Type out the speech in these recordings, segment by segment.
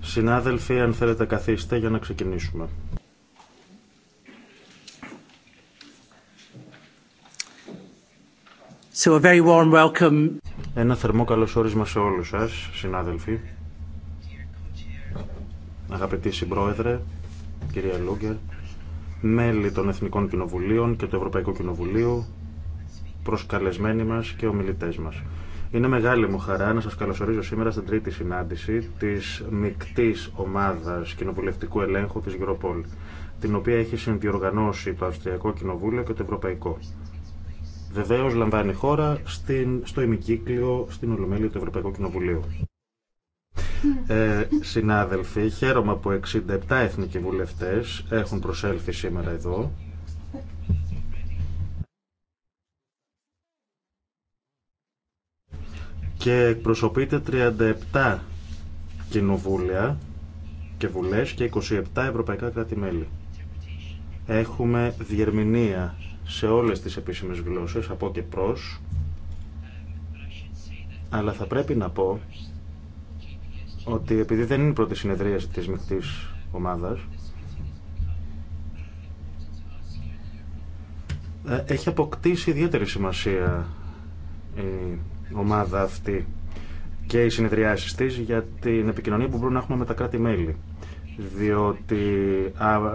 Συνάδελφοι, αν θέλετε καθίστε για να ξεκινήσουμε. Ένα θερμό όρισμα σε όλους σας, συνάδελφοι. Αγαπητοί συμπρόεδρε, κυρία Λούγκερ, μέλη των Εθνικών Κοινοβουλίων και του Ευρωπαϊκού Κοινοβουλίου, προσκαλεσμένοι μας και ομιλητές μας. Είναι μεγάλη μου χαρά να σας καλωσορίζω σήμερα στην τρίτη συνάντηση της μεικτή ομάδας κοινοβουλευτικού ελέγχου της Europol, την οποία έχει συνδιοργανώσει το Αυστριακό Κοινοβούλιο και το Ευρωπαϊκό. Βεβαίως λαμβάνει χώρα στην, στο ημικύκλιο στην Ολομέλεια του Ευρωπαϊκού Κοινοβουλίου. Ε, συνάδελφοι, χαίρομαι που 67 εθνικοί βουλευτέ έχουν προσέλθει σήμερα εδώ και εκπροσωπείται 37 κοινοβούλια και βουλές και 27 ευρωπαϊκά κράτη-μέλη. Έχουμε διερμηνία σε όλες τις επίσημες γλώσσες, από και προς, αλλά θα πρέπει να πω ότι επειδή δεν είναι η πρώτη συνεδρίαση της μειχτής ομάδας, ε, έχει αποκτήσει ιδιαίτερη σημασία η ομάδα αυτή και οι συνεδριάσει τη για την επικοινωνία που μπορούμε να έχουμε με τα κράτη-μέλη. Διότι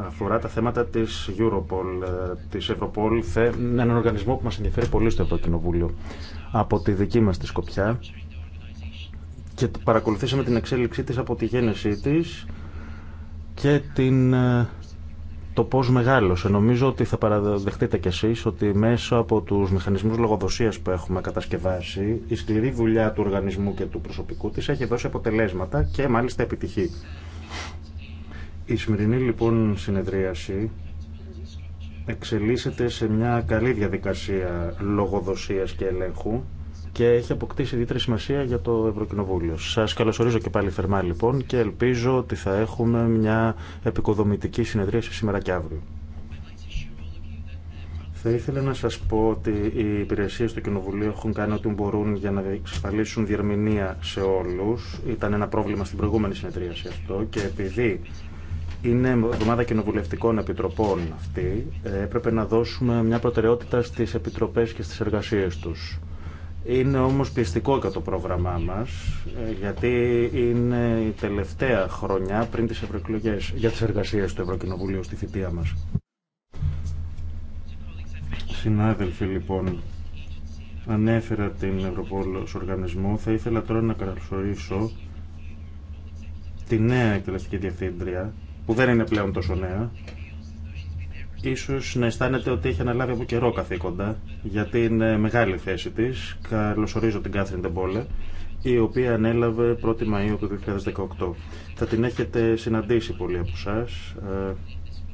αφορά τα θέματα της Europol, ε, τη Ευρωπόλ, έναν οργανισμό που μα ενδιαφέρει πολύ στο Ευρωκοινοβούλιο. Από τη δική μα τη σκοπιά και παρακολουθήσαμε την εξέλιξή της από τη γέννησή της και την ε, το πώς μεγάλωσε. Νομίζω ότι θα παραδεχτείτε κι εσείς ότι μέσα από τους μηχανισμούς λογοδοσίας που έχουμε κατασκευάσει, η σκληρή δουλειά του οργανισμού και του προσωπικού της έχει δώσει αποτελέσματα και μάλιστα επιτυχή. Η σημερινή λοιπόν συνεδρίαση εξελίσσεται σε μια καλή διαδικασία λογοδοσίας και ελέγχου και έχει αποκτήσει ιδιαίτερη σημασία για το Ευρωκοινοβούλιο. Σα καλωσορίζω και πάλι θερμά λοιπόν και ελπίζω ότι θα έχουμε μια επικοδομητική συνεδρίαση σήμερα και αύριο. Θα ήθελα να σας πω ότι οι υπηρεσίες του Κοινοβουλίου έχουν κάνει ό,τι μπορούν για να εξασφαλίσουν διερμηνία σε όλους. Ήταν ένα πρόβλημα στην προηγούμενη συνεδρίαση αυτό και επειδή είναι εβδομάδα κοινοβουλευτικών επιτροπών αυτή, έπρεπε να δώσουμε μια προτεραιότητα στις επιτροπές και στις εργασίες τους. Είναι όμως πιστικό και το πρόγραμμά μας, ε, γιατί είναι η τελευταία χρονιά πριν τις ευρωεκλογέ για τις εργασίες του Ευρωκοινοβουλίου στη θητεία μας. Συνάδελφοι, λοιπόν, ανέφερα την ευρωπολο ως οργανισμό. Θα ήθελα τώρα να καλωσορίσω τη νέα εκτελεστική διευθύντρια, που δεν είναι πλέον τόσο νέα, ίσως να αισθάνεται ότι έχει αναλάβει από καιρό καθήκοντα, για την ε, μεγάλη θέση της. Καλωσορίζω την Κάθριν Τεμπόλε, η οποία ανέλαβε 1η Μαΐου του 2018. Θα την έχετε συναντήσει πολλοί από εσά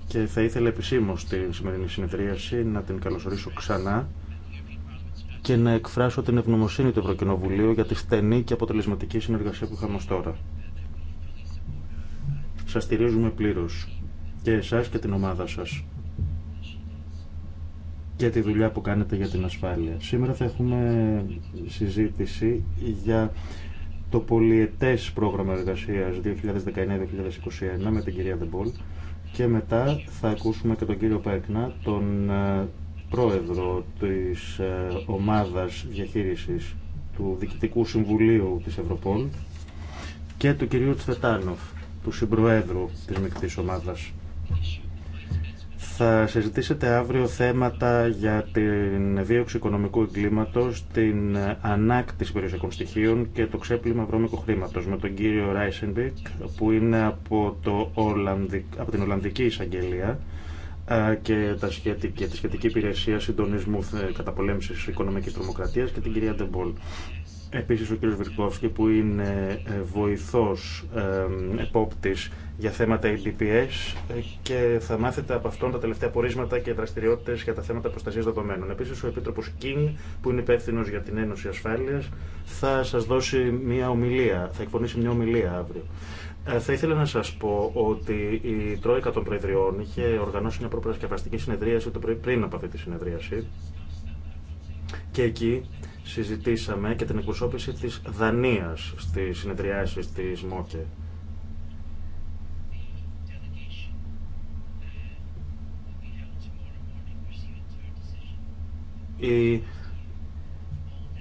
και θα ήθελα επισήμω στη σημερινή συνεδρίαση να την καλωσορίσω ξανά και να εκφράσω την ευγνωμοσύνη του Ευρωκοινοβουλίου για τη στενή και αποτελεσματική συνεργασία που είχαμε ως τώρα. Σας στηρίζουμε πλήρως και εσάς και την ομάδα σας και τη δουλειά που κάνετε για την ασφάλεια. Σήμερα θα έχουμε συζήτηση για το πολιετές πρόγραμμα εργασίας 2019-2021 με την κυρία Δεμπόλ και μετά θα ακούσουμε και τον κύριο Πέκνα, τον ε, πρόεδρο της ε, ομάδας διαχείρισης του Διοικητικού Συμβουλίου της Ευρωπόλ και του κυρίου Τσφετάνοφ, του συμπροέδρου της μεικτής ομάδας. Θα συζητήσετε αύριο θέματα για την δίωξη οικονομικού εγκλήματος, την ανάκτηση περιουσιακών στοιχείων και το ξέπλυμα βρώμικου χρήματος με τον κύριο Ράισενμπικ που είναι από, το από την Ολλανδική Εισαγγελία και, τα σχετική, τη σχετική υπηρεσία συντονισμού ε, καταπολέμησης οικονομικής τρομοκρατίας και την κυρία Ντεμπόλ. Επίσης ο κ. Βερκόφσκι που είναι ε, βοηθός ε, επόπτης για θέματα EDPS ε, και θα μάθετε από αυτόν τα τελευταία πορίσματα και δραστηριότητες για τα θέματα προστασίας δεδομένων. Επίσης ο Επίτροπος Κιν που είναι υπεύθυνο για την Ένωση Ασφάλειας θα σας δώσει μια ομιλία, θα εκπονήσει μια ομιλία αύριο. Θα ήθελα να σα πω ότι η Τρόικα των Προεδριών είχε οργανώσει μια προπρασκευαστική συνεδρίαση το πριν από αυτή τη συνεδρίαση. Και εκεί συζητήσαμε και την εκπροσώπηση της Δανίας στις συνεδριάσεις της ΜΟΚΕ. Η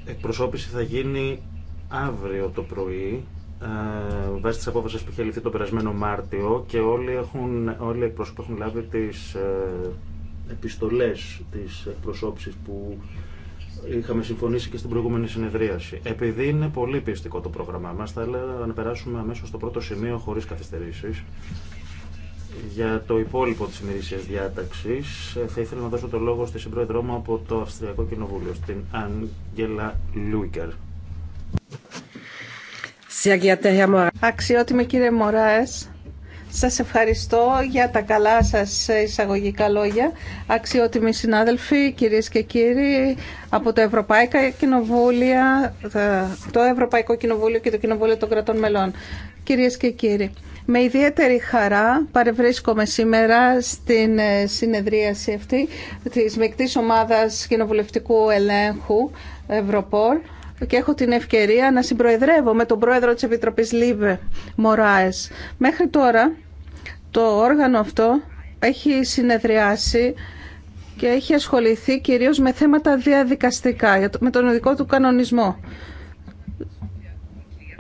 εκπροσώπηση θα γίνει αύριο το πρωί ε, βάσει της απόφασης που είχε ληφθεί τον περασμένο Μάρτιο και όλοι, έχουν, όλοι οι εκπρόσωποι έχουν λάβει τις ε, επιστολές της εκπροσώπησης που είχαμε συμφωνήσει και στην προηγούμενη συνεδρίαση. Επειδή είναι πολύ πιεστικό το πρόγραμμά μας, θα έλεγα να περάσουμε αμέσω στο πρώτο σημείο χωρίς καθυστερήσεις. Για το υπόλοιπο της ημερήσιας διάταξης θα ήθελα να δώσω το λόγο στη συμπρόεδρό μου από το Αυστριακό Κοινοβούλιο, στην Άγγελα Λούικερ. Αξιότιμη κύριε Μωράες, σας ευχαριστώ για τα καλά σας εισαγωγικά λόγια. Αξιότιμοι συνάδελφοι, κυρίες και κύριοι, από το Ευρωπαϊκό Κοινοβούλιο, το Ευρωπαϊκό Κοινοβούλιο και το Κοινοβούλιο των Κρατών Μελών. Κυρίες και κύριοι, με ιδιαίτερη χαρά παρευρίσκομαι σήμερα στην ε, συνεδρίαση αυτή της Μεκτής Ομάδας Κοινοβουλευτικού Ελέγχου Ευρωπόλ και έχω την ευκαιρία να συμπροεδρεύω με τον πρόεδρο της Επιτροπής Λίβε Μωράες. Μέχρι τώρα το όργανο αυτό έχει συνεδριάσει και έχει ασχοληθεί κυρίως με θέματα διαδικαστικά, με τον ειδικό του κανονισμό.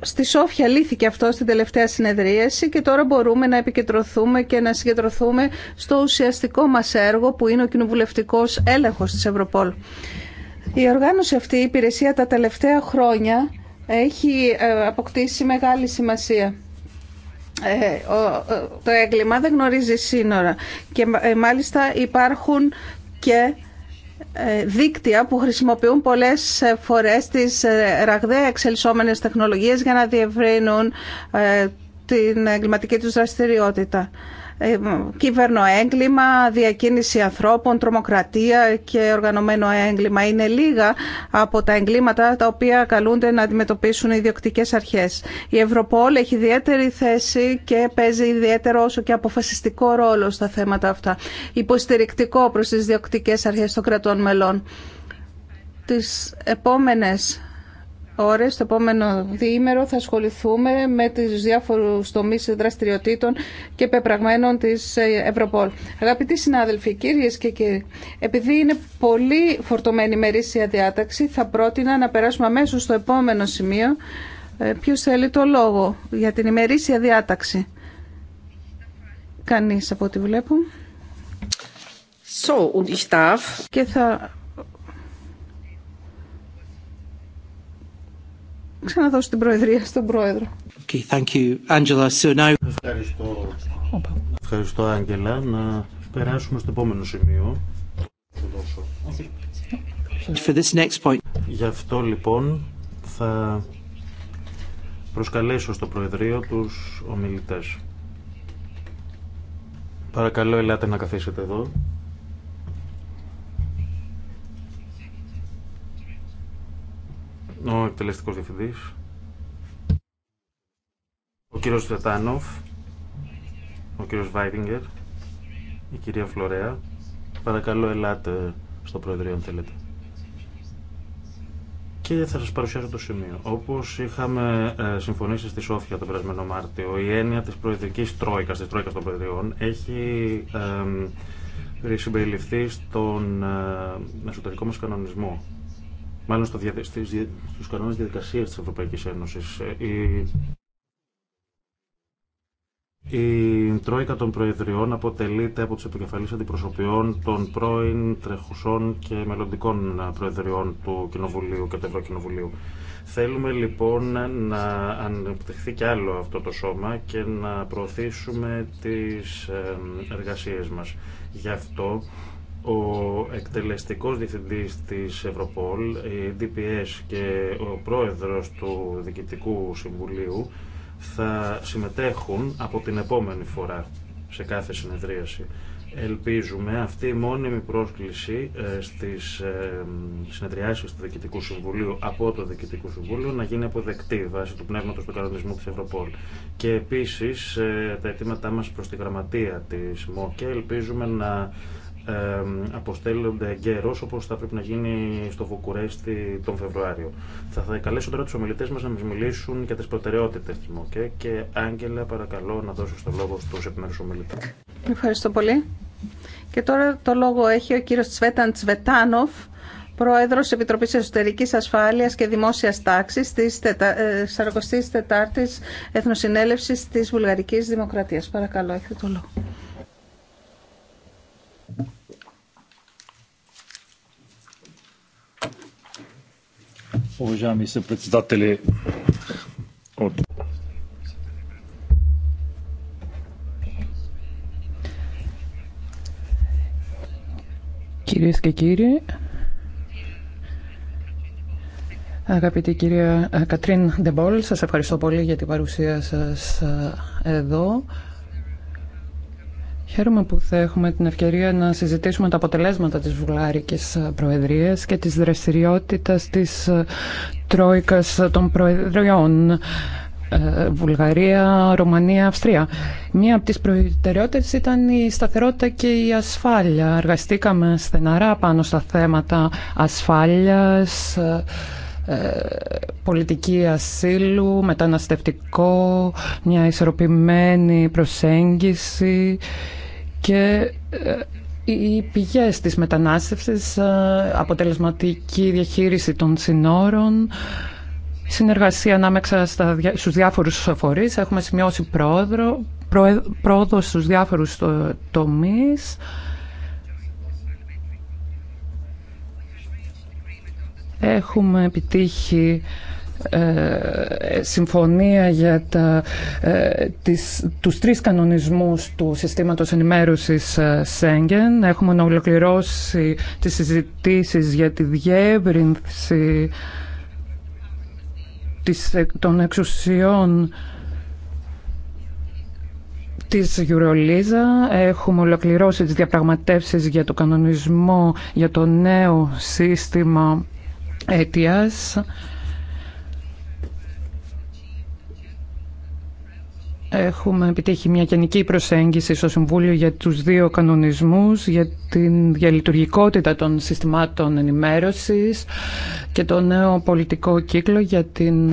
Στη Σόφια λύθηκε αυτό στην τελευταία συνεδρίαση και τώρα μπορούμε να επικεντρωθούμε και να συγκεντρωθούμε στο ουσιαστικό μας έργο που είναι ο κοινοβουλευτικός έλεγχος της Ευρωπόλ. Η οργάνωση αυτή, η υπηρεσία τα τελευταία χρόνια έχει ε, αποκτήσει μεγάλη σημασία. Ε, το έγκλημα δεν γνωρίζει σύνορα και ε, μάλιστα υπάρχουν και ε, δίκτυα που χρησιμοποιούν πολλές φορές τις ραγδαία εξελισσόμενες τεχνολογίες για να διευρύνουν την εγκληματική τους δραστηριότητα. Ε, έγκλημα διακίνηση ανθρώπων, τρομοκρατία και οργανωμένο έγκλημα. Είναι λίγα από τα εγκλήματα τα οποία καλούνται να αντιμετωπίσουν οι ιδιοκτικέ αρχές. Η Ευρωπόλ έχει ιδιαίτερη θέση και παίζει ιδιαίτερο όσο και αποφασιστικό ρόλο στα θέματα αυτά. Υποστηρικτικό προς τις διοκτικές αρχές των κρατών μελών. Τι επόμενες ώρες, το επόμενο διήμερο, θα ασχοληθούμε με τις διάφορους τομείς δραστηριοτήτων και πεπραγμένων της ε, Ευρωπόλ. Αγαπητοί συνάδελφοι, κύριες και κύριοι, επειδή είναι πολύ φορτωμένη η μερίσια διάταξη, θα πρότεινα να περάσουμε αμέσως στο επόμενο σημείο. Ε, Ποιο θέλει το λόγο για την ημερήσια διάταξη. Κανείς από ό,τι βλέπω. So, Και θα ξαναδώσω την Προεδρία στον Πρόεδρο. Okay, thank you, Angela. So now... Ευχαριστώ. Ευχαριστώ, Άγγελα. Να περάσουμε στο επόμενο σημείο. For this next point. Γι' αυτό λοιπόν θα προσκαλέσω στο Προεδρείο τους ομιλητές. Παρακαλώ ελάτε να καθίσετε εδώ. ο εκτελεστικός διευθυντής, ο κύριος Στρετάνοφ, ο κύριος Βάιτιγκερ, η κυρία Φλωρέα. Παρακαλώ ελάτε στο Προεδρείο αν θέλετε. Και θα σας παρουσιάσω το σημείο. Όπως είχαμε ε, συμφωνήσει στη Σόφια τον περασμένο Μάρτιο, η έννοια της προεδρικής τρόικας, της τρόικας των Προεδριών, έχει ε, συμπεριληφθεί στον ε, εσωτερικό μας κανονισμό μάλλον στο, στους κανόνες διαδικασίας της Ευρωπαϊκής Ένωσης. Ε, η, η Τρόικα των Προεδριών αποτελείται από τους επικεφαλής αντιπροσωπιών των πρώην τρεχουσών και μελλοντικών ε, προεδριών του Κοινοβουλίου και του Ευρωκοινοβουλίου. Θέλουμε λοιπόν να ανεπτυχθεί κι άλλο αυτό το σώμα και να προωθήσουμε τις ε, εργασίες μας. Γι' αυτό ο εκτελεστικός διευθυντής της Ευρωπόλ, η DPS και ο πρόεδρος του Δικητικού Συμβουλίου θα συμμετέχουν από την επόμενη φορά σε κάθε συνεδρίαση. Ελπίζουμε αυτή η μόνιμη πρόσκληση ε, στις ε, συνεδριάσεις του Διοικητικού Συμβουλίου από το Διοικητικό Συμβούλιο να γίνει αποδεκτή βάσει του πνεύματος του κανονισμού της Ευρωπόλ. Και επίσης ε, τα αιτήματά μας προς τη γραμματεία της ΜΟΚΕ ελπίζουμε να αποστέλλονται εγκαίρω όπω θα πρέπει να γίνει στο Βουκουρέστι τον Φεβρουάριο. Θα, θα καλέσω τώρα του ομιλητέ μα να μα μιλήσουν για τι προτεραιότητε τη ΜΟΚΕ και Άγγελα, παρακαλώ να δώσω το λόγο στου επιμέρου ομιλητέ. Ευχαριστώ πολύ. Και τώρα το λόγο έχει ο κύριο Τσβέταν Τσβετάνοφ, πρόεδρο Επιτροπή Εσωτερική Ασφάλεια και Δημόσια Τάξη τη 44η ε, Εθνοσυνέλευση τη Βουλγαρική Δημοκρατία. Παρακαλώ, έχετε το λόγο. Уважаеми съпредседатели от Κυρίες και κύριοι, Αγαπητή κυρία Κατρίν Ντεμπόλ, σας ευχαριστώ πολύ για την παρουσία σας ε, εδώ. Χαίρομαι που θα έχουμε την ευκαιρία να συζητήσουμε τα αποτελέσματα της Βουλγάρικης Προεδρίας και της δραστηριότητας της ε, Τρόικας των Προεδριών. Ε, Βουλγαρία, Ρωμανία, Αυστρία. Μία από τις προτεραιότητες ήταν η σταθερότητα και η ασφάλεια. Εργαστήκαμε στεναρά πάνω στα θέματα ασφάλειας, ε, ε, πολιτική ασύλου, μεταναστευτικό, μια ισορροπημένη προσέγγιση και ε, οι πηγές της μετανάστευσης, ε, αποτελεσματική διαχείριση των συνόρων, συνεργασία ανάμεσα στα, στους διάφορους φορείς. Έχουμε σημειώσει πρόοδο, πρόοδο στους διάφορους τομείς. Έχουμε επιτύχει ε, συμφωνία για τα, ε, τις, τους τρεις κανονισμούς του συστήματος ενημέρωσης ε, Σέγγεν. Έχουμε ολοκληρώσει τις συζητήσεις για τη διεύρυνση των εξουσιών της Γιουρολίζα. Έχουμε ολοκληρώσει τις διαπραγματεύσεις για το κανονισμό για το νέο σύστημα αιτίας έχουμε επιτύχει μια γενική προσέγγιση στο Συμβούλιο για τους δύο κανονισμούς, για την διαλειτουργικότητα των συστημάτων ενημέρωσης και το νέο πολιτικό κύκλο για την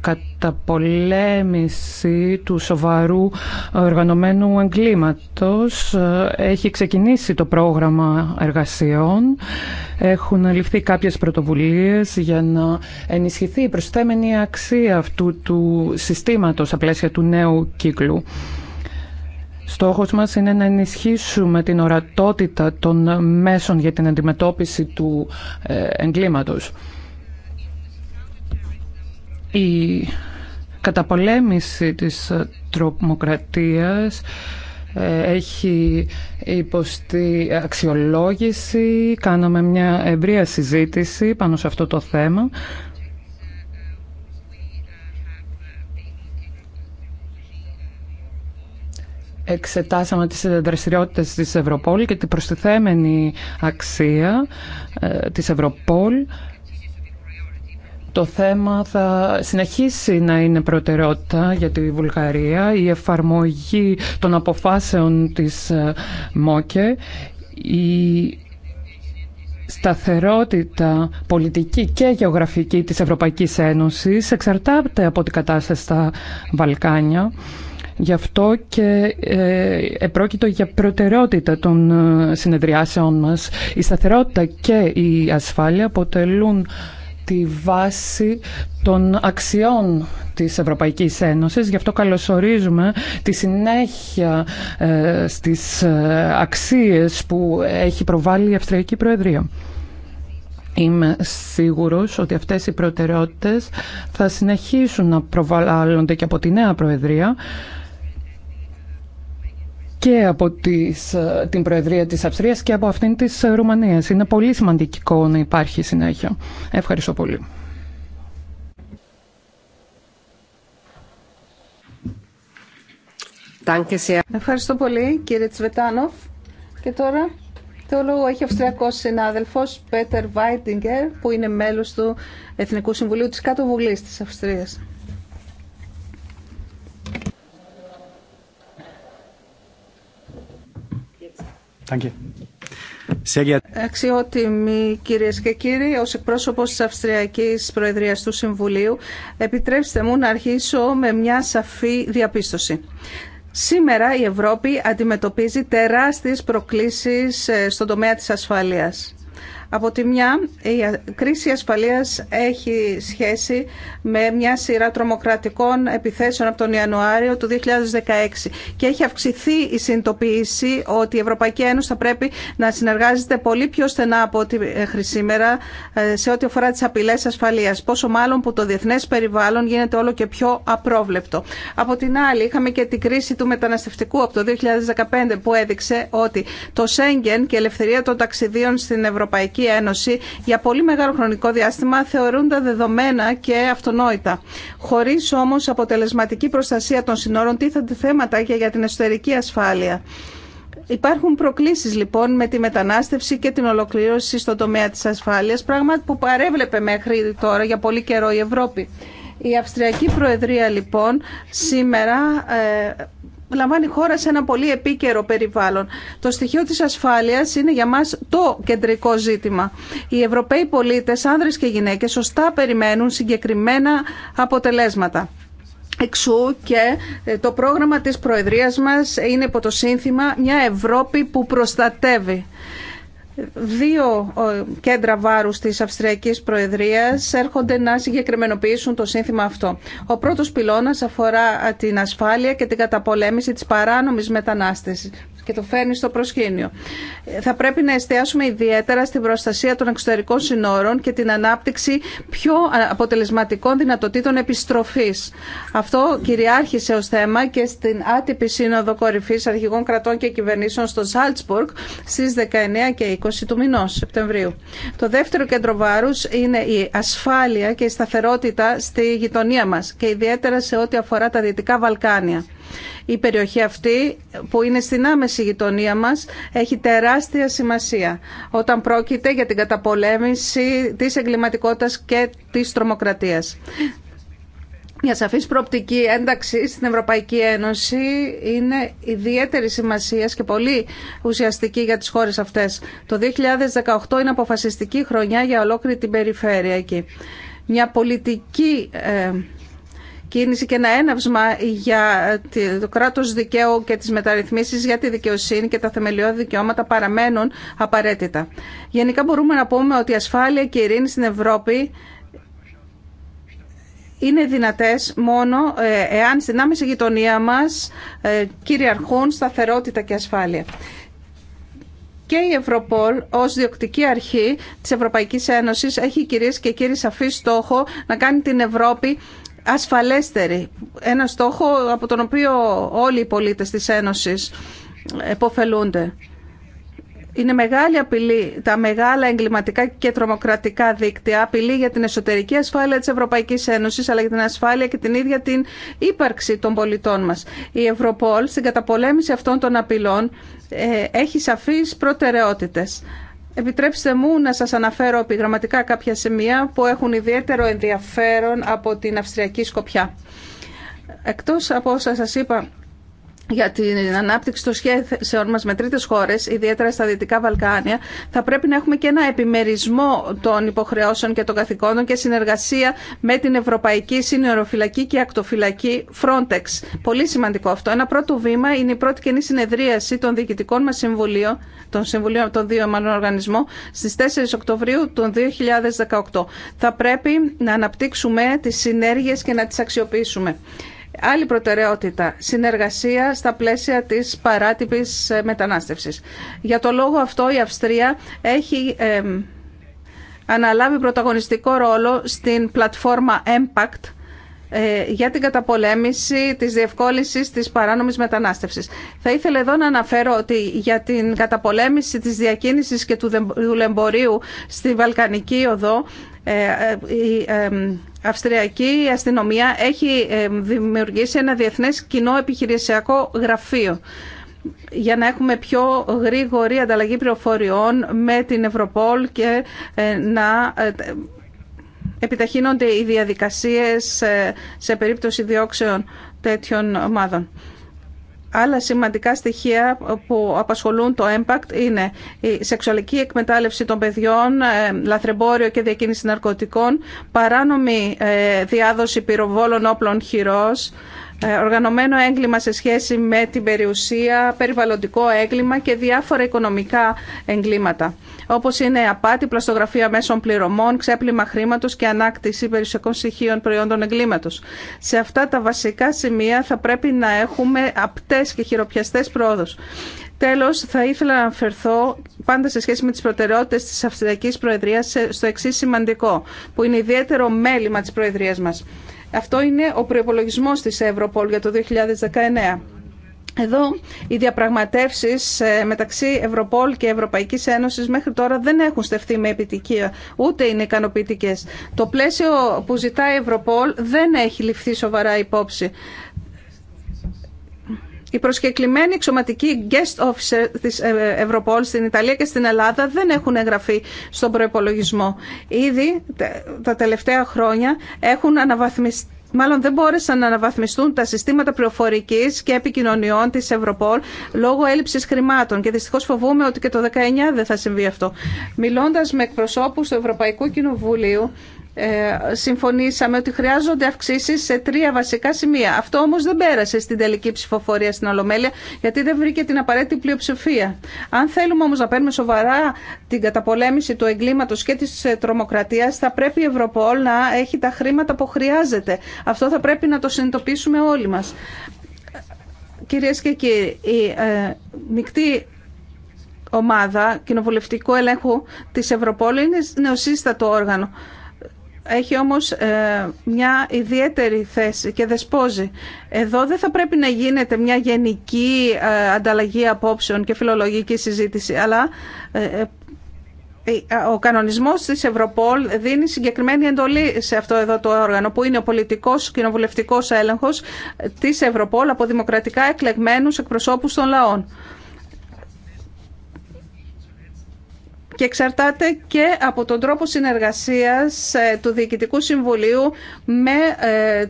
καταπολέμηση του σοβαρού οργανωμένου εγκλήματος. Έχει ξεκινήσει το πρόγραμμα εργασιών. Έχουν ληφθεί κάποιες πρωτοβουλίες για να ενισχυθεί η προσθέμενη αξία αυτού του συστήματος στα πλαίσια του νέου κύκλου. Στόχος μας είναι να ενισχύσουμε την ορατότητα των μέσων για την αντιμετώπιση του ε, εγκλήματος. Η καταπολέμηση της τρομοκρατίας ε, έχει υποστεί αξιολόγηση. Κάναμε μια ευρεία συζήτηση πάνω σε αυτό το θέμα. εξετάσαμε τις δραστηριότητες της Ευρωπόλ και την προστιθέμενη αξία ε, της Ευρωπόλ το θέμα θα συνεχίσει να είναι προτεραιότητα για τη Βουλγαρία, η εφαρμογή των αποφάσεων της ε, ΜΟΚΕ, η σταθερότητα πολιτική και γεωγραφική της Ευρωπαϊκής Ένωσης εξαρτάται από την κατάσταση στα Βαλκάνια. Γι' αυτό και ε, επρόκειτο για προτεραιότητα των ε, συνεδριάσεων μας. Η σταθερότητα και η ασφάλεια αποτελούν τη βάση των αξιών της Ευρωπαϊκής Ένωσης. Γι' αυτό καλωσορίζουμε τη συνέχεια ε, στις ε, αξίες που έχει προβάλει η Αυστριακή Προεδρία. Είμαι σίγουρος ότι αυτές οι προτεραιότητες θα συνεχίσουν να προβάλλονται και από τη νέα Προεδρία και από τις, ε, την Προεδρία της Αυστρίας και από αυτήν της ε, Ρουμανίας. Είναι πολύ σημαντικό να υπάρχει συνέχεια. Ευχαριστώ πολύ. Ευχαριστώ πολύ κύριε Τσβετάνοφ. Και τώρα το λόγο έχει ο Αυστριακός συνάδελφος Πέτερ Βάιντιγκερ που είναι μέλος του Εθνικού Συμβουλίου της Κάτω Βουλής της Αυστρίας. Danke. Αξιότιμοι κυρίε και κύριοι, ω εκπρόσωπο τη Αυστριακή Προεδρία του Συμβουλίου, επιτρέψτε μου να αρχίσω με μια σαφή διαπίστωση. Σήμερα η Ευρώπη αντιμετωπίζει τεράστιες προκλήσεις ε, στον τομέα της ασφάλειας. Από τη μια, η κρίση ασφαλείας έχει σχέση με μια σειρά τρομοκρατικών επιθέσεων από τον Ιανουάριο του 2016 και έχει αυξηθεί η συνειδητοποίηση ότι η Ευρωπαϊκή Ένωση θα πρέπει να συνεργάζεται πολύ πιο στενά από ό,τι μέχρι σήμερα ε, σε ό,τι αφορά τις απειλές ασφαλείας, πόσο μάλλον που το διεθνές περιβάλλον γίνεται όλο και πιο απρόβλεπτο. Από την άλλη, είχαμε και την κρίση του μεταναστευτικού από το 2015 που έδειξε ότι το Σέγγεν και η ελευθερία των ταξιδίων στην Ευρωπαϊκή Ευρωπαϊκή Ένωση για πολύ μεγάλο χρονικό διάστημα θεωρούνται δεδομένα και αυτονόητα. Χωρί όμω αποτελεσματική προστασία των συνόρων τίθενται θέματα και για την εσωτερική ασφάλεια. Υπάρχουν προκλήσεις λοιπόν με τη μετανάστευση και την ολοκλήρωση στον τομέα της ασφάλειας, πράγμα που παρέβλεπε μέχρι τώρα για πολύ καιρό η Ευρώπη. Η Αυστριακή Προεδρία λοιπόν σήμερα ε, λαμβάνει χώρα σε ένα πολύ επίκαιρο περιβάλλον. Το στοιχείο της ασφάλειας είναι για μας το κεντρικό ζήτημα. Οι Ευρωπαίοι πολίτες, άνδρες και γυναίκες, σωστά περιμένουν συγκεκριμένα αποτελέσματα. Εξού και ε, το πρόγραμμα της Προεδρίας μας είναι υπό το σύνθημα «Μια Ευρώπη που προστατεύει». Δύο ε, κέντρα βάρους της Αυστριακής Προεδρίας έρχονται να συγκεκριμενοποιήσουν το σύνθημα αυτό. Ο πρώτος πυλώνας αφορά την ασφάλεια και την καταπολέμηση της παράνομης μετανάστευσης και το φέρνει στο προσκήνιο. Θα πρέπει να εστιάσουμε ιδιαίτερα στην προστασία των εξωτερικών συνόρων και την ανάπτυξη πιο αποτελεσματικών δυνατοτήτων επιστροφής. Αυτό κυριάρχησε ω θέμα και στην άτυπη σύνοδο κορυφή αρχηγών κρατών και κυβερνήσεων στο Σάλτσμπουργκ στις 19 και 20 του μηνός Σεπτεμβρίου. Το δεύτερο κέντρο βάρου είναι η ασφάλεια και η σταθερότητα στη γειτονία μα και ιδιαίτερα σε ό,τι αφορά τα Δυτικά Βαλκάνια. Η περιοχή αυτή που είναι στην άμεση γειτονία μας έχει τεράστια σημασία όταν πρόκειται για την καταπολέμηση της εγκληματικότητας και της τρομοκρατίας. Μια σαφής προοπτική ένταξη στην Ευρωπαϊκή Ένωση είναι ιδιαίτερη σημασία και πολύ ουσιαστική για τις χώρες αυτές. Το 2018 είναι αποφασιστική χρονιά για ολόκληρη την περιφέρεια εκεί. Μια πολιτική ε, κίνηση και ένα έναυσμα για ε, το κράτος δικαίου και τις μεταρρυθμίσεις για τη δικαιοσύνη και τα θεμελιώδη δικαιώματα παραμένουν απαραίτητα. Γενικά μπορούμε να πούμε ότι η ασφάλεια και η ειρήνη στην Ευρώπη είναι δυνατές μόνο ε, εάν στην άμεση γειτονία μας ε, κυριαρχούν σταθερότητα και ασφάλεια. Και η Ευρωπόλ ως διοκτική αρχή της Ευρωπαϊκής Ένωσης έχει κυρίες και κύριοι σαφή στόχο να κάνει την Ευρώπη ασφαλέστερη. Ένα στόχο από τον οποίο όλοι οι πολίτες της Ένωσης εποφελούνται. Είναι μεγάλη απειλή τα μεγάλα εγκληματικά και τρομοκρατικά δίκτυα, απειλή για την εσωτερική ασφάλεια της Ευρωπαϊκής Ένωσης, αλλά για την ασφάλεια και την ίδια την ύπαρξη των πολιτών μας. Η Ευρωπόλ στην καταπολέμηση αυτών των απειλών ε, έχει σαφείς προτεραιότητες. Επιτρέψτε μου να σας αναφέρω επιγραμματικά κάποια σημεία που έχουν ιδιαίτερο ενδιαφέρον από την Αυστριακή Σκοπιά. Εκτός από όσα σας είπα για την ανάπτυξη των σχέσεων μας με τρίτες χώρες, ιδιαίτερα στα Δυτικά Βαλκάνια, θα πρέπει να έχουμε και ένα επιμερισμό των υποχρεώσεων και των καθηκόντων και συνεργασία με την Ευρωπαϊκή Συνεροφυλακή και Ακτοφυλακή Frontex. Πολύ σημαντικό αυτό. Ένα πρώτο βήμα είναι η πρώτη καινή συνεδρίαση των διοικητικών μας συμβουλίων, των συμβουλίων των δύο μάλλον οργανισμών, στις 4 Οκτωβρίου του 2018. Θα πρέπει να αναπτύξουμε τις συνέργειες και να τις αξιοποιήσουμε. Άλλη προτεραιότητα, συνεργασία στα πλαίσια της παράτυπης ε, μετανάστευσης. Για το λόγο αυτό η Αυστρία έχει αναλάβει πρωταγωνιστικό ρόλο στην πλατφόρμα Impact ε, για την καταπολέμηση της διευκόλυνσης της παράνομης μετανάστευσης. Θα ήθελα εδώ να αναφέρω ότι για την καταπολέμηση της διακίνησης και του λεμπορίου στη Βαλκανική Οδό ε, ε, η Αυστριακή αστυνομία έχει δημιουργήσει ένα διεθνές κοινό επιχειρησιακό γραφείο για να έχουμε πιο γρήγορη ανταλλαγή πληροφοριών με την Ευρωπόλ και ε, να επιταχύνονται οι διαδικασίες σε περίπτωση διώξεων τέτοιων ομάδων. Άλλα σημαντικά στοιχεία που απασχολούν το impact είναι η σεξουαλική εκμετάλλευση των παιδιών, ε, λαθρεμπόριο και διακίνηση ναρκωτικών, παράνομη ε, διάδοση πυροβόλων όπλων χειρός, ε, οργανωμένο έγκλημα σε σχέση με την περιουσία, περιβαλλοντικό έγκλημα και διάφορα οικονομικά εγκλήματα, Όπω είναι απάτη, πλαστογραφία μέσων πληρωμών, ξέπλυμα χρήματο και ανάκτηση περιουσιακών στοιχείων προϊόντων εγκλήματο. Σε αυτά τα βασικά σημεία θα πρέπει να έχουμε απτέ και χειροπιαστέ πρόοδος. Τέλο, θα ήθελα να αναφερθώ πάντα σε σχέση με τι προτεραιότητε τη Αυστριακή Προεδρία στο εξή σημαντικό, που είναι ιδιαίτερο μέλημα τη Προεδρία μα. Αυτό είναι ο προπολογισμό της Ευρωπόλ για το 2019. Εδώ οι διαπραγματεύσεις ε, μεταξύ Ευρωπόλ και Ευρωπαϊκής Ένωσης μέχρι τώρα δεν έχουν στεφθεί με επιτυχία, ούτε είναι ικανοποιητικέ. Το πλαίσιο που ζητάει η Ευρωπόλ δεν έχει ληφθεί σοβαρά υπόψη οι προσκεκλημένοι εξωματικοί guest officer της ε, Ευρωπόλ στην Ιταλία και στην Ελλάδα δεν έχουν εγγραφεί στον προπολογισμό. Ήδη τα τελευταία χρόνια έχουν αναβαθμιστεί Μάλλον δεν μπόρεσαν να αναβαθμιστούν τα συστήματα πληροφορική και επικοινωνιών τη Ευρωπόλ λόγω έλλειψη χρημάτων. Και δυστυχώ φοβούμαι ότι και το 19 δεν θα συμβεί αυτό. Μιλώντα με εκπροσώπου του Ευρωπαϊκού Κοινοβουλίου, ε, συμφωνήσαμε ότι χρειάζονται αυξήσει σε τρία βασικά σημεία. Αυτό όμω δεν πέρασε στην τελική ψηφοφορία στην Ολομέλεια γιατί δεν βρήκε την απαραίτητη πλειοψηφία. Αν θέλουμε όμω να παίρνουμε σοβαρά την καταπολέμηση του εγκλήματο και τη ε, τρομοκρατία, θα πρέπει η Ευρωπόλ να έχει τα χρήματα που χρειάζεται. Αυτό θα πρέπει να το συνειδητοποιήσουμε όλοι μα. Κυρίε και κύριοι, η ε, μεικτή ομάδα κοινοβουλευτικού ελέγχου της Ευρωπόλ είναι νεοσύστατο όργανο έχει όμως ε, μια ιδιαίτερη θέση και δεσπόζει. Εδώ δεν θα πρέπει να γίνεται μια γενική ε, ανταλλαγή απόψεων και φιλολογική συζήτηση, αλλά ε, ο κανονισμός της Ευρωπόλ δίνει συγκεκριμένη εντολή σε αυτό εδώ το όργανο που είναι ο πολιτικός κοινοβουλευτικός έλεγχος της Ευρωπόλ από δημοκρατικά εκλεγμένους εκπροσώπους των λαών. και εξαρτάται και από τον τρόπο συνεργασίας ε, του Διοικητικού Συμβουλίου με ε,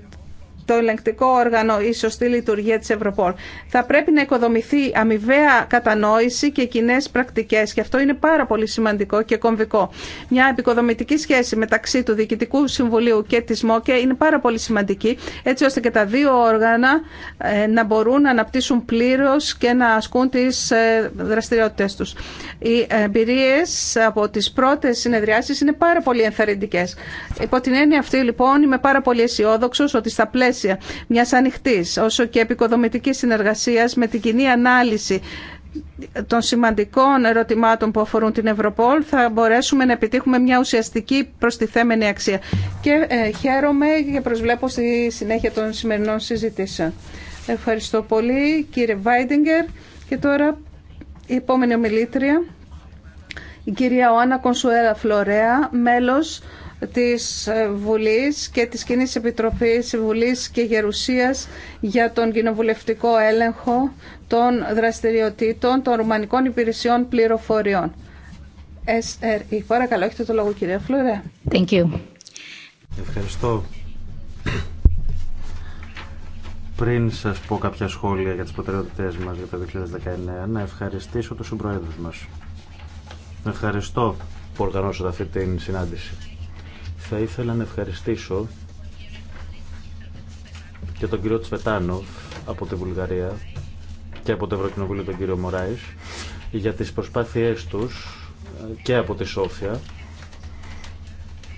το ελεγκτικό όργανο η σωστή λειτουργία της Ευρωπόλ. Θα πρέπει να οικοδομηθεί αμοιβαία κατανόηση και κοινέ πρακτικές και αυτό είναι πάρα πολύ σημαντικό και κομβικό. Μια επικοδομητική σχέση μεταξύ του Διοικητικού Συμβουλίου και της ΜΟΚΕ είναι πάρα πολύ σημαντική έτσι ώστε και τα δύο όργανα ε, να μπορούν να αναπτύσσουν πλήρω και να ασκούν τις ε, δραστηριότητες τους. Οι εμπειρίε από τις πρώτες συνεδριάσεις είναι πάρα πολύ ενθαρρυντικές. Υπό την έννοια αυτή λοιπόν είμαι πάρα πολύ αισιόδοξο ότι στα πλαίσια μια μιας όσο και επικοδομητική συνεργασίας με την κοινή ανάλυση των σημαντικών ερωτημάτων που αφορούν την Ευρωπόλ θα μπορέσουμε να επιτύχουμε μια ουσιαστική προστιθέμενη αξία. Και ε, χαίρομαι και προσβλέπω στη συνέχεια των σημερινών συζητήσεων. Ευχαριστώ πολύ κύριε Βάιντιγκερ και τώρα η επόμενη ομιλήτρια η κυρία Οάννα Κονσουέλα Φλωρέα, μέλος της Βουλής και της κοινή Επιτροπής Βουλής και Γερουσίας για τον κοινοβουλευτικό έλεγχο των δραστηριοτήτων των Ρουμανικών Υπηρεσιών Πληροφοριών. SRE. Παρακαλώ, έχετε το λόγο κυρία Φλουρέ. Thank you. Ευχαριστώ. Πριν σας πω κάποια σχόλια για τις προτεραιότητές μας για το 2019, να ευχαριστήσω τους συμπροέδρους μας. Ευχαριστώ που οργανώσατε αυτή την συνάντηση θα ήθελα να ευχαριστήσω και τον κύριο Τσβετάνοφ από τη Βουλγαρία και από το Ευρωκοινοβούλιο τον κύριο Μωράης για τις προσπάθειές τους ε, και από τη Σόφια.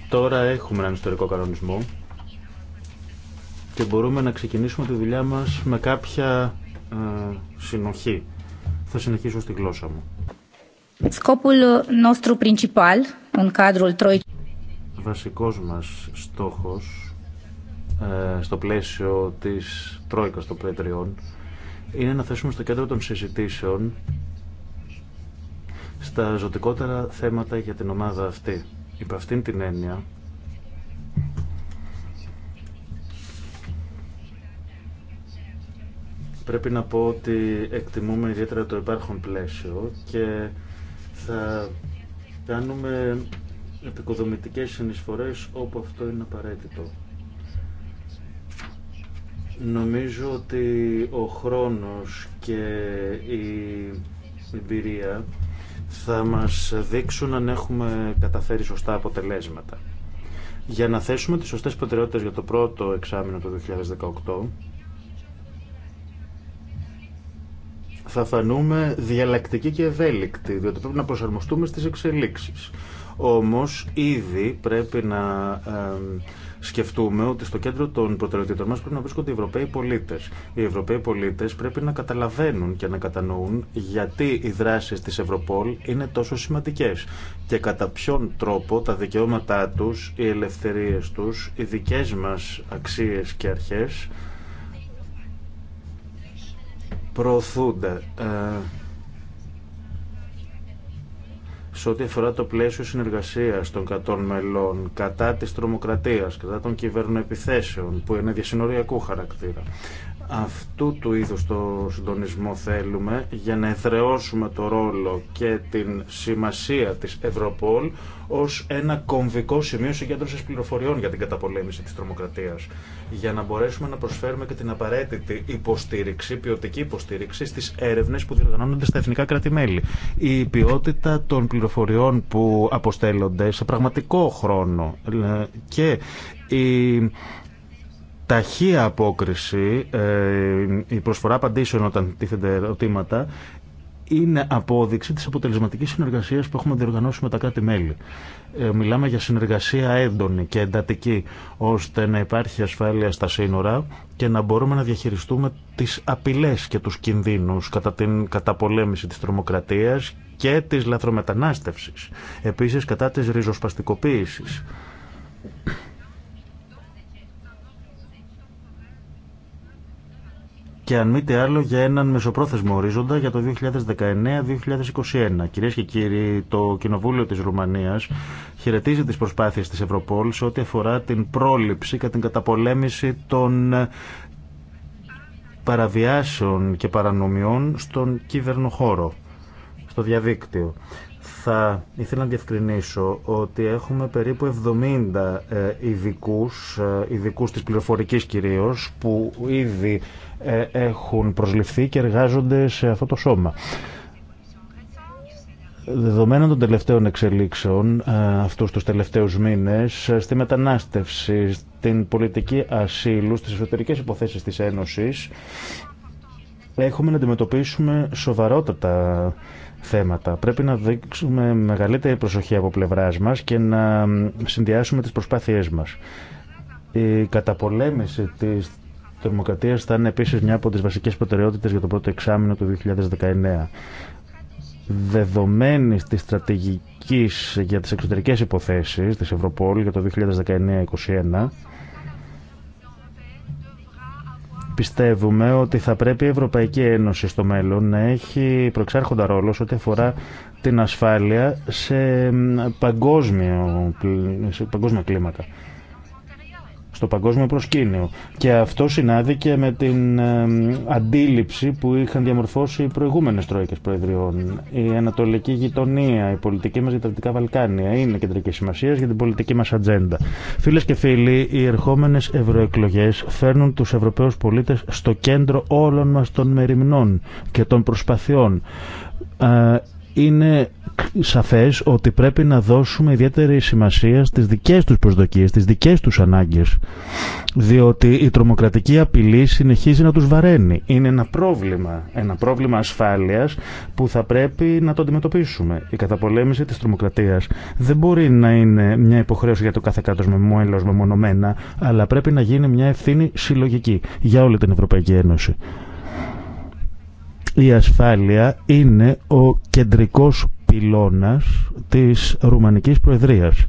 Τώρα έχουμε έναν ιστορικό κανονισμό και μπορούμε να ξεκινήσουμε τη δουλειά μας με κάποια ε, συνοχή. Θα συνεχίσω στη γλώσσα μου. νόστρου πριντσιπάλ, ον βασικός μας στόχος ε, στο πλαίσιο της Τρόικας των Πέτριών είναι να θέσουμε στο κέντρο των συζητήσεων στα ζωτικότερα θέματα για την ομάδα αυτή. Υπ' αυτήν την έννοια πρέπει να πω ότι εκτιμούμε ιδιαίτερα το υπάρχον πλαίσιο και θα κάνουμε επικοδομητικές συνεισφορές όπου αυτό είναι απαραίτητο. Νομίζω ότι ο χρόνος και η εμπειρία θα μας δείξουν αν έχουμε καταφέρει σωστά αποτελέσματα. Για να θέσουμε τις σωστές προτεραιότητες για το πρώτο εξάμεινο του 2018, θα φανούμε διαλλακτικοί και ευέλικτοι, διότι πρέπει να προσαρμοστούμε στις εξελίξεις. Όμως ήδη πρέπει να σκεφτούμε ότι στο κέντρο των προτεραιοτήτων μας πρέπει να βρίσκονται οι Ευρωπαίοι πολίτες. Οι Ευρωπαίοι πολίτες πρέπει να καταλαβαίνουν και να κατανοούν γιατί οι δράσεις της Ευρωπόλ είναι τόσο σημαντικές και κατά ποιον τρόπο τα δικαιώματά τους, οι ελευθερίες τους, οι δικές μας αξίες και αρχές προωθούνται. Ε, σε ό,τι αφορά το πλαίσιο συνεργασία των κατών μελών κατά της τρομοκρατίας, κατά των κυβέρνων επιθέσεων που είναι διασυνοριακού χαρακτήρα αυτού του είδους το συντονισμό θέλουμε για να εδραιώσουμε το ρόλο και την σημασία της Ευρωπόλ ως ένα κομβικό σημείο συγκέντρωσης πληροφοριών για την καταπολέμηση της τρομοκρατίας για να μπορέσουμε να προσφέρουμε και την απαραίτητη υποστήριξη, ποιοτική υποστήριξη στις έρευνες που διοργανώνονται στα εθνικά κράτη-μέλη. Η ποιότητα των πληροφοριών που αποστέλλονται σε πραγματικό χρόνο ε, και η ταχεία απόκριση, ε, η προσφορά απαντήσεων όταν τίθενται ερωτήματα, είναι απόδειξη της αποτελεσματικής συνεργασίας που έχουμε διοργανώσει με τα κάτι μελη ε, μιλάμε για συνεργασία έντονη και εντατική, ώστε να υπάρχει ασφάλεια στα σύνορα και να μπορούμε να διαχειριστούμε τις απειλές και τους κινδύνους κατά την καταπολέμηση της τρομοκρατίας και της λαθρομετανάστευσης. Επίσης κατά της ριζοσπαστικοποίησης. και αν μη τι άλλο για έναν μεσοπρόθεσμο ορίζοντα για το 2019-2021. Κυρίε και κύριοι, το Κοινοβούλιο της Ρουμανίας χαιρετίζει τις προσπάθειες της Ευρωπόλ σε ό,τι αφορά την πρόληψη και την καταπολέμηση των παραβιάσεων και παρανομιών στον κυβερνοχώρο, στο διαδίκτυο. Θα ήθελα να διευκρινίσω ότι έχουμε περίπου 70 ε, ειδικού, ε, ειδικού της πληροφορική κυρίω, που ήδη ε, έχουν προσληφθεί και εργάζονται σε αυτό το σώμα. Δεδομένων των τελευταίων εξελίξεων, αυτούς τους τελευταίους μήνες, στη μετανάστευση, στην πολιτική ασύλου, στις εσωτερικές υποθέσεις της Ένωσης, έχουμε να αντιμετωπίσουμε σοβαρότατα θέματα. Πρέπει να δείξουμε μεγαλύτερη προσοχή από πλευρά μα και να συνδυάσουμε τις προσπάθειές μας. Η καταπολέμηση της τρομοκρατία θα είναι επίσης μια από τις βασικές προτεραιότητε για το πρώτο εξάμεινο του 2019 δεδομένη τη στρατηγικής για τις εξωτερικές υποθέσει της Ευρωπόλ για το 2019-2021 πιστεύουμε ότι θα πρέπει η Ευρωπαϊκή Ένωση στο μέλλον να έχει προεξάρχοντα ρόλο ό,τι αφορά την ασφάλεια σε, παγκόσμιο, σε παγκόσμια κλίματα στο παγκόσμιο προσκήνιο. Και αυτό συνάδηκε με την αντίληψη που είχαν διαμορφώσει οι προηγούμενες τρόικες προεδριών. Η ανατολική γειτονία, η πολιτική μας για τα Δυτικά Βαλκάνια είναι κεντρική σημασία για την πολιτική μας ατζέντα. Φίλες και φίλοι, οι ερχόμενες ευρωεκλογέ φέρνουν τους Ευρωπαίους πολίτες στο κέντρο όλων μα των μεριμνών και των προσπαθειών ε, είναι σαφές ότι πρέπει να δώσουμε ιδιαίτερη σημασία στις δικές τους προσδοκίες, στις δικές τους ανάγκες. Διότι η τρομοκρατική απειλή συνεχίζει να τους βαραίνει. Είναι ένα πρόβλημα, ένα πρόβλημα ασφάλειας που θα πρέπει να το αντιμετωπίσουμε. Η καταπολέμηση της τρομοκρατίας δεν μπορεί να είναι μια υποχρέωση για το κάθε κράτος με μέλος μεμονωμένα, αλλά πρέπει να γίνει μια ευθύνη συλλογική για όλη την Ευρωπαϊκή Ένωση. Η ασφάλεια είναι ο κεντρικός πυλώνας της Ρουμανικής Προεδρίας.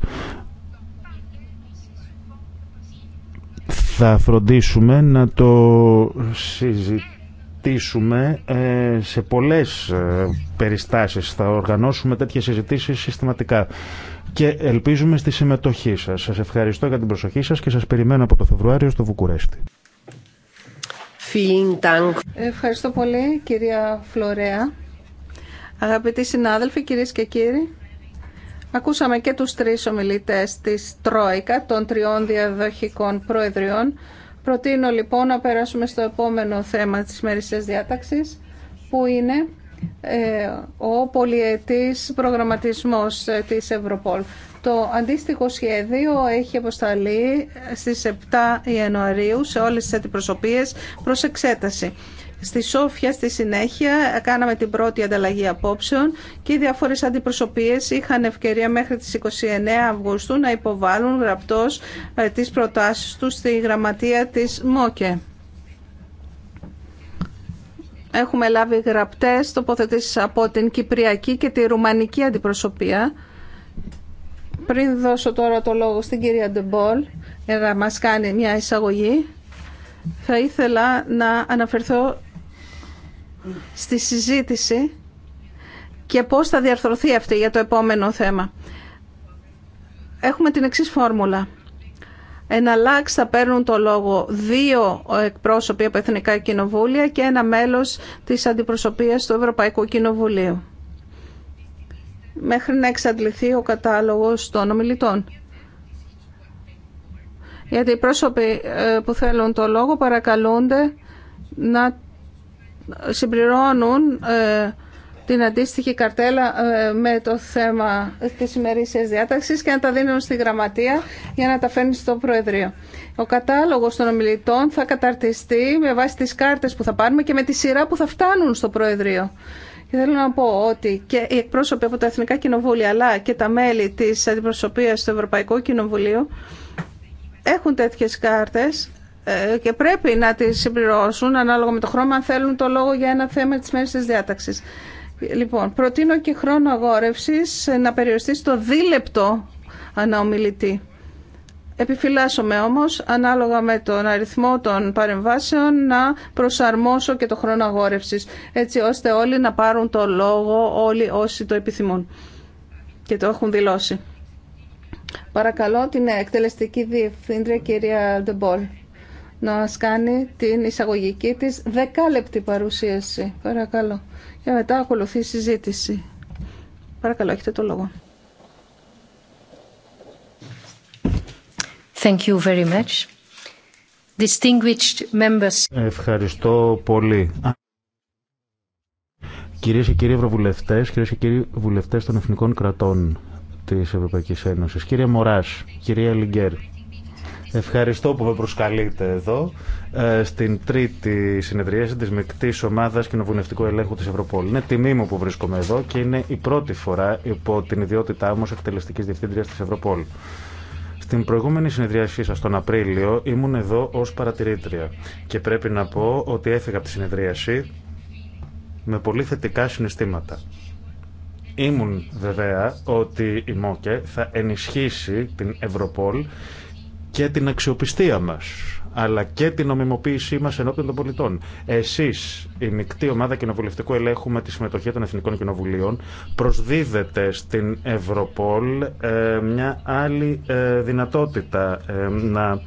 Θα φροντίσουμε να το συζητήσουμε ε, σε πολλές ε, περιστάσεις. Θα οργανώσουμε τέτοιες συζητήσεις συστηματικά. Και ελπίζουμε στη συμμετοχή σας. Σας ευχαριστώ για την προσοχή σας και σας περιμένω από το Φεβρουάριο στο Βουκουρέστι. Ευχαριστώ πολύ κυρία Φλωρέα. Αγαπητοί συνάδελφοι, κυρίες και κύριοι, ακούσαμε και τους τρεις ομιλητές της Τρόικα, των τριών διαδοχικών προεδριών. Προτείνω λοιπόν να περάσουμε στο επόμενο θέμα της μερισσές διάταξης, που είναι ε, ο πολιετής προγραμματισμός ε, της Ευρωπόλ. Το αντίστοιχο σχέδιο έχει αποσταλεί ε, στις 7 Ιανουαρίου σε όλες τις αντιπροσωπείες προς εξέταση. Στη Σόφια στη συνέχεια κάναμε την πρώτη ανταλλαγή απόψεων και οι διάφορες αντιπροσωπείες είχαν ευκαιρία μέχρι τις 29 Αυγούστου να υποβάλουν γραπτός τις προτάσεις τους στη γραμματεία της ΜΟΚΕ. Έχουμε λάβει γραπτές τοποθετήσεις από την Κυπριακή και τη Ρουμανική Αντιπροσωπεία. Πριν δώσω τώρα το λόγο στην κυρία Ντεμπόλ για να μας κάνει μια εισαγωγή, θα ήθελα να αναφερθώ στη συζήτηση και πώς θα διαρθρωθεί αυτή για το επόμενο θέμα. Έχουμε την εξής φόρμουλα. Εναλλάξ θα παίρνουν το λόγο δύο εκπρόσωποι από Εθνικά Κοινοβούλια και ένα μέλος της αντιπροσωπείας του Ευρωπαϊκού Κοινοβουλίου. Μέχρι να εξαντληθεί ο κατάλογος των ομιλητών. Γιατί οι πρόσωποι ε, που θέλουν το λόγο παρακαλούνται να συμπληρώνουν ε, την αντίστοιχη καρτέλα ε, με το θέμα της ημερήσιας διάταξης και να τα δίνουν στη γραμματεία για να τα φέρνει στο Προεδρείο. Ο κατάλογος των ομιλητών θα καταρτιστεί με βάση τις κάρτες που θα πάρουμε και με τη σειρά που θα φτάνουν στο Προεδρείο. Και θέλω να πω ότι και οι εκπρόσωποι από τα Εθνικά Κοινοβούλια αλλά και τα μέλη της αντιπροσωπείας του Ευρωπαϊκό Κοινοβουλίου έχουν τέτοιες κάρτες ε, και πρέπει να τις συμπληρώσουν ανάλογα με το χρώμα αν θέλουν το λόγο για ένα θέμα της μέρης της διάταξης. Λοιπόν, προτείνω και χρόνο αγόρευσης να περιοριστεί στο δίλεπτο αναομιλητή. Επιφυλάσσομαι όμως, ανάλογα με τον αριθμό των παρεμβάσεων, να προσαρμόσω και το χρόνο αγόρευσης, έτσι ώστε όλοι να πάρουν το λόγο, όλοι όσοι το επιθυμούν και το έχουν δηλώσει. Παρακαλώ την εκτελεστική διευθύντρια κυρία Ντεμπόλ να σκάνει την εισαγωγική της δεκάλεπτη παρουσίαση. Παρακαλώ και ε, μετά ακολουθεί η συζήτηση. Παρακαλώ, έχετε το λόγο. Thank you very much. Distinguished members. Ευχαριστώ πολύ. Κυρίες και κύριοι ευρωβουλευτές, κυρίες και κύριοι βουλευτές των εθνικών κρατών της Ευρωπαϊκής Ένωσης, κύριε Μωρά, κυρία Λιγκέρ, Ευχαριστώ που με προσκαλείτε εδώ ε, στην τρίτη συνεδρίαση της Μεκτής Ομάδας Κοινοβουλευτικού Ελέγχου της Ευρωπόλη. Είναι τιμή μου που βρίσκομαι εδώ και είναι η πρώτη φορά υπό την ιδιότητά μου ως εκτελεστικής διευθύντριας της Ευρωπόλη. Στην προηγούμενη συνεδρίασή σας τον Απρίλιο ήμουν εδώ ως παρατηρήτρια και πρέπει να πω ότι έφυγα από τη συνεδρίαση με πολύ θετικά συναισθήματα. Ήμουν βεβαία ότι η ΜΟΚΕ θα ενισχύσει την Ευρωπόλ και την αξιοπιστία μας αλλά και την νομιμοποίησή μα ενώπιον των πολιτών. Εσεί, η μεικτή ομάδα κοινοβουλευτικού ελέγχου με τη συμμετοχή των Εθνικών Κοινοβουλίων, προσδίδετε στην Ευρωπόλ ε, μια άλλη ε, δυνατότητα ε, να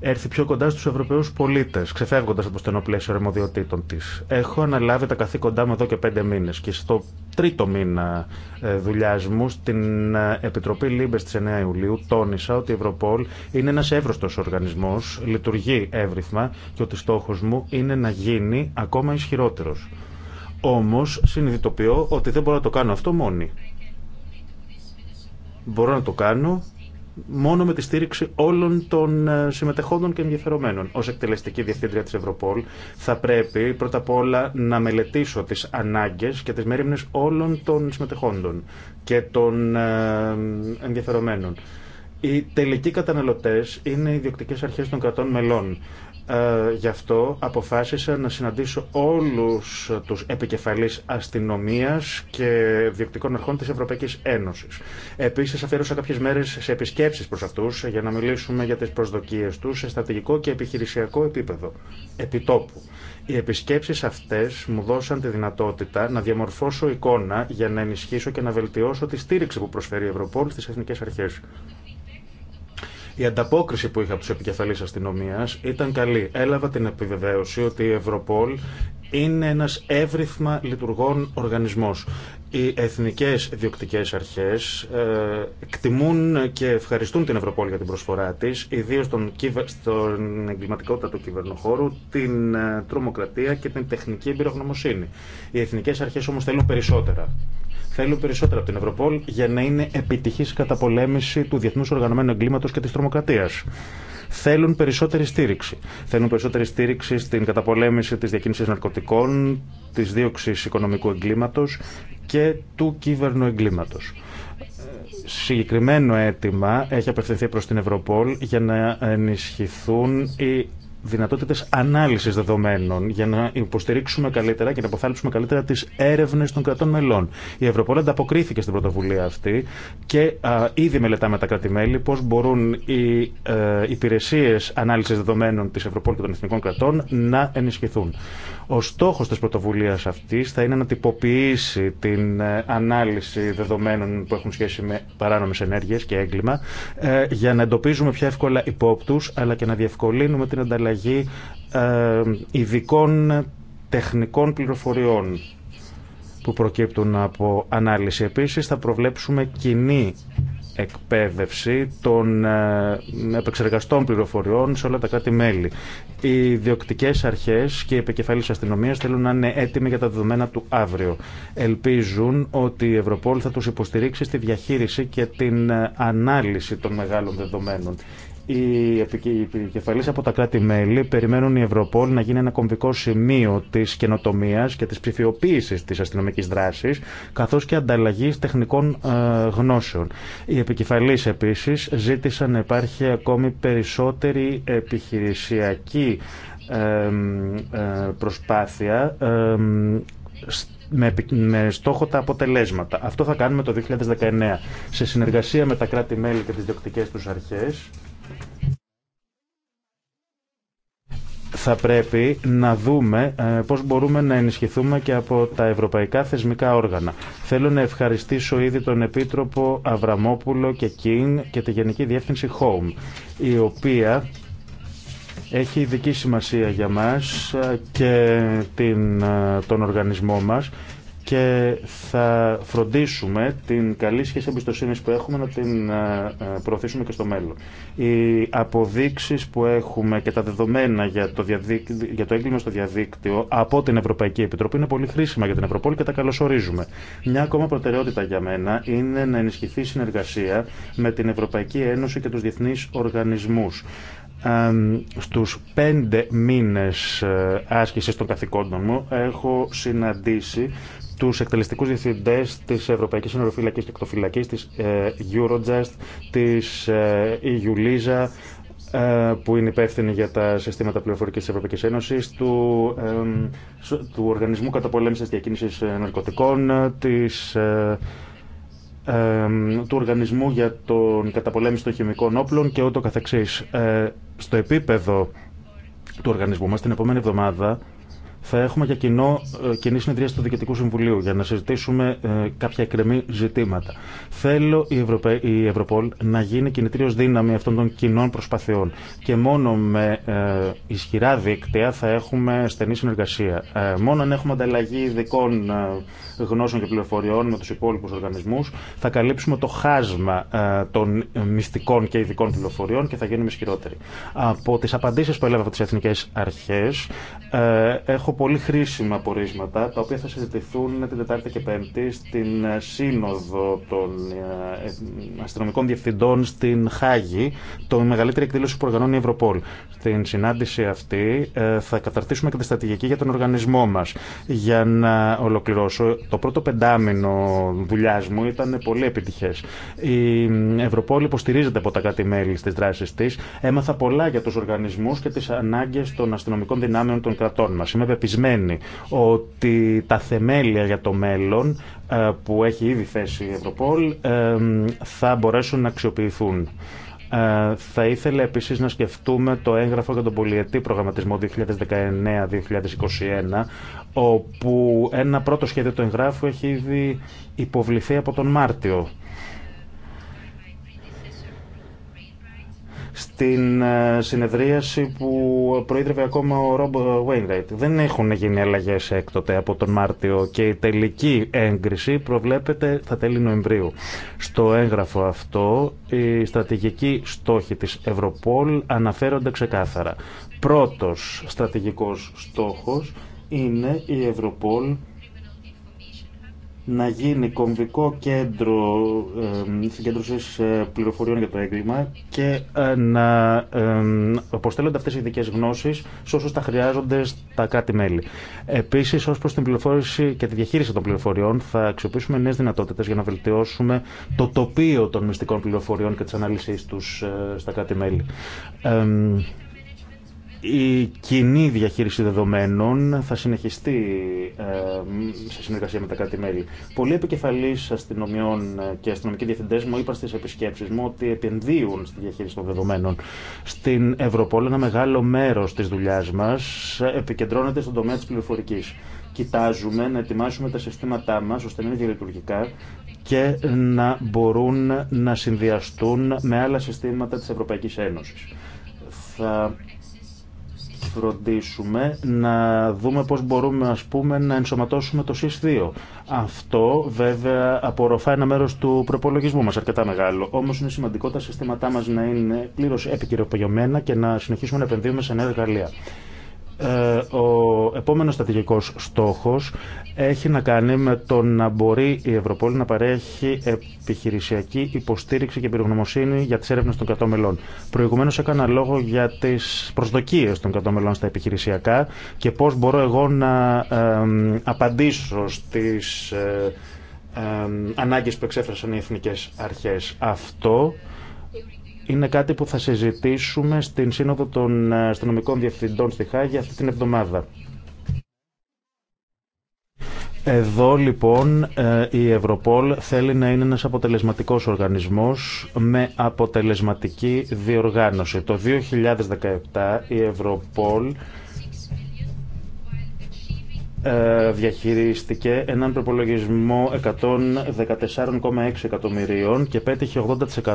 έρθει πιο κοντά στου Ευρωπαίου πολίτε, ξεφεύγοντα από το στενό πλαίσιο αρμοδιοτήτων τη. Έχω αναλάβει τα καθήκοντά μου εδώ και πέντε μήνε και στο τρίτο μήνα ε, δουλειά μου στην ε, Επιτροπή Λίμπε τη 9 Ιουλίου τόνισα ότι η Ευρωπόλ είναι ένα εύρωστο οργανισμό, λειτουργεί εύρυθμα και ότι στόχο μου είναι να γίνει ακόμα ισχυρότερο. Όμω συνειδητοποιώ ότι δεν μπορώ να το κάνω αυτό μόνη. Μπορώ να το κάνω μόνο με τη στήριξη όλων των ε, συμμετεχόντων και ενδιαφερομένων. Ω εκτελεστική διευθύντρια της Ευρωπόλ θα πρέπει πρώτα απ' όλα να μελετήσω τις ανάγκες και τις μέρημνε όλων των συμμετεχόντων και των ε, ενδιαφερομένων. Οι τελικοί καταναλωτέ είναι οι ιδιοκτικέ αρχέ των κρατών μελών. Ε, γι' αυτό αποφάσισα να συναντήσω όλους τους επικεφαλείς αστυνομίας και διοκτικών αρχών της Ευρωπαϊκής Ένωσης. Επίσης αφιέρωσα κάποιες μέρες σε επισκέψεις προς αυτούς για να μιλήσουμε για τις προσδοκίες τους σε στρατηγικό και επιχειρησιακό επίπεδο, επιτόπου. Οι επισκέψεις αυτές μου δώσαν τη δυνατότητα να διαμορφώσω εικόνα για να ενισχύσω και να βελτιώσω τη στήριξη που προσφέρει η Ευρωπόλη στις εθνικές αρχές. Η ανταπόκριση που είχα από του επικεφαλεί αστυνομία ήταν καλή. Έλαβα την επιβεβαίωση ότι η Ευρωπόλ είναι ένα εύρυθμα λειτουργών οργανισμό. Οι εθνικέ διοκτικέ αρχέ ε, εκτιμούν και ευχαριστούν την Ευρωπόλ για την προσφορά τη, ιδίω στον, στον εγκληματικότητα του κυβερνοχώρου, την ε, τρομοκρατία και την τεχνική εμπειρογνωμοσύνη. Οι εθνικέ αρχέ όμω θέλουν περισσότερα Θέλουν περισσότερα από την Ευρωπόλ για να είναι επιτυχή η καταπολέμηση του διεθνού οργανωμένου εγκλήματο και τη τρομοκρατία. Θέλουν περισσότερη στήριξη. Θέλουν περισσότερη στήριξη στην καταπολέμηση τη διακίνηση ναρκωτικών, τη δίωξη οικονομικού εγκλήματο και του κύβερνου εγκλήματο συγκεκριμένο αίτημα έχει απευθυνθεί προ την Ευρωπόλ για να ενισχυθούν οι δυνατότητε ανάλυση δεδομένων για να υποστηρίξουμε καλύτερα και να αποθάλψουμε καλύτερα τι έρευνε των κρατών μελών. Η Ευρωπόλ ανταποκρίθηκε στην πρωτοβουλία αυτή και α, ήδη μελετάμε τα κράτη-μέλη πώ μπορούν οι ε, υπηρεσίε ανάλυση δεδομένων τη Ευρωπόλ και των εθνικών κρατών να ενισχυθούν. Ο στόχος της πρωτοβουλίας αυτής θα είναι να τυποποιήσει την ε, ανάλυση δεδομένων που έχουν σχέση με παράνομες ενέργειες και έγκλημα ε, για να εντοπίζουμε πιο εύκολα υπόπτους αλλά και να διευκολύνουμε την ανταλλαγή ε, ειδικών τεχνικών πληροφοριών που προκύπτουν από ανάλυση. Επίσης θα προβλέψουμε κοινή εκπαίδευση των ε, επεξεργαστών πληροφοριών σε όλα τα κράτη-μέλη. Οι διοκτικέ αρχέ και οι επικεφαλεί αστυνομία θέλουν να είναι έτοιμοι για τα δεδομένα του αύριο. Ελπίζουν ότι η Ευρωπόλ θα του υποστηρίξει στη διαχείριση και την ε, ανάλυση των μεγάλων δεδομένων. Οι επικεφαλεί από τα κράτη-μέλη περιμένουν η Ευρωπόλ να γίνει ένα κομβικό σημείο της καινοτομία και της ψηφιοποίηση τη αστυνομική δράση καθώς και ανταλλαγής τεχνικών ε, γνώσεων. Οι επικεφαλεί επίσης ζήτησαν να υπάρχει ακόμη περισσότερη επιχειρησιακή ε, προσπάθεια με στόχο τα αποτελέσματα. Αυτό θα κάνουμε το 2019 σε συνεργασία με τα κράτη-μέλη και τις διοκτικές τους αρχές θα πρέπει να δούμε ε, πώς μπορούμε να ενισχυθούμε και από τα ευρωπαϊκά θεσμικά όργανα. Θέλω να ευχαριστήσω ήδη τον Επίτροπο Αβραμόπουλο και Κιν και τη Γενική Διεύθυνση Home, η οποία έχει ειδική σημασία για μας ε, και την, ε, τον οργανισμό μας και θα φροντίσουμε την καλή σχέση εμπιστοσύνη που έχουμε να την ε, ε, προωθήσουμε και στο μέλλον. Οι αποδείξει που έχουμε και τα δεδομένα για το, για το έγκλημα στο διαδίκτυο από την Ευρωπαϊκή Επιτροπή είναι πολύ χρήσιμα για την Ευρωπόλη και τα καλωσορίζουμε. Μια ακόμα προτεραιότητα για μένα είναι να ενισχυθεί η συνεργασία με την Ευρωπαϊκή Ένωση και του διεθνεί οργανισμού στους πέντε μήνες ε, άσκησης των καθηκόντων μου έχω συναντήσει τους εκτελεστικούς διευθυντές της Ευρωπαϊκής Συνοροφυλακής και Εκτοφυλακής, της ε, Eurojust, της EULISA, ε, που είναι υπεύθυνη για τα συστήματα πληροφορικής της Ευρωπαϊκής Ένωσης, του, του Οργανισμού Καταπολέμησης Διακίνησης Ναρκωτικών, της του Οργανισμού για τον Καταπολέμηση των Χημικών Όπλων και ούτω καθεξής. Ε, στο επίπεδο του οργανισμού μας την επόμενη εβδομάδα θα έχουμε και κοινό, ε, κοινή συνεδρία του Διοικητικό Συμβουλίου για να συζητήσουμε ε, κάποια εκκρεμή ζητήματα. Θέλω η, Ευρωπα... η Ευρωπόλ να γίνει κινητήριος δύναμη αυτών των κοινών προσπαθειών και μόνο με ε, ισχυρά δίκτυα θα έχουμε στενή συνεργασία. μόνο αν έχουμε ανταλλαγή ειδικών γνώσεων και πληροφοριών με τους υπόλοιπους οργανισμούς θα καλύψουμε το χάσμα των μυστικών και ειδικών πληροφοριών και θα γίνουμε ισχυρότεροι. Από τις απαντήσεις που έλαβα από τις εθνικές αρχές πολύ χρήσιμα πορίσματα, τα οποία θα συζητηθούν την Τετάρτη και Πέμπτη στην ε, Σύνοδο των ε, ε, Αστυνομικών Διευθυντών στην Χάγη, το μεγαλύτερη εκδήλωση που οργανώνει η Ευρωπόλ. Στην συνάντηση αυτή θα καταρτήσουμε και τη στρατηγική για τον οργανισμό μα. Για να ολοκληρώσω, το πρώτο πεντάμινο δουλειά μου ήταν πολύ επιτυχέ. Η Ευρωπόλ υποστηρίζεται από τα κράτη-μέλη στι δράσει τη. Έμαθα πολλά για του οργανισμού και τι ανάγκε των αστυνομικών δυνάμεων των κρατών μα. Είμαι ότι τα θεμέλια για το μέλλον ε, που έχει ήδη θέσει η Ευρωπόλ ε, θα μπορέσουν να αξιοποιηθούν. Ε, θα ήθελα επίσης να σκεφτούμε το έγγραφο για τον πολιετή προγραμματισμό 2019-2021 όπου ένα πρώτο σχέδιο του εγγράφου έχει ήδη υποβληθεί από τον Μάρτιο στην ε, συνεδρίαση που προείδρευε ακόμα ο Ρόμπ Βέινραϊτ. Δεν έχουν γίνει αλλαγέ έκτοτε από τον Μάρτιο και η τελική έγκριση προβλέπεται θα τέλη Νοεμβρίου. Στο έγγραφο αυτό, οι στρατηγικοί στόχοι τη Ευρωπόλ αναφέρονται ξεκάθαρα. Πρώτος στρατηγικός στόχος είναι η Ευρωπόλ να γίνει κομβικό κέντρο συγκέντρωσης ε, πληροφοριών για το έγκλημα και ε, να αποστέλλονται αυτές οι ειδικές γνώσεις σε όσους τα χρειάζονται στα κράτη-μέλη. Επίσης, ως προς την πληροφόρηση και τη διαχείριση των πληροφοριών, θα αξιοποιήσουμε νέες δυνατότητες για να βελτιώσουμε το τοπίο των μυστικών πληροφοριών και της ανάλυσης τους ε, στα κράτη-μέλη. Η κοινή διαχείριση δεδομένων θα συνεχιστεί ε, σε συνεργασία με τα κράτη-μέλη. Πολλοί επικεφαλεί αστυνομιών και αστυνομικοί διευθυντέ μου είπαν στι επισκέψει μου ότι επενδύουν στη διαχείριση των δεδομένων. Στην Ευρωπόλη ένα μεγάλο μέρο τη δουλειά μα επικεντρώνεται στον τομέα τη πληροφορική. Κοιτάζουμε να ετοιμάσουμε τα συστήματά μα ώστε να είναι διαλειτουργικά και να μπορούν να συνδυαστούν με άλλα συστήματα τη Ευρωπαϊκή Ένωση. Θα φροντίσουμε να δούμε πώς μπορούμε ας πούμε, να ενσωματώσουμε το ΣΥΣ2. Αυτό βέβαια απορροφά ένα μέρος του προπολογισμού μας αρκετά μεγάλο. Όμως είναι σημαντικό τα συστήματά μας να είναι πλήρως επικυρωποιημένα και να συνεχίσουμε να επενδύουμε σε νέα εργαλεία. Ε, ο επόμενος στρατηγικός στόχος έχει να κάνει με το να μπορεί η Ευρωπόλη να παρέχει επιχειρησιακή υποστήριξη και πυρογνωμοσύνη για τις έρευνες των κατώμελών. Προηγουμένως έκανα λόγο για τις προσδοκίες των κατώμελών στα επιχειρησιακά και πώς μπορώ εγώ να απαντήσω στις ε, ανάγκες που εξέφρασαν οι εθνικές αρχές. Αυτό είναι κάτι που θα συζητήσουμε στην Σύνοδο των Αστυνομικών Διευθυντών στη Χάγη αυτή την εβδομάδα. Εδώ λοιπόν ε, η Ευρωπόλ θέλει να είναι ένας αποτελεσματικός οργανισμός με αποτελεσματική διοργάνωση. Το 2017 η Ευρωπόλ ε, διαχειρίστηκε έναν προπολογισμό 114,6 εκατομμυρίων και πέτυχε 80% ε,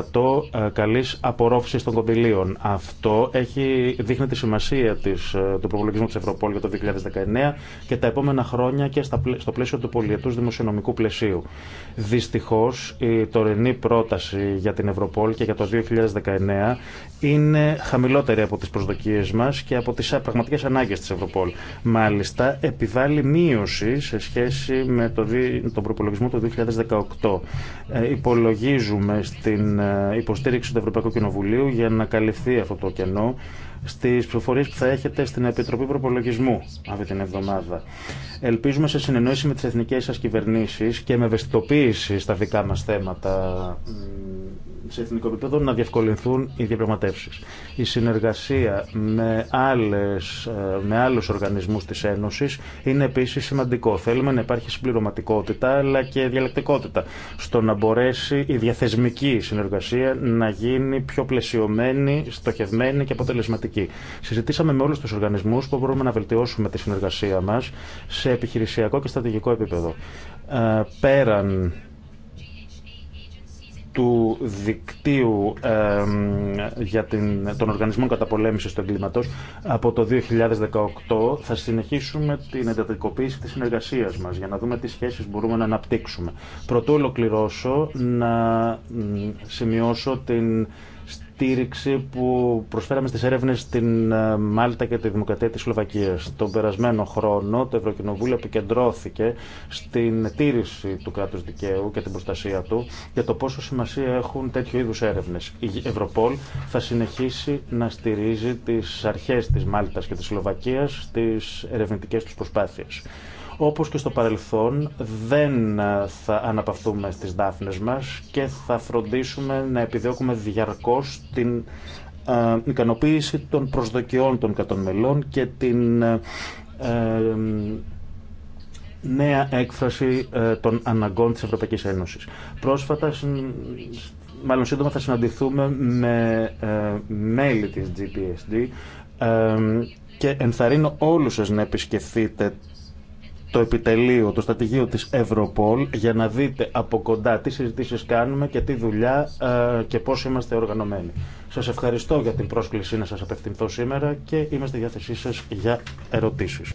καλής απορρόφησης των κονδυλίων. Αυτό έχει, δείχνει τη σημασία της, ε, του προπολογισμού της Ευρωπόλ για το 2019 και τα επόμενα χρόνια και στα, στο πλαίσιο του πολιετούς δημοσιονομικού πλαισίου. Δυστυχώς η τωρινή πρόταση για την Ευρωπόλ και για το 2019 είναι χαμηλότερη από τις προσδοκίες μας και από τις πραγματικές ανάγκες της Ευρωπόλ. Μάλιστα επιβάλλει μεγάλη μείωση σε σχέση με το, τον προπολογισμό του 2018. Ε, υπολογίζουμε στην ε, υποστήριξη του Ευρωπαϊκού Κοινοβουλίου για να καλυφθεί αυτό το κενό Στι προφορίες που θα έχετε στην Επιτροπή Προπολογισμού αυτή την εβδομάδα. Ελπίζουμε σε συνεννόηση με τι εθνικέ σα κυβερνήσει και με ευαισθητοποίηση στα δικά μα θέματα σε εθνικό επίπεδο να διευκολυνθούν οι διαπραγματεύσει. Η συνεργασία με, άλλες, ε, με άλλους οργανισμούς της Ένωσης είναι επίση σημαντικό. Θέλουμε να υπάρχει συμπληρωματικότητα αλλά και διαλεκτικότητα στο να μπορέσει η διαθεσμική συνεργασία να γίνει πιο πλαισιωμένη, στοχευμένη και αποτελεσματική Συζητήσαμε με όλου του οργανισμού που μπορούμε να βελτιώσουμε τη συνεργασία μα σε επιχειρησιακό και στρατηγικό επίπεδο. Ε, πέραν του δικτύου ε, για την, των οργανισμών καταπολέμησης του εγκλήματος από το 2018 θα συνεχίσουμε την εντατικοποίηση της συνεργασίας μας για να δούμε τι σχέσεις μπορούμε να αναπτύξουμε. Πρωτού ολοκληρώσω να σημειώσω την στήριξη που προσφέραμε στις έρευνες στην ε, Μάλτα και τη Δημοκρατία της Σλοβακίας. Τον περασμένο χρόνο το Ευρωκοινοβούλιο επικεντρώθηκε στην τήρηση του κράτους δικαίου και την προστασία του για το πόσο σημασία έχουν τέτοιου είδους έρευνες. Η Ευρωπόλ θα συνεχίσει να στηρίζει τις αρχές της Μάλτας και της Σλοβακίας στις ερευνητικές τους προσπάθειες. Όπως και στο παρελθόν δεν θα αναπαυθούμε στις δάφνες μας και θα φροντίσουμε να επιδιώκουμε διαρκώς την ε, ικανοποίηση των προσδοκιών των κατών και την ε, ε, νέα έκφραση των αναγκών της Ευρωπαϊκής Ένωσης. Πρόσφατα, μάλλον σύντομα, θα συναντηθούμε με μέλη της GPSD και ενθαρρύνω όλους σας να επισκεφθείτε το επιτελείο, το στατηγείο της Ευρωπόλ για να δείτε από κοντά τι συζητήσεις κάνουμε και τι δουλειά ε, και πώς είμαστε οργανωμένοι. Σας ευχαριστώ για την πρόσκληση να σας απευθυνθώ σήμερα και είμαστε στη διάθεσή σας για ερωτήσεις.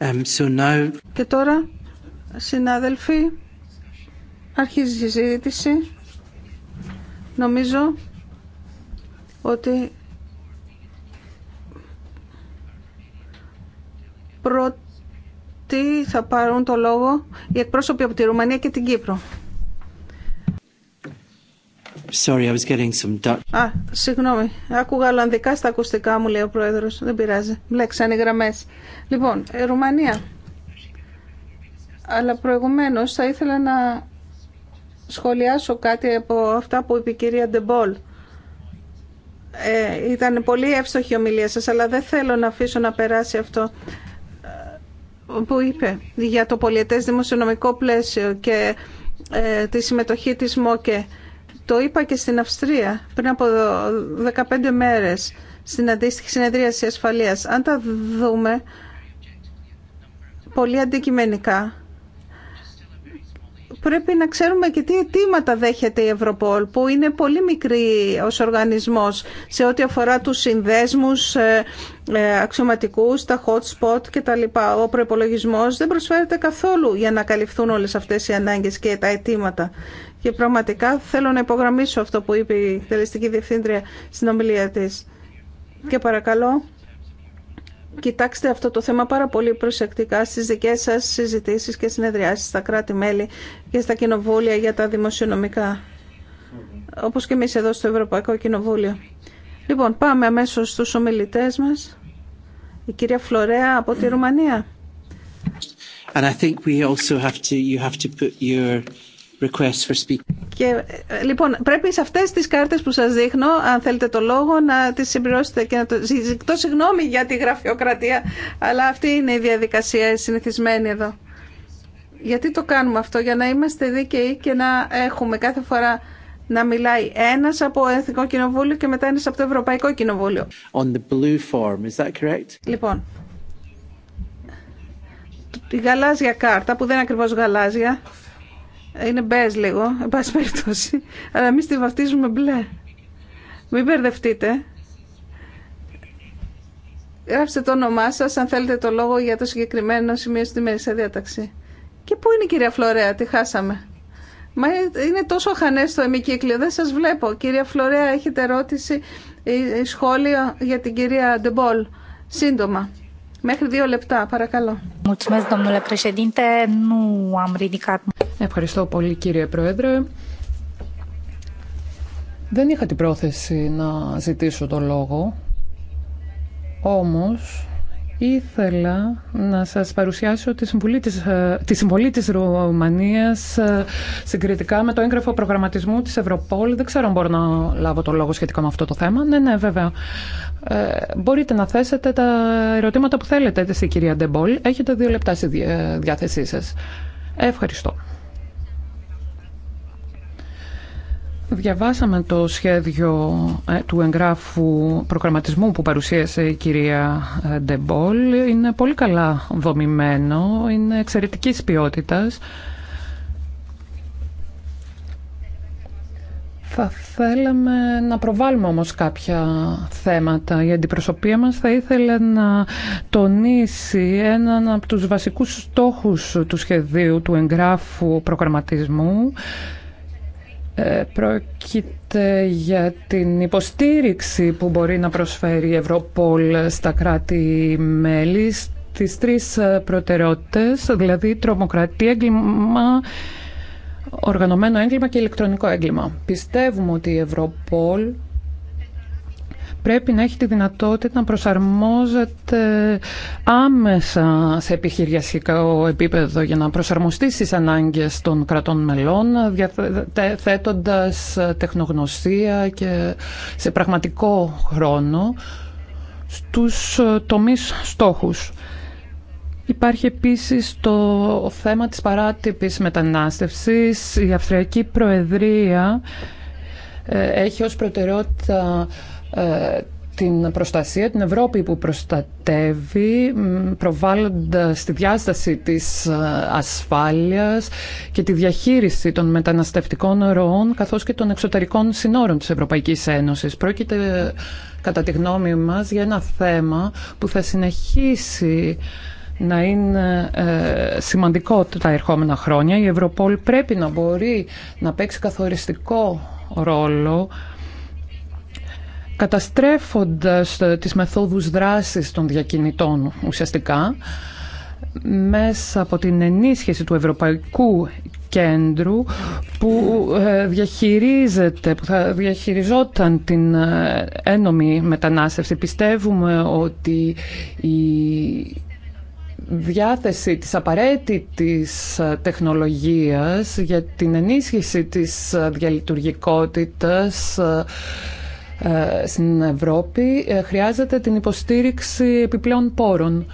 Um, και τώρα Συνάδελφοι, αρχίζει η συζήτηση. Νομίζω ότι πρώτοι θα πάρουν το λόγο οι εκπρόσωποι από τη Ρουμανία και την Κύπρο. Sorry, I was getting some... Α, συγγνώμη. Άκουγα Ολλανδικά στα ακουστικά μου, λέει ο Πρόεδρος. Δεν πειράζει. Μπλέξαν οι γραμμές. Λοιπόν, ε, Ρουμανία αλλά προηγουμένως θα ήθελα να σχολιάσω κάτι από αυτά που είπε η κυρία Ντεμπόλ. Ε, ήταν πολύ εύστοχη ομιλία σας, αλλά δεν θέλω να αφήσω να περάσει αυτό ε, που είπε για το πολιετές δημοσιονομικό πλαίσιο και ε, τη συμμετοχή της ΜΟΚΕ. Το είπα και στην Αυστρία πριν από 15 μέρες στην αντίστοιχη συνεδρίαση ασφαλείας. Αν τα δούμε πολύ αντικειμενικά, πρέπει να ξέρουμε και τι αιτήματα δέχεται η Ευρωπόλ που είναι πολύ μικρή ως οργανισμός σε ό,τι αφορά τους συνδέσμους ε, ε, αξιωματικούς, τα hot spot και τα λοιπά. Ο προπολογισμό δεν προσφέρεται καθόλου για να καλυφθούν όλες αυτές οι ανάγκες και τα αιτήματα. Και πραγματικά θέλω να υπογραμμίσω αυτό που είπε η τελεστική διευθύντρια στην ομιλία της. Και παρακαλώ κοιτάξτε αυτό το θέμα πάρα πολύ προσεκτικά στις δικές σας συζητήσεις και συνεδριάσεις στα κράτη-μέλη και στα κοινοβούλια για τα δημοσιονομικά, όπως και εμείς εδώ στο Ευρωπαϊκό Κοινοβούλιο. Λοιπόν, πάμε αμέσως στους ομιλητές μας. Η κυρία Φλωρέα από τη Ρουμανία. And I think we also have For speak. Και, ε, λοιπόν, πρέπει σε αυτές τις κάρτες που σας δείχνω, αν θέλετε το λόγο, να τις συμπληρώσετε και να το... Ζητώ συγγνώμη για τη γραφειοκρατία, αλλά αυτή είναι η διαδικασία συνηθισμένη εδώ. Γιατί το κάνουμε αυτό, για να είμαστε δίκαιοι και να έχουμε κάθε φορά να μιλάει ένας από το Εθνικό Κοινοβούλιο και μετά ένας από το Ευρωπαϊκό Κοινοβούλιο. On the blue form, is that correct? Λοιπόν, η γαλάζια κάρτα, που δεν είναι ακριβώς γαλάζια, ε, είναι μπες λίγο, εν πάση περιπτώσει. Αλλά εμεί τη βαφτίζουμε μπλε. Μην μπερδευτείτε. Γράψτε το όνομά σα αν θέλετε το λόγο για το συγκεκριμένο σημείο στη μέρη διάταξη. Και πού είναι η κυρία Φλωρέα, τη χάσαμε. Μα ε, είναι τόσο χανές το εμικύκλιο, δεν σας βλέπω. Κυρία Φλωρέα, έχετε ερώτηση ή σχόλιο για την κυρία Ντεμπόλ. Σύντομα. Μέχρι δύο λεπτά, παρακαλώ. Ευχαριστώ πολύ κύριε Πρόεδρε. Δεν είχα την πρόθεση να ζητήσω το λόγο, όμως Ήθελα να σας παρουσιάσω τη ε, συμβολή της, τη της Ρουμανίας ε, συγκριτικά με το έγγραφο προγραμματισμού της Ευρωπόλ. Δεν ξέρω αν μπορώ να λάβω το λόγο σχετικά με αυτό το θέμα. Ναι, ναι, βέβαια. Ε, μπορείτε να θέσετε τα ερωτήματα που θέλετε στην κυρία Ντεμπόλ. Έχετε δύο λεπτά στη διάθεσή σας. Ευχαριστώ. Διαβάσαμε το σχέδιο ε, του εγγράφου προγραμματισμού που παρουσίασε η κυρία ε, Ντεμπόλ. Είναι πολύ καλά δομημένο, είναι εξαιρετικής ποιότητας. Θα θέλαμε να προβάλλουμε όμως κάποια θέματα. Η αντιπροσωπεία μας θα ήθελε να τονίσει έναν από τους βασικούς στόχους του σχεδίου του εγγράφου προγραμματισμού ε, πρόκειται για την υποστήριξη που μπορεί να προσφέρει η Ευρωπόλ στα κράτη-μέλη στις τρεις ε, προτεραιότητες, δηλαδή τρομοκρατία, έγκλημα, οργανωμένο έγκλημα και ηλεκτρονικό έγκλημα. Πιστεύουμε ότι η Ευρωπόλ πρέπει να έχει τη δυνατότητα να προσαρμόζεται άμεσα σε επιχειριαστικό επίπεδο για να προσαρμοστεί στις ανάγκες των κρατών μελών, διαθέτοντας τεχνογνωσία και σε πραγματικό χρόνο στους τομείς στόχους. Υπάρχει επίσης το θέμα της παράτυπης μετανάστευσης. Η Αυστριακή Προεδρία ε, έχει ως προτεραιότητα ε, την προστασία, την Ευρώπη που προστατεύει, προβάλλοντας τη διάσταση της ε, ασφάλειας και τη διαχείριση των μεταναστευτικών ροών, καθώς και των εξωτερικών συνόρων της Ευρωπαϊκής Ένωσης. Πρόκειται, κατά τη γνώμη μας, για ένα θέμα που θα συνεχίσει να είναι ε, σημαντικό τα ερχόμενα χρόνια. Η Ευρωπόλ πρέπει να μπορεί να παίξει καθοριστικό ρόλο καταστρέφοντας ε, τις μεθόδους δράσης των διακινητών ουσιαστικά μέσα από την ενίσχυση του Ευρωπαϊκού Κέντρου που ε, διαχειρίζεται, που θα διαχειριζόταν την ε, ένομη μετανάστευση. Πιστεύουμε ότι η διάθεση της απαραίτητης τεχνολογίας για την ενίσχυση της διαλειτουργικότητας ε, στην Ευρώπη ε, χρειάζεται την υποστήριξη επιπλέον πόρων.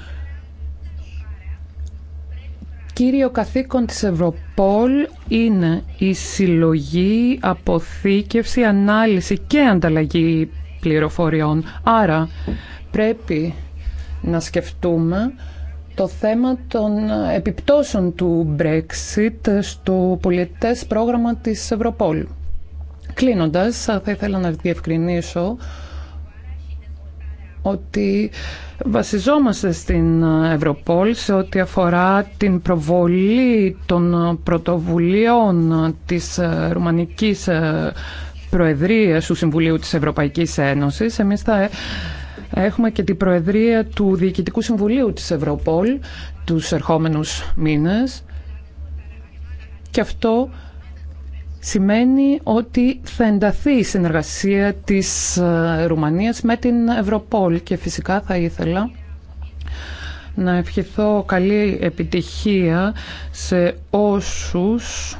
Κύριο καθήκον της Ευρωπόλ είναι η συλλογή, αποθήκευση, ανάλυση και ανταλλαγή πληροφοριών. Άρα πρέπει να σκεφτούμε το θέμα των επιπτώσεων του Brexit στο πολιτές πρόγραμμα της Ευρωπόλου. Κλείνοντας, θα ήθελα να διευκρινίσω ότι βασιζόμαστε στην Ευρωπόλ σε ό,τι αφορά την προβολή των πρωτοβουλίων της Ρουμανικής Προεδρίας του Συμβουλίου της Ευρωπαϊκής Ένωσης. Εμείς θα έχουμε και την Προεδρία του Διοικητικού Συμβουλίου της Ευρωπόλ τους ερχόμενους μήνες και αυτό σημαίνει ότι θα ενταθεί η συνεργασία της ε, Ρουμανίας με την Ευρωπόλ και φυσικά θα ήθελα να ευχηθώ καλή επιτυχία σε όσους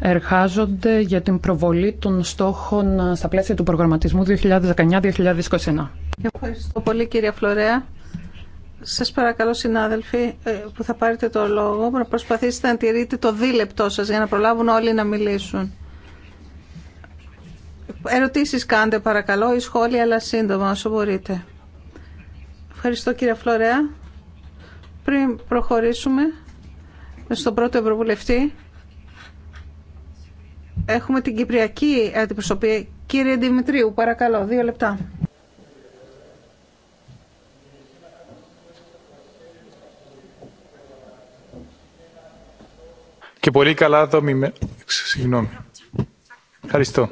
εργάζονται για την προβολή των στόχων ε, στα πλαίσια του προγραμματισμού 2019-2021. Ευχαριστώ πολύ κύριε Φλωρέα. Σας παρακαλώ συνάδελφοι ε, που θα πάρετε το λόγο να προσπαθήσετε να τηρείτε το δίλεπτό σας για να προλάβουν όλοι να μιλήσουν. Ερωτήσεις κάντε παρακαλώ ή σχόλια αλλά σύντομα όσο μπορείτε. Ευχαριστώ κύριε Φλωρέα. Πριν προχωρήσουμε στον πρώτο Ευρωβουλευτή έχουμε την Κυπριακή Αντιπροσωπή. Κύριε Δημητρίου παρακαλώ δύο λεπτά. και πολύ καλά δομημένο. Συγγνώμη. Ευχαριστώ.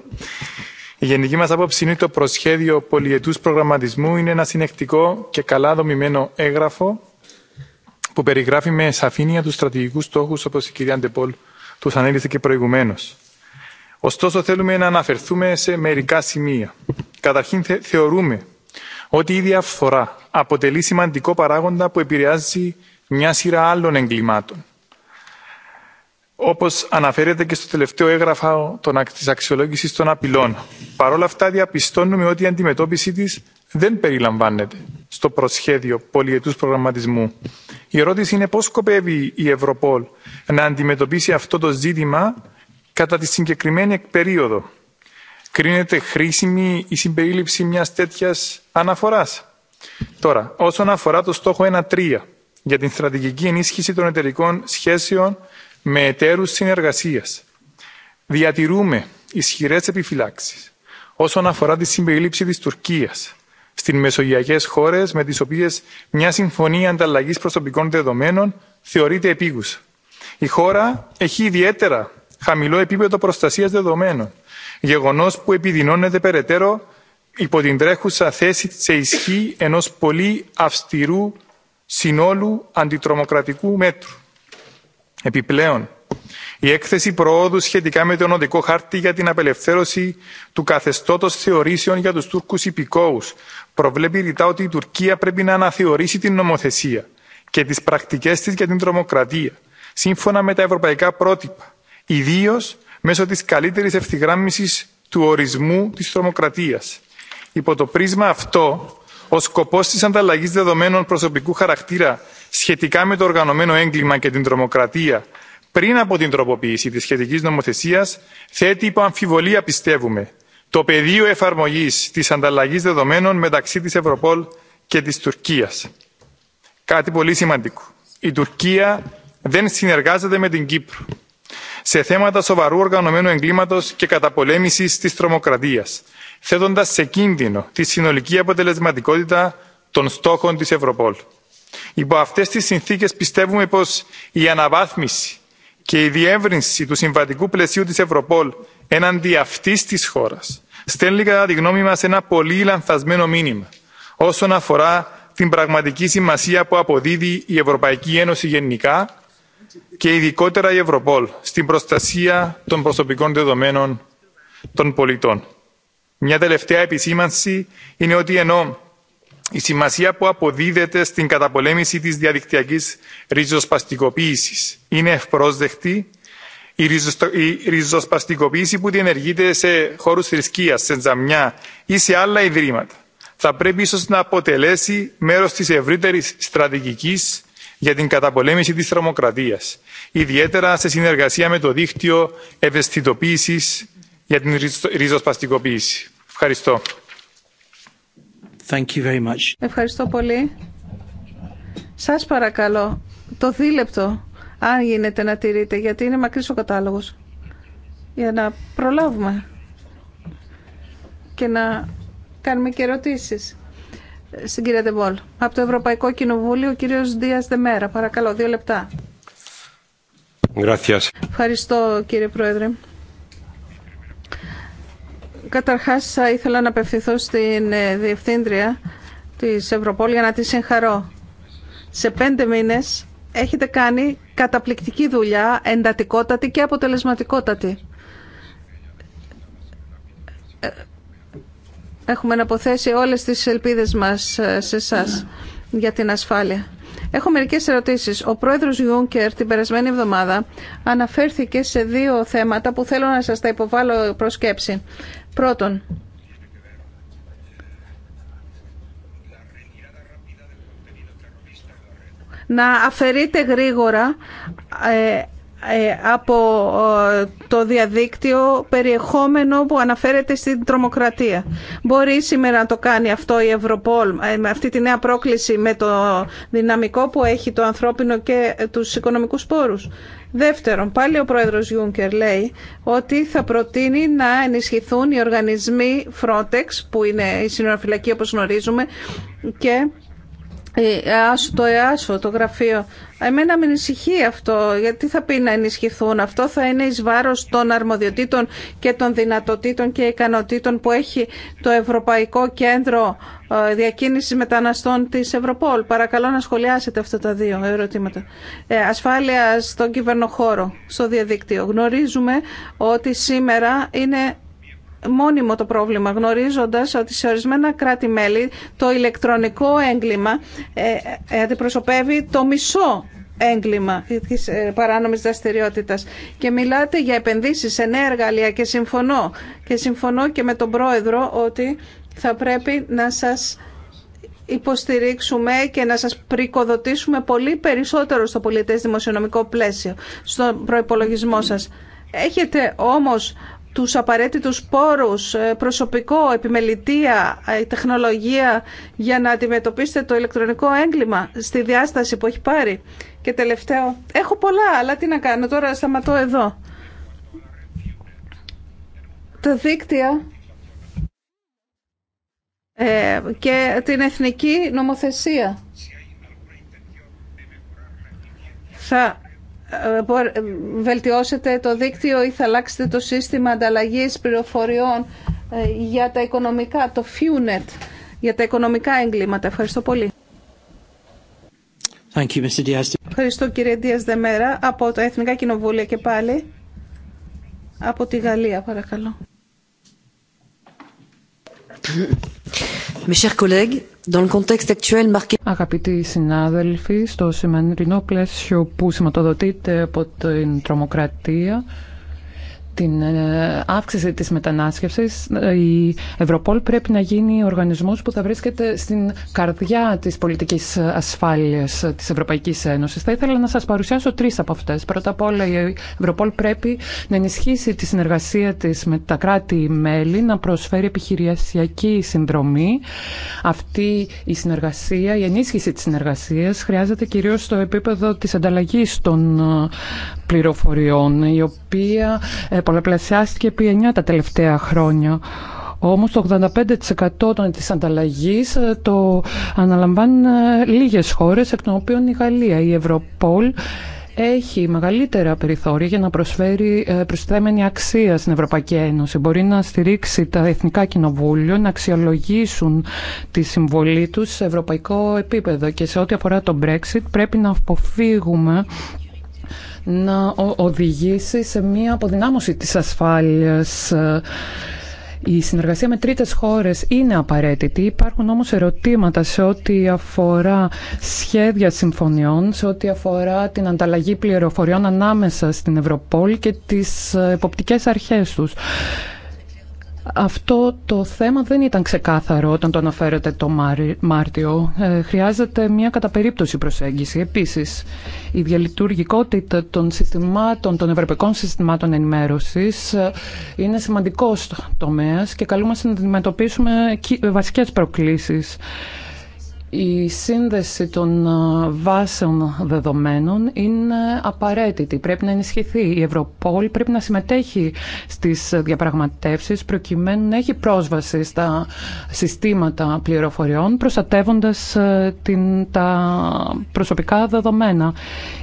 Η γενική μα άποψη είναι ότι το προσχέδιο πολιετού προγραμματισμού είναι ένα συνεκτικό και καλά δομημένο έγγραφο που περιγράφει με σαφήνεια του στρατηγικού στόχου, όπω η κυρία Ντεπόλ του ανέλησε και προηγουμένω. Ωστόσο, θέλουμε να αναφερθούμε σε μερικά σημεία. Καταρχήν, θεωρούμε ότι η διαφθορά αποτελεί σημαντικό παράγοντα που επηρεάζει μια σειρά άλλων εγκλημάτων όπως αναφέρεται και στο τελευταίο έγγραφο της αξιολόγησης των απειλών. Παρ' όλα αυτά διαπιστώνουμε ότι η αντιμετώπιση της δεν περιλαμβάνεται στο προσχέδιο πολιετούς προγραμματισμού. Η ερώτηση είναι πώς σκοπεύει η Ευρωπόλ να αντιμετωπίσει αυτό το ζήτημα κατά τη συγκεκριμένη περίοδο. Κρίνεται χρήσιμη η συμπερίληψη μιας τέτοιας αναφοράς. Τώρα, όσον αφορά το στόχο 1.3 για την στρατηγική ενίσχυση των εταιρικών σχέσεων με εταίρους συνεργασίας. Διατηρούμε ισχυρές επιφυλάξεις όσον αφορά τη συμπερίληψη της Τουρκίας στις μεσογειακές χώρες με τις οποίες μια συμφωνία ανταλλαγής προσωπικών δεδομένων θεωρείται επίγουσα. Η χώρα έχει ιδιαίτερα χαμηλό επίπεδο προστασίας δεδομένων, γεγονός που επιδεινώνεται περαιτέρω υπό την τρέχουσα θέση σε ισχύ ενός πολύ αυστηρού συνόλου αντιτρομοκρατικού μέτρου. Επιπλέον, η έκθεση προόδου σχετικά με τον οδικό χάρτη για την απελευθέρωση του καθεστώτο θεωρήσεων για του Τούρκου υπηκόου προβλέπει ρητά ότι η Τουρκία πρέπει να αναθεωρήσει την νομοθεσία και τι πρακτικέ τη για την τρομοκρατία, σύμφωνα με τα ευρωπαϊκά πρότυπα, ιδίω μέσω τη καλύτερη ευθυγράμμιση του ορισμού τη τρομοκρατία. Υπό το πρίσμα αυτό, ο σκοπό τη ανταλλαγή δεδομένων προσωπικού χαρακτήρα σχετικά με το οργανωμένο έγκλημα και την τρομοκρατία πριν από την τροποποίηση της σχετικής νομοθεσίας θέτει υπό αμφιβολία πιστεύουμε το πεδίο εφαρμογής της ανταλλαγής δεδομένων μεταξύ της ευρωπόλ και της τουρκίας. κάτι πολύ σημαντικό η τουρκία δεν συνεργάζεται με την κύπρο σε θέματα σοβαρού οργανωμένου εγκλήματος και καταπολέμησης της τρομοκρατίας θέτοντας σε κίνδυνο τη συνολική αποτελεσματικότητα των στόχων της ευρωπόλ. Υπό αυτές τις συνθήκες πιστεύουμε πως η αναβάθμιση και η διεύρυνση του συμβατικού πλαισίου της Ευρωπόλ έναντι αυτής της χώρας στέλνει κατά τη γνώμη μας ένα πολύ λανθασμένο μήνυμα όσον αφορά την πραγματική σημασία που αποδίδει η Ευρωπαϊκή Ένωση γενικά και ειδικότερα η Ευρωπόλ στην προστασία των προσωπικών δεδομένων των πολιτών. Μια τελευταία επισήμανση είναι ότι ενώ η σημασία που αποδίδεται στην καταπολέμηση της διαδικτυακής ριζοσπαστικοποίησης είναι ευπρόσδεκτη η, η ριζοσπαστικοποίηση που διενεργείται σε χώρους θρησκείας, σε τζαμιά ή σε άλλα ιδρύματα θα πρέπει ίσως να αποτελέσει μέρος της ευρύτερης στρατηγικής για την καταπολέμηση της τρομοκρατίας, ιδιαίτερα σε συνεργασία με το δίκτυο ευαισθητοποίησης για την ριζοσπαστικοποίηση. Ευχαριστώ. Ευχαριστώ πολύ. Σας παρακαλώ, το δίλεπτο, αν γίνεται να τηρείτε, γιατί είναι μακρύς ο κατάλογος, για να προλάβουμε και να κάνουμε και ερωτήσεις. Στην κυρία Ντεμπόλ. Από το Ευρωπαϊκό Κοινοβούλιο, ο κύριος Δίας Δεμέρα. Παρακαλώ, δύο λεπτά. Ευχαριστώ, κύριε Πρόεδρε. Καταρχάς θα ήθελα να απευθυνθώ στην ε, Διευθύντρια της Ευρωπόλ να τη συγχαρώ. Σε πέντε μήνες έχετε κάνει καταπληκτική δουλειά, εντατικότατη και αποτελεσματικότατη. Ε, έχουμε να αποθέσει όλες τις ελπίδες μας ε, σε εσά για την ασφάλεια. Έχω μερικές ερωτήσεις. Ο πρόεδρος Γιούνκερ την περασμένη εβδομάδα αναφέρθηκε σε δύο θέματα που θέλω να σας τα υποβάλω προσκέψη. Πρώτον, να αφαιρείτε γρήγορα ε, ε, από ε, το διαδίκτυο περιεχόμενο που αναφέρεται στην τρομοκρατία. Μπορεί σήμερα να το κάνει αυτό η Ευρωπόλ ε, με αυτή τη νέα πρόκληση με το δυναμικό που έχει το ανθρώπινο και τους οικονομικούς πόρους. Δεύτερον, πάλι ο πρόεδρος Γιούνκερ λέει ότι θα προτείνει να ενισχυθούν οι οργανισμοί Frontex που είναι η φυλακή όπως γνωρίζουμε και το ΕΑΣΟ, το γραφείο. Εμένα με ανησυχεί αυτό, γιατί θα πει να ενισχυθούν. Αυτό θα είναι εις βάρος των αρμοδιοτήτων και των δυνατοτήτων και ικανοτήτων που έχει το Ευρωπαϊκό Κέντρο ε, Διακίνησης Μεταναστών της Ευρωπόλ. Παρακαλώ να σχολιάσετε αυτά τα δύο ερωτήματα. Ε, ασφάλεια στον κυβερνοχώρο, στο διαδίκτυο. Γνωρίζουμε ότι σήμερα είναι μόνιμο το πρόβλημα, γνωρίζοντας ότι σε ορισμένα κράτη-μέλη το ηλεκτρονικό έγκλημα ε, ε, αντιπροσωπεύει το μισό έγκλημα της ε, παράνομης δραστηριότητα. Και μιλάτε για επενδύσεις σε νέα εργαλεία και συμφωνώ. Και συμφωνώ και με τον Πρόεδρο ότι θα πρέπει να σας υποστηρίξουμε και να σας πρικοδοτήσουμε πολύ περισσότερο στο πολιτές δημοσιονομικό πλαίσιο, στον προϋπολογισμό σας. Έχετε όμως τους απαραίτητους πόρους, ε, προσωπικό, επιμελητία, ε, τεχνολογία για να αντιμετωπίσετε το ηλεκτρονικό έγκλημα στη διάσταση που έχει πάρει. Και τελευταίο, έχω πολλά, αλλά τι να κάνω, τώρα σταματώ εδώ. Τα δίκτυα ε, και την εθνική νομοθεσία. Θα ε, ε, βελτιώσετε το δίκτυο ή θα αλλάξετε το σύστημα ανταλλαγής πληροφοριών ε, για τα οικονομικά, το FUNET, για τα οικονομικά εγκλήματα. Ευχαριστώ πολύ. Thank you, Mr. Ευχαριστώ κύριε Δίας Δεμέρα από τα Εθνικά Κοινοβούλια και πάλι από τη Γαλλία παρακαλώ. Mes chers collègues, Αγαπητοί συνάδελφοι, στο σημερινό πλαίσιο που σηματοδοτείται από την τρομοκρατία, την ε, αύξηση της μετανάσκευσης ε, η Ευρωπόλ πρέπει να γίνει ο οργανισμός που θα βρίσκεται στην καρδιά της πολιτικής ασφάλειας της Ευρωπαϊκής Ένωσης. Θα ήθελα να σας παρουσιάσω τρεις από αυτές. Πρώτα απ' όλα η Ευρωπόλ πρέπει να ενισχύσει τη συνεργασία της με τα κράτη-μέλη, να προσφέρει επιχειριασιακή συνδρομή. Αυτή η συνεργασία, η ενίσχυση της συνεργασίας χρειάζεται κυρίως στο επίπεδο της ανταλλαγής των ε, πληροφοριών, η οποία πολλαπλασιάστηκε επί 9 τα τελευταία χρόνια. Όμως το 85% της ανταλλαγής ε, το αναλαμβάνουν ε, λίγες χώρες, εκ των οποίων η Γαλλία, η Ευρωπόλ, έχει μεγαλύτερα περιθώρια για να προσφέρει ε, προσθέμενη αξία στην Ευρωπαϊκή Ένωση. Μπορεί να στηρίξει τα εθνικά κοινοβούλια, να αξιολογήσουν τη συμβολή τους σε ευρωπαϊκό επίπεδο. Και σε ό,τι αφορά το Brexit πρέπει να αποφύγουμε να οδηγήσει σε μία αποδυνάμωση της ασφάλειας. Η συνεργασία με τρίτες χώρες είναι απαραίτητη. Υπάρχουν όμως ερωτήματα σε ό,τι αφορά σχέδια συμφωνιών, σε ό,τι αφορά την ανταλλαγή πληροφοριών ανάμεσα στην Ευρωπόλη και τις ε, εποπτικές αρχές τους. Αυτό το θέμα δεν ήταν ξεκάθαρο όταν το αναφέρετε το Μάρτιο. Ε, χρειάζεται μια καταπερίπτωση προσέγγιση. Επίσης, η διαλειτουργικότητα των, συστημάτων, των ευρωπαϊκών συστημάτων ενημέρωσης ε, είναι σημαντικός τομέας και καλούμαστε να αντιμετωπίσουμε ε, βασικές προκλήσεις η σύνδεση των βάσεων δεδομένων είναι απαραίτητη. Πρέπει να ενισχυθεί. Η Ευρωπόλ πρέπει να συμμετέχει στις διαπραγματεύσεις προκειμένου να έχει πρόσβαση στα συστήματα πληροφοριών προστατεύοντας την, τα προσωπικά δεδομένα.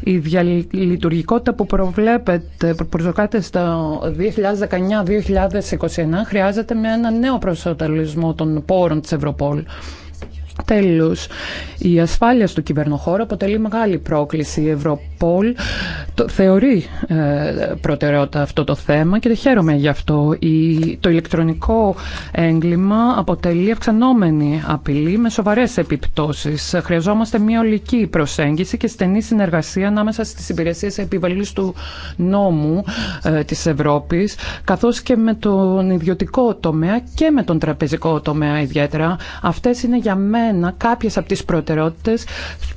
Η διαλειτουργικότητα που προβλέπεται, που προσδοκάται στο 2019-2021 χρειάζεται με ένα νέο προσωταλισμό των πόρων της Ευρωπόλ. Τέλος, η ασφάλεια στο κυβερνοχώρο αποτελεί μεγάλη πρόκληση. Η Ευρωπόλ το θεωρεί ε, προτεραιότητα αυτό το θέμα και το χαίρομαι γι' αυτό. το ηλεκτρονικό έγκλημα αποτελεί αυξανόμενη απειλή με σοβαρές επιπτώσεις. Χρειαζόμαστε μια ολική προσέγγιση και στενή συνεργασία ανάμεσα στις υπηρεσίες επιβαλής του νόμου ε, της Ευρώπης καθώς και με τον ιδιωτικό τομέα και με τον τραπεζικό τομέα ιδιαίτερα. Αυτές είναι για μένα να κάποιες από τις προτεραιότητες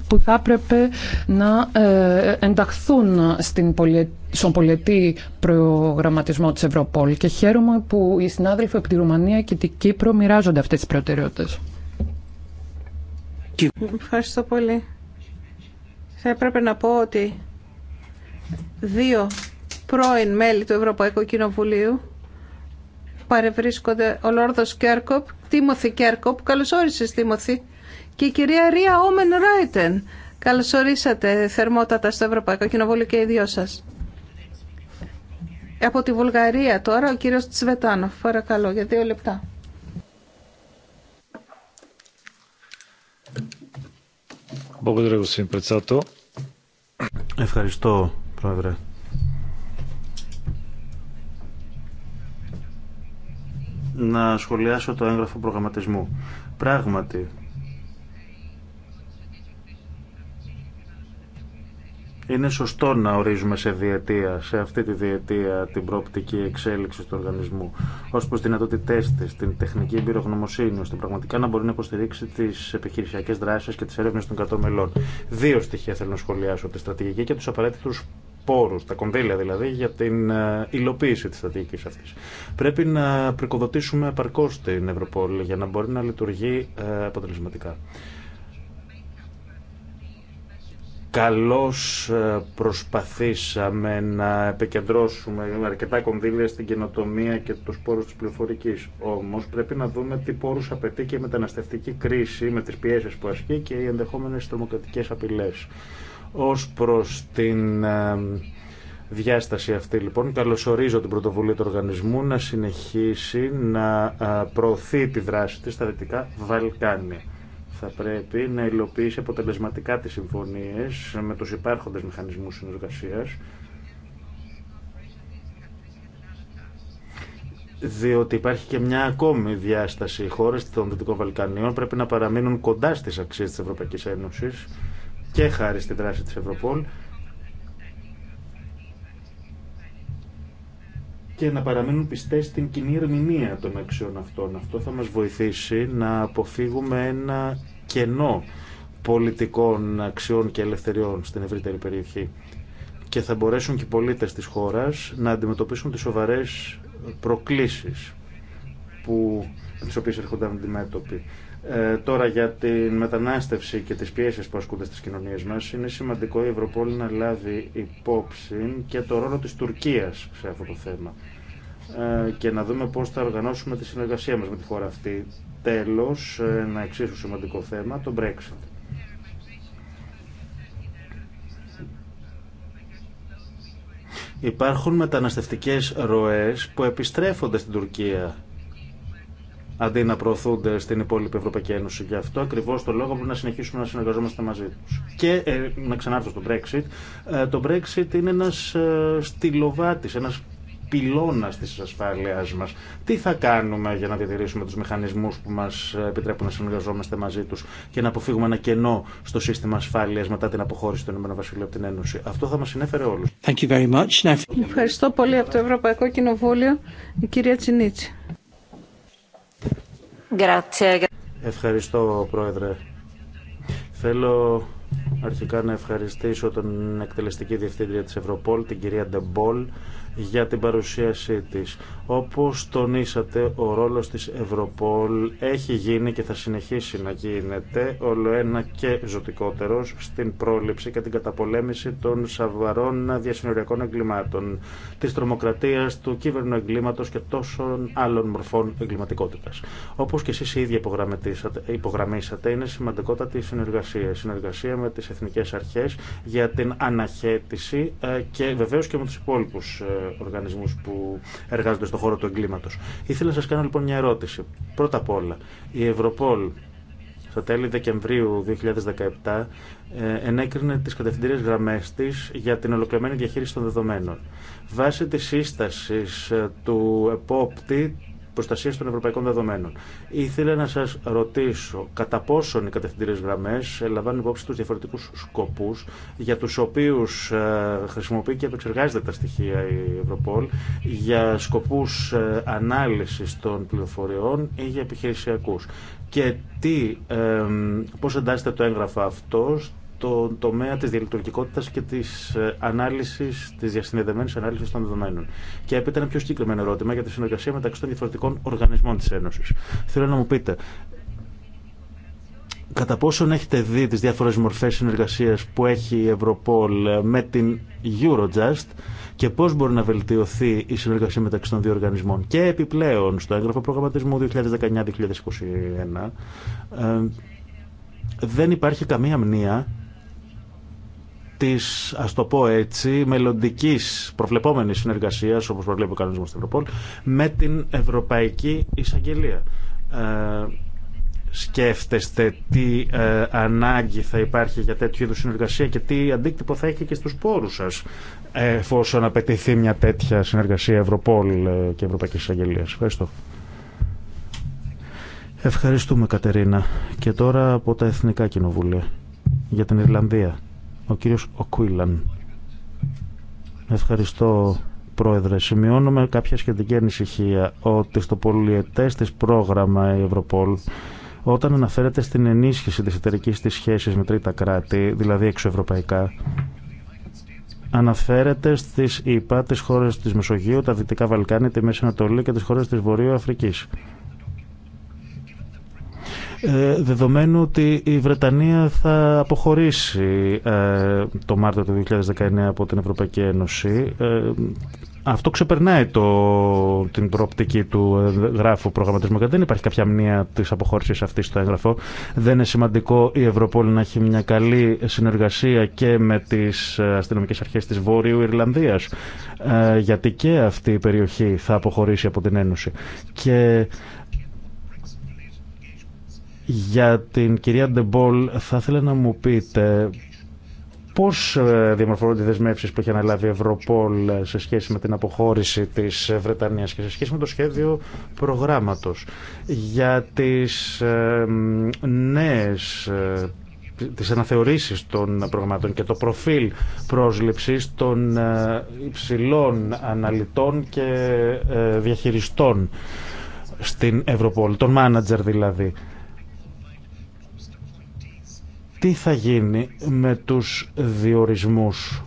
που θα έπρεπε να ε, ενταχθούν στην στον πολιετή προγραμματισμό της Ευρωπόλ και χαίρομαι που οι συνάδελφοι από τη Ρουμανία και την Κύπρο μοιράζονται αυτές τις προτεραιότητες. Ευχαριστώ πολύ. Θα έπρεπε να πω ότι δύο πρώην μέλη του Ευρωπαϊκού Κοινοβουλίου παρευρίσκονται ο Λόρδος Κέρκοπ, Τίμωθη Κέρκοπ, καλώς όρισες Τίμωθη, και η κυρία Ρία Όμεν Ράιτεν. Καλώς ορίσατε θερμότατα στο Ευρωπαϊκό Κοινοβούλιο και οι δυο σας. Από τη Βουλγαρία τώρα ο κύριος Τσβετάνοφ, παρακαλώ για δύο λεπτά. Ευχαριστώ, Πρόεδρε. να σχολιάσω το έγγραφο προγραμματισμού. Πράγματι, είναι σωστό να ορίζουμε σε διετία, σε αυτή τη διετία την πρόπτικη εξέλιξη του οργανισμού ω προ τι δυνατότητέ τη, την τεχνική εμπειρογνωμοσύνη, ώστε πραγματικά να μπορεί να υποστηρίξει τι επιχειρησιακέ δράσει και τι έρευνε των 100 Δύο στοιχεία θέλω να σχολιάσω, τη στρατηγική και του απαραίτητου πόρους, τα κονδύλια δηλαδή, για την ε, υλοποίηση της στρατηγική αυτής. Πρέπει να πρικοδοτήσουμε επαρκώ την Ευρωπόλ για να μπορεί να λειτουργεί ε, αποτελεσματικά. Καλώς ε, προσπαθήσαμε να επικεντρώσουμε αρκετά κονδύλια στην καινοτομία και τους πόρους της πληροφορικής. Όμως πρέπει να δούμε τι πόρους απαιτεί και η μεταναστευτική κρίση με τις πιέσεις που ασκεί και οι ενδεχόμενες τρομοκρατικές απειλές. Ως προς την ε, διάσταση αυτή λοιπόν καλωσορίζω την πρωτοβουλία του οργανισμού να συνεχίσει να ε, προωθεί τη δράση της στα Δυτικά Βαλκάνια. Θα πρέπει να υλοποιήσει αποτελεσματικά τις συμφωνίες με τους υπάρχοντες μηχανισμούς συνεργασίας διότι υπάρχει και μια ακόμη διάσταση. Οι χώρε των Δυτικών Βαλκανίων πρέπει να παραμείνουν κοντά στις αξίες της Ευρωπαϊκής Ένωσης και χάρη στη δράση της Ευρωπόλ και να παραμείνουν πιστές στην κοινή ερμηνεία των αξιών αυτών. Αυτό θα μας βοηθήσει να αποφύγουμε ένα κενό πολιτικών αξιών και ελευθεριών στην ευρύτερη περιοχή και θα μπορέσουν και οι πολίτες της χώρας να αντιμετωπίσουν τις σοβαρές προκλήσεις που, τις οποίες έρχονται αντιμέτωποι. Ε, τώρα για την μετανάστευση και τις πιέσεις που ασκούνται στις κοινωνίες μας είναι σημαντικό η Ευρωπόλη να λάβει υπόψη και το ρόλο της Τουρκίας σε αυτό το θέμα ε, και να δούμε πώς θα οργανώσουμε τη συνεργασία μας με τη χώρα αυτή. Τέλος, ένα εξίσου σημαντικό θέμα, το Brexit. Υπάρχουν μεταναστευτικές ροές που επιστρέφονται στην Τουρκία αντί να προωθούνται στην υπόλοιπη Ευρωπαϊκή Ένωση. Γι' αυτό ακριβώ το λόγο πρέπει να συνεχίσουμε να συνεργαζόμαστε μαζί του. Και ε, να ξανάρθω στο Brexit. Ε, το Brexit είναι ένα ε, στυλοβάτη, ένα πυλώνα τη ασφάλεια μα. Τι θα κάνουμε για να διατηρήσουμε του μηχανισμού που μα ε, επιτρέπουν να συνεργαζόμαστε μαζί του και να αποφύγουμε ένα κενό στο σύστημα ασφάλεια μετά την αποχώρηση του ΗΠΑ από την Ένωση. Αυτό θα μα συνέφερε όλου. Ευχαριστώ πολύ από το Ευρωπαϊκό Κοινοβούλιο, η κυρία Τσινίτση. Ευχαριστώ, Πρόεδρε. Θέλω Αρχικά να ευχαριστήσω τον εκτελεστική διευθύντρια της Ευρωπόλ, την κυρία Ντεμπόλ, για την παρουσίασή της. Όπως τονίσατε, ο ρόλος της Ευρωπόλ έχει γίνει και θα συνεχίσει να γίνεται όλο ένα και ζωτικότερος στην πρόληψη και την καταπολέμηση των σαβαρών διασυνοριακών εγκλημάτων, της τρομοκρατίας, του κύβερνου εγκλήματος και τόσων άλλων μορφών εγκληματικότητας. Όπως και εσείς οι ίδιοι υπογραμμίσατε, είναι σημαντικότατη συνεργασία με τις εθνικές αρχές για την αναχέτηση ε, και βεβαίως και με τους υπόλοιπους ε, οργανισμούς που εργάζονται στον χώρο του εγκλήματος. Ήθελα να σας κάνω λοιπόν μια ερώτηση. Πρώτα απ' όλα, η Ευρωπόλ στα τέλη Δεκεμβρίου 2017 ε, ενέκρινε τις κατευθυντήριες γραμμές της για την ολοκληρωμένη διαχείριση των δεδομένων. Βάσει της σύστασης του επόπτη προστασίας των ευρωπαϊκών δεδομένων. Ήθελα να σας ρωτήσω κατά πόσον οι κατευθυντήριες γραμμές λαμβάνουν υπόψη τους διαφορετικούς σκοπούς για τους οποίους ε, χρησιμοποιεί και επεξεργάζεται τα στοιχεία η Ευρωπόλ για σκοπούς ε, ανάλυσης των πληροφοριών ή για επιχειρησιακούς. Και τι, ε, πώς εντάσσεται το έγγραφο αυτό το τομέα της διαλειτουργικότητας και της ε, ανάλυσης, της διασυνδεδεμένης ανάλυσης των δεδομένων. Και έπειτα ένα πιο συγκεκριμένο ερώτημα για τη συνεργασία μεταξύ των διαφορετικών οργανισμών της Ένωσης. Θέλω να μου πείτε, κατά πόσον έχετε δει τις διάφορες μορφές συνεργασίας που έχει η Ευρωπόλ ε, με την Eurojust και πώς μπορεί να βελτιωθεί η συνεργασία μεταξύ των δύο οργανισμών. Και επιπλέον στο έγγραφο προγραμματισμού 2019-2021 ε, δεν υπάρχει καμία μνήα της, ας το πω έτσι, μελλοντικής προβλεπόμενης συνεργασίας, όπως προβλέπει ο κανονισμός της Ευρωπόλ, με την Ευρωπαϊκή Εισαγγελία. Ε, σκέφτεστε τι ε, ανάγκη θα υπάρχει για τέτοιου είδους συνεργασία και τι αντίκτυπο θα έχει και στους πόρους σας εφόσον απαιτηθεί μια τέτοια συνεργασία Ευρωπόλ ε, και Ευρωπαϊκής Εισαγγελία. Ευχαριστώ. Ευχαριστούμε Κατερίνα. Και τώρα από τα Εθνικά Κοινοβούλια για την Ιρλανδία. Ο κύριος Οκουίλαν. Ευχαριστώ Πρόεδρε, σημειώνουμε κάποια σχετική ανησυχία ότι στο πολιετές της πρόγραμμα Ευρωπόλ όταν αναφέρεται στην ενίσχυση της εταιρικής της σχέσης με τρίτα κράτη, δηλαδή εξωευρωπαϊκά, αναφέρεται στις ΗΠΑ, τις χώρες της Μεσογείου, τα Δυτικά Βαλκάνια, τη Μέση Ανατολή και τις χώρες της Βορείου Αφρικής. Ε, δεδομένου ότι η Βρετανία θα αποχωρήσει ε, το Μάρτιο του 2019 από την Ευρωπαϊκή Ένωση. Ε, αυτό ξεπερνάει το, την πρόπτικη του γράφου προγραμματισμού δεν υπάρχει κάποια μνήμα τη αποχώρηση αυτή στο έγγραφο. Δεν είναι σημαντικό η Ευρωπόλη να έχει μια καλή συνεργασία και με τι αστυνομικέ αρχέ τη Βόρειου Ιρλανδία. γιατί και αυτή η περιοχή θα αποχωρήσει από την Ένωση. Και για την κυρία Ντεμπόλ θα ήθελα να μου πείτε Πώ ε, διαμορφώνονται οι δεσμεύσει που έχει αναλάβει η Ευρωπόλ σε σχέση με την αποχώρηση της Βρετανία και σε σχέση με το σχέδιο προγράμματο για τις ε, νέε ε, τις αναθεωρήσεις των προγραμμάτων και το προφίλ πρόσληψης των υψηλών αναλυτών και διαχειριστών στην Ευρωπόλ, των μάνατζερ δηλαδή τι θα γίνει με τους διορισμούς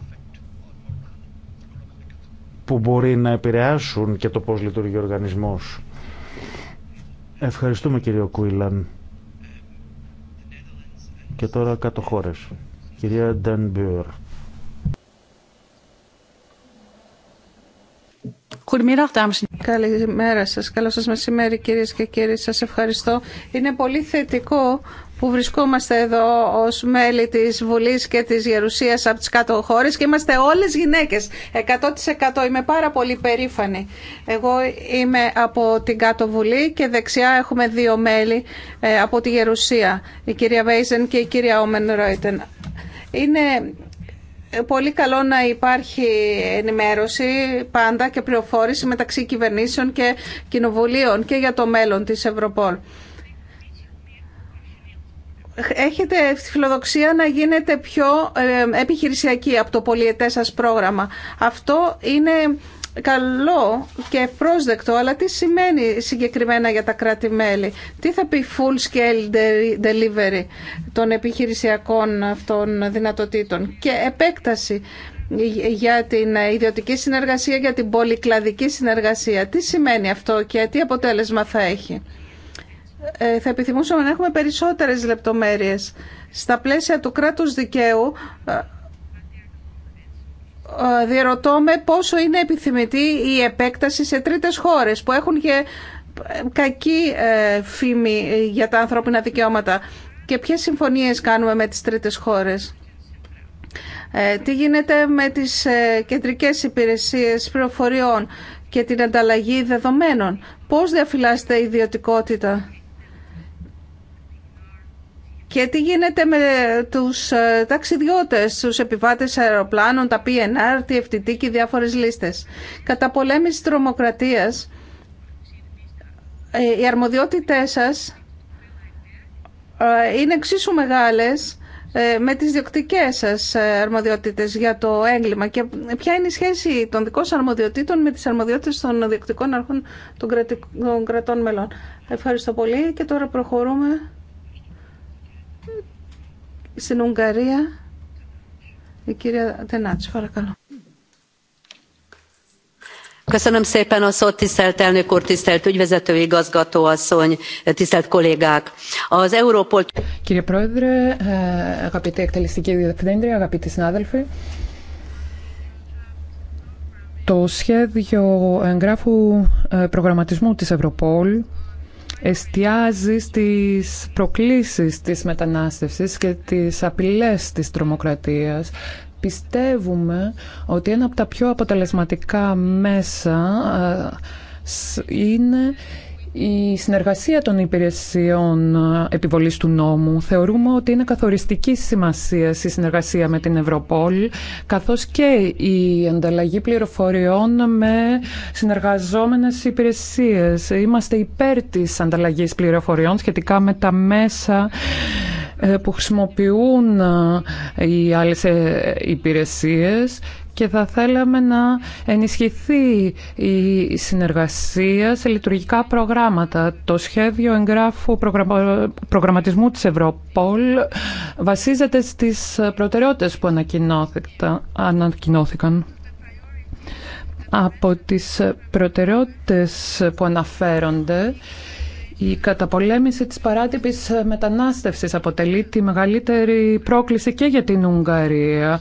που μπορεί να επηρεάσουν και το πώς λειτουργεί ο οργανισμός. Ευχαριστούμε κύριο Κούιλαν. Και τώρα κάτω χώρες. Κυρία Ντανμπιόρ. Καλημέρα σας. Καλό σας μεσημέρι κυρίες και κύριοι. Σας ευχαριστώ. Είναι πολύ θετικό που βρισκόμαστε εδώ ως μέλη της Βουλής και της Γερουσίας από τις κάτω χώρες και είμαστε όλες γυναίκες, 100%. Είμαι πάρα πολύ περήφανη. Εγώ είμαι από την κάτω Βουλή και δεξιά έχουμε δύο μέλη ε, από τη Γερουσία, η κυρία Βέιζεν και η κυρία Όμεν Ρόιτεν. Είναι πολύ καλό να υπάρχει ενημέρωση πάντα και πληροφόρηση μεταξύ κυβερνήσεων και κοινοβουλίων και για το μέλλον της Ευρωπόλ έχετε φιλοδοξία να γίνετε πιο ε, επιχειρησιακοί από το πολιετές σας πρόγραμμα. Αυτό είναι καλό και πρόσδεκτο, αλλά τι σημαίνει συγκεκριμένα για τα κράτη-μέλη. Τι θα πει full scale delivery των επιχειρησιακών αυτών δυνατοτήτων και επέκταση για την ιδιωτική συνεργασία, για την πολυκλαδική συνεργασία. Τι σημαίνει αυτό και τι αποτέλεσμα θα έχει. Ε, θα επιθυμούσαμε να έχουμε περισσότερες λεπτομέρειες. Στα πλαίσια του κράτους δικαίου ε, ε, διερωτώ πόσο είναι επιθυμητή η επέκταση σε τρίτες χώρες που έχουν και κακή φήμη για τα ανθρώπινα δικαιώματα και ποιες συμφωνίες κάνουμε με τις τρίτες χώρες. Τι γίνεται με τις κεντρικές υπηρεσίες πληροφοριών και την ανταλλαγή δεδομένων. Πώς διαφυλάσσεται η ιδιωτικότητα και τι γίνεται με τους ε, ταξιδιώτες, τους επιβάτες αεροπλάνων, τα PNR, τη FTT και διάφορες λίστες. Κατά πολέμηση τρομοκρατίας, ε, οι αρμοδιότητές σας ε, είναι εξίσου μεγάλες με τις διοκτικές σας αρμοδιότητες για το έγκλημα και ποια είναι η σχέση των δικών σας αρμοδιοτήτων με τις αρμοδιότητες των διοκτικών αρχών των κρατών μελών. Ευχαριστώ πολύ και τώρα προχωρούμε στην Ουγγαρία. Η κυρία Τενάτση, παρακαλώ. Κύριε Πρόεδρε, αγαπητοί εκτελεστικοί διευθύντρια, αγαπητοί συνάδελφοι, το σχέδιο εγγράφου ε, προγραμματισμού της Ευρωπόλ εστιάζει στις προκλήσεις της μετανάστευσης και τις απειλές της τρομοκρατίας. Πιστεύουμε ότι ένα από τα πιο αποτελεσματικά μέσα ε, είναι η συνεργασία των υπηρεσιών επιβολής του νόμου θεωρούμε ότι είναι καθοριστική σημασία η συνεργασία με την Ευρωπόλ καθώς και η ανταλλαγή πληροφοριών με συνεργαζόμενες υπηρεσίες. Είμαστε υπέρ τη ανταλλαγής πληροφοριών σχετικά με τα μέσα ε, που χρησιμοποιούν οι άλλες ε, υπηρεσίες και θα θέλαμε να ενισχυθεί η συνεργασία σε λειτουργικά προγράμματα. Το σχέδιο εγγράφου προγραμματισμού της Ευρωπόλ βασίζεται στις προτεραιότητες που ανακοινώθηκαν. Από τις προτεραιότητες που αναφέρονται η καταπολέμηση της παράτυπης μετανάστευσης αποτελεί τη μεγαλύτερη πρόκληση και για την Ουγγαρία.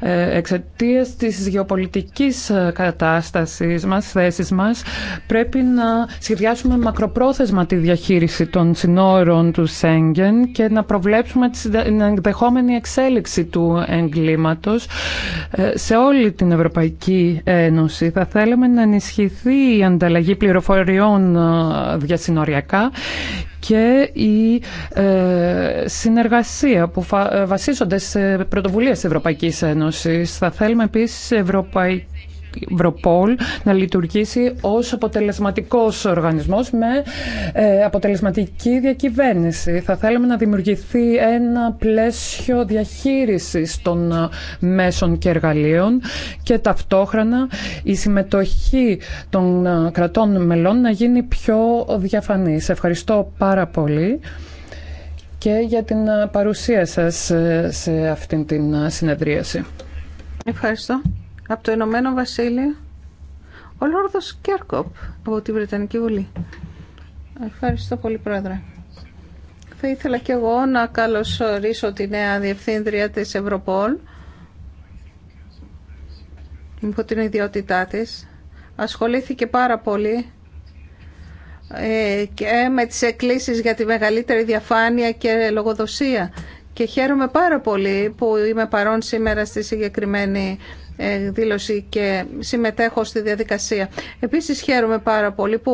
Ε, Εξαιτία της γεωπολιτικής κατάστασης μας, θέσης μας, πρέπει να σχεδιάσουμε μακροπρόθεσμα τη διαχείριση των συνόρων του Σέγγεν και να προβλέψουμε την ενδεχόμενη εξέλιξη του εγκλήματος ε, σε όλη την Ευρωπαϊκή Ένωση. Θα θέλαμε να ενισχυθεί η ανταλλαγή πληροφοριών ε, διασυνοριακά και η ε, συνεργασία που ε, βασίζονται σε πρωτοβουλίες της Ευρωπαϊκής Ένωσης. Θα θέλουμε επίσης ευρωπαϊκή Ευρωπόλ να λειτουργήσει ως αποτελεσματικός οργανισμός με ε, αποτελεσματική διακυβέρνηση. Θα θέλαμε να δημιουργηθεί ένα πλαίσιο διαχείρισης των ε, μέσων και εργαλείων και ταυτόχρονα η συμμετοχή των ε, κρατών μελών να γίνει πιο διαφανής. Ευχαριστώ πάρα πολύ και για την παρουσία σας σε αυτήν την συνεδρίαση. Ευχαριστώ από το Ηνωμένο Βασίλειο, ο Λόρδος Κέρκοπ από την Βρετανική Βουλή. Ευχαριστώ πολύ, Πρόεδρε. Θα ήθελα και εγώ να καλωσορίσω τη νέα Διευθύντρια της Ευρωπόλ υπό την ιδιότητά της. Ασχολήθηκε πάρα πολύ ε, και με τις εκκλήσεις για τη μεγαλύτερη διαφάνεια και λογοδοσία. Και χαίρομαι πάρα πολύ που είμαι παρόν σήμερα στη συγκεκριμένη ε, δήλωση και συμμετέχω στη διαδικασία. Επίση χαίρομαι πάρα πολύ που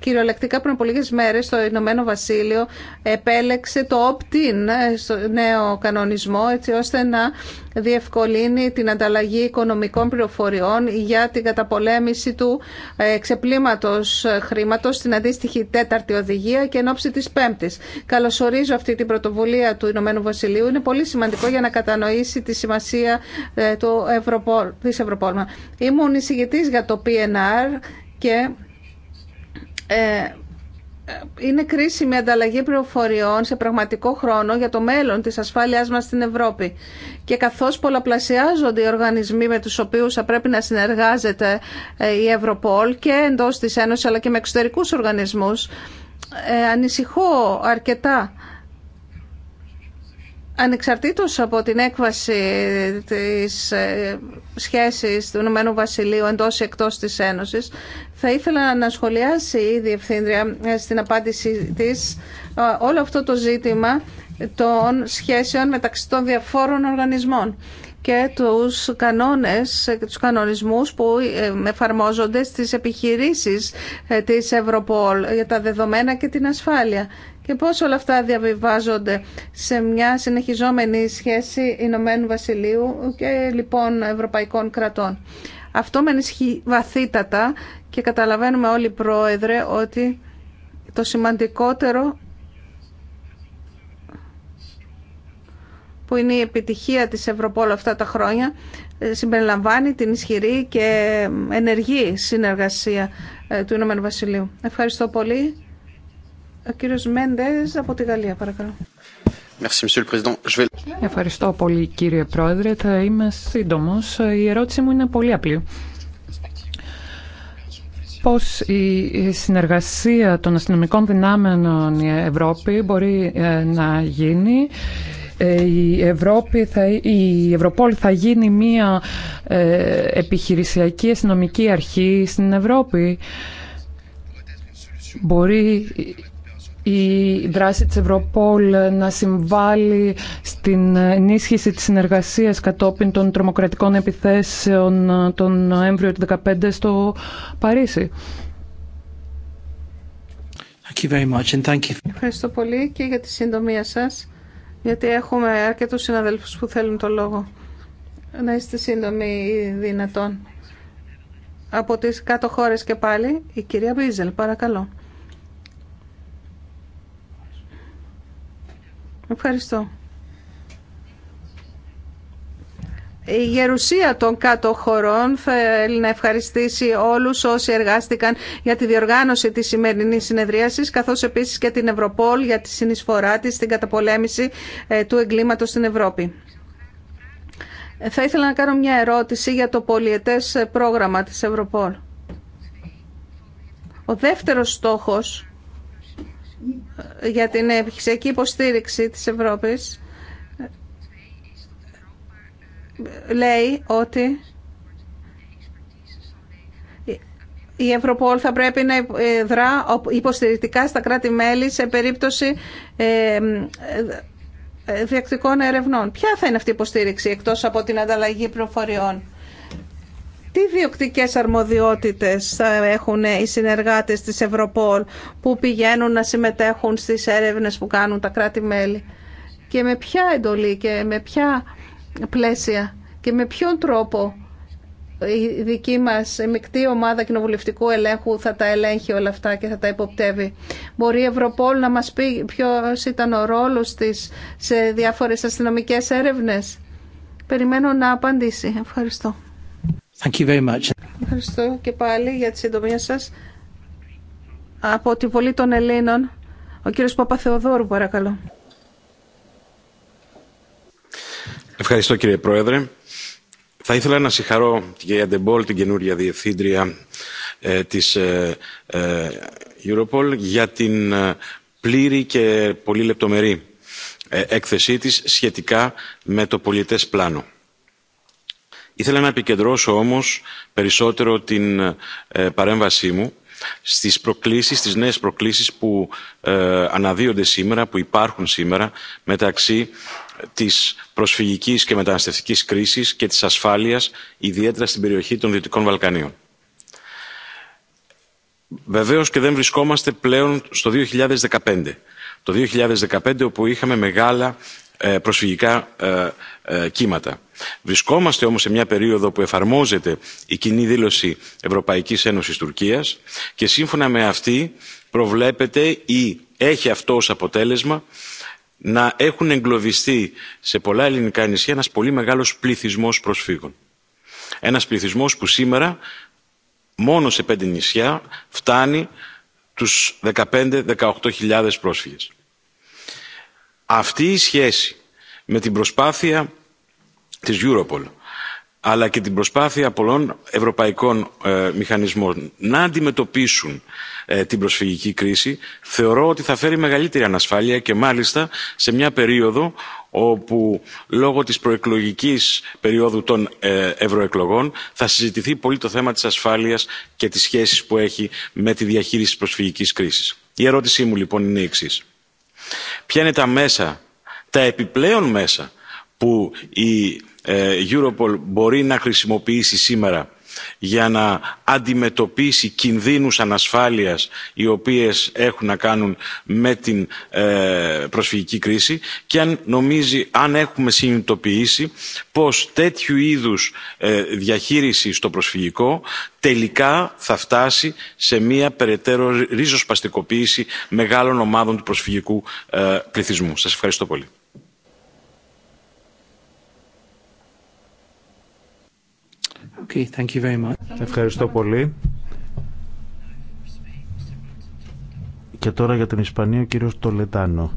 κυριολεκτικά πριν από λίγε μέρε το Ηνωμένο Βασίλειο επέλεξε το opt-in ε, στο νέο κανονισμό έτσι ώστε να διευκολύνει την ανταλλαγή οικονομικών πληροφοριών για την καταπολέμηση του ε, ξεπλήματο χρήματο στην αντίστοιχη τέταρτη οδηγία και εν ώψη τη πέμπτη. Καλωσορίζω αυτή την πρωτοβουλία του Ηνωμένου Βασιλείου. Είναι πολύ σημαντικό για να κατανοήσει τη σημασία του Ευρωπαϊκού της Ευρωπόλμα. Ήμουν εισηγητής για το PNR και ε, είναι κρίσιμη ανταλλαγή πληροφοριών σε πραγματικό χρόνο για το μέλλον της ασφάλειάς μας στην Ευρώπη. Και καθώς πολλαπλασιάζονται οι οργανισμοί με τους οποίους θα πρέπει να συνεργάζεται ε, η Ευρωπόλ και εντός της Ένωσης αλλά και με εξωτερικούς οργανισμούς, ε, ανησυχώ αρκετά Ανεξαρτήτως από την έκβαση της ε, σχέσης του Ηνωμένου Βασιλείου εντός ή εκτός της Ένωσης, θα ήθελα να σχολιάσει η Διευθύντρια ε, στην απάντησή της ε, όλο αυτό το ζήτημα των σχέσεων μεταξύ των διαφόρων οργανισμών και τους κανόνες και τους κανονισμούς που εφαρμόζονται στις επιχειρήσεις της Ευρωπόλ για τα δεδομένα και την ασφάλεια και πώς όλα αυτά διαβιβάζονται σε μια συνεχιζόμενη σχέση Ηνωμένου Βασιλείου και λοιπόν Ευρωπαϊκών κρατών. Αυτό με ενισχύει βαθύτατα και καταλαβαίνουμε όλοι πρόεδρε ότι το σημαντικότερο που είναι η επιτυχία της Ευρωπόλου αυτά τα χρόνια ε, συμπεριλαμβάνει την ισχυρή και ε, ενεργή συνεργασία ε, του Ηνωμένου Βασιλείου. Ευχαριστώ πολύ. Ο κύριος Μέντες από τη Γαλλία, παρακαλώ. Ευχαριστώ πολύ κύριε Πρόεδρε. Θα είμαι σύντομος. Η ερώτηση μου είναι πολύ απλή. Πώς η συνεργασία των αστυνομικών δυνάμεων η Ευρώπη μπορεί ε, να γίνει ε, η Ευρώπη θα, η Ευρωπόλ θα γίνει μια ε, επιχειρησιακή αστυνομική αρχή στην Ευρώπη. Μπορεί η δράση της Ευρωπόλ να συμβάλλει στην ενίσχυση της συνεργασίας κατόπιν των τρομοκρατικών επιθέσεων τον Νοέμβριο του 2015 στο Παρίσι. Ευχαριστώ πολύ και για τη συντομία σας, γιατί έχουμε αρκετούς συναδέλφους που θέλουν το λόγο. Να είστε σύντομοι δυνατόν. Από τις κάτω χώρες και πάλι, η κυρία Μπίζελ, παρακαλώ. Ευχαριστώ. Η γερουσία των κάτω χωρών θέλει να ευχαριστήσει όλους όσοι εργάστηκαν για τη διοργάνωση της σημερινής συνεδρίασης, καθώς επίσης και την Ευρωπόλ για τη συνεισφορά της στην καταπολέμηση ε, του εγκλήματος στην Ευρώπη. Θα ήθελα να κάνω μια ερώτηση για το πολιετές ε, πρόγραμμα της Ευρωπόλ. Ο δεύτερος στόχος για την επιχειρησιακή υποστήριξη της Ευρώπης λέει ότι η Ευρωπόλ θα πρέπει να δρά υποστηρικτικά στα κράτη-μέλη σε περίπτωση ε, ε, διεκτικών ερευνών. Ποια θα είναι αυτή η υποστήριξη εκτός από την ανταλλαγή προφοριών. Τι διοκτικές αρμοδιότητες θα έχουν οι συνεργάτες της Ευρωπόλ που πηγαίνουν να συμμετέχουν στις έρευνες που κάνουν τα κράτη-μέλη και με ποια εντολή και με ποια πλαίσια και με ποιον τρόπο η δική μας μεικτή ομάδα κοινοβουλευτικού ελέγχου θα τα ελέγχει όλα αυτά και θα τα υποπτεύει. Μπορεί η Ευρωπόλ να μας πει ποιος ήταν ο ρόλος της σε διάφορες αστυνομικές έρευνες. Περιμένω να απαντήσει. Ευχαριστώ. Ευχαριστώ και πάλι για τη συντομία σα Από τη Βολή των Ελλήνων, ο κύριος Παπαθεοδόρου, παρακαλώ. Ευχαριστώ κύριε Πρόεδρε. Θα ήθελα να συγχαρώ την κυρία Ντεμπόλ, την καινούρια διευθύντρια ε, της ε, ε, Europol, για την ε, πλήρη και πολύ λεπτομερή έκθεσή της σχετικά με το πολιτές πλάνο ήθελα να επικεντρώσω όμως περισσότερο την ε, παρέμβασή μου στις προκλήσεις, στις νέες προκλήσεις που ε, αναδύονται σήμερα, που υπάρχουν σήμερα μεταξύ της προσφυγικής και μεταναστευτικής κρίσης και της ασφάλειας, ιδιαίτερα στην περιοχή των Δυτικών Βαλκανίων. Βεβαίως και δεν βρισκόμαστε πλέον στο 2015. Το 2015 όπου είχαμε μεγάλα ε, προσφυγικά ε, ε, κύματα. Βρισκόμαστε όμως σε μια περίοδο που εφαρμόζεται η κοινή δήλωση Ευρωπαϊκής Ένωσης Τουρκίας και σύμφωνα με αυτή προβλέπεται ή έχει αυτό ως αποτέλεσμα να έχουν εγκλωβιστεί σε πολλά ελληνικά νησιά ένας πολύ μεγάλος πληθυσμός προσφύγων. Ένας πληθυσμός που σήμερα μόνο σε πέντε νησιά φτάνει τους 15-18 χιλιάδες πρόσφυγες αυτή η σχέση με την προσπάθεια της europol αλλά και την προσπάθεια πολλών ευρωπαϊκών ε, μηχανισμών να αντιμετωπίσουν ε, την προσφυγική κρίση θεωρώ ότι θα φέρει μεγαλύτερη ανασφάλεια και μάλιστα σε μια περίοδο όπου λόγω της προεκλογικής περίοδου των ε, ευρωεκλογών θα συζητηθεί πολύ το θέμα της ασφάλειας και της σχέσης που έχει με τη διαχείριση της προσφυγικής κρίσης. Η ερώτησή μου λοιπόν είναι η εξής ποια είναι τα μέσα τα επιπλέον μέσα που η ε, europol μπορεί να χρησιμοποιήσει σήμερα για να αντιμετωπίσει κινδύνους ανασφάλειας οι οποίες έχουν να κάνουν με την ε, προσφυγική κρίση και αν νομίζει αν έχουμε συνειδητοποιήσει πως τέτοιου είδους ε, διαχείριση στο προσφυγικό τελικά θα φτάσει σε μια περαιτέρω ριζοσπαστικοποίηση μεγάλων ομάδων του προσφυγικού ε, πληθυσμού. Σας ευχαριστώ πολύ. Ευχαριστώ πολύ. Και τώρα για την Ισπανία ο κύριος Τολετάνο.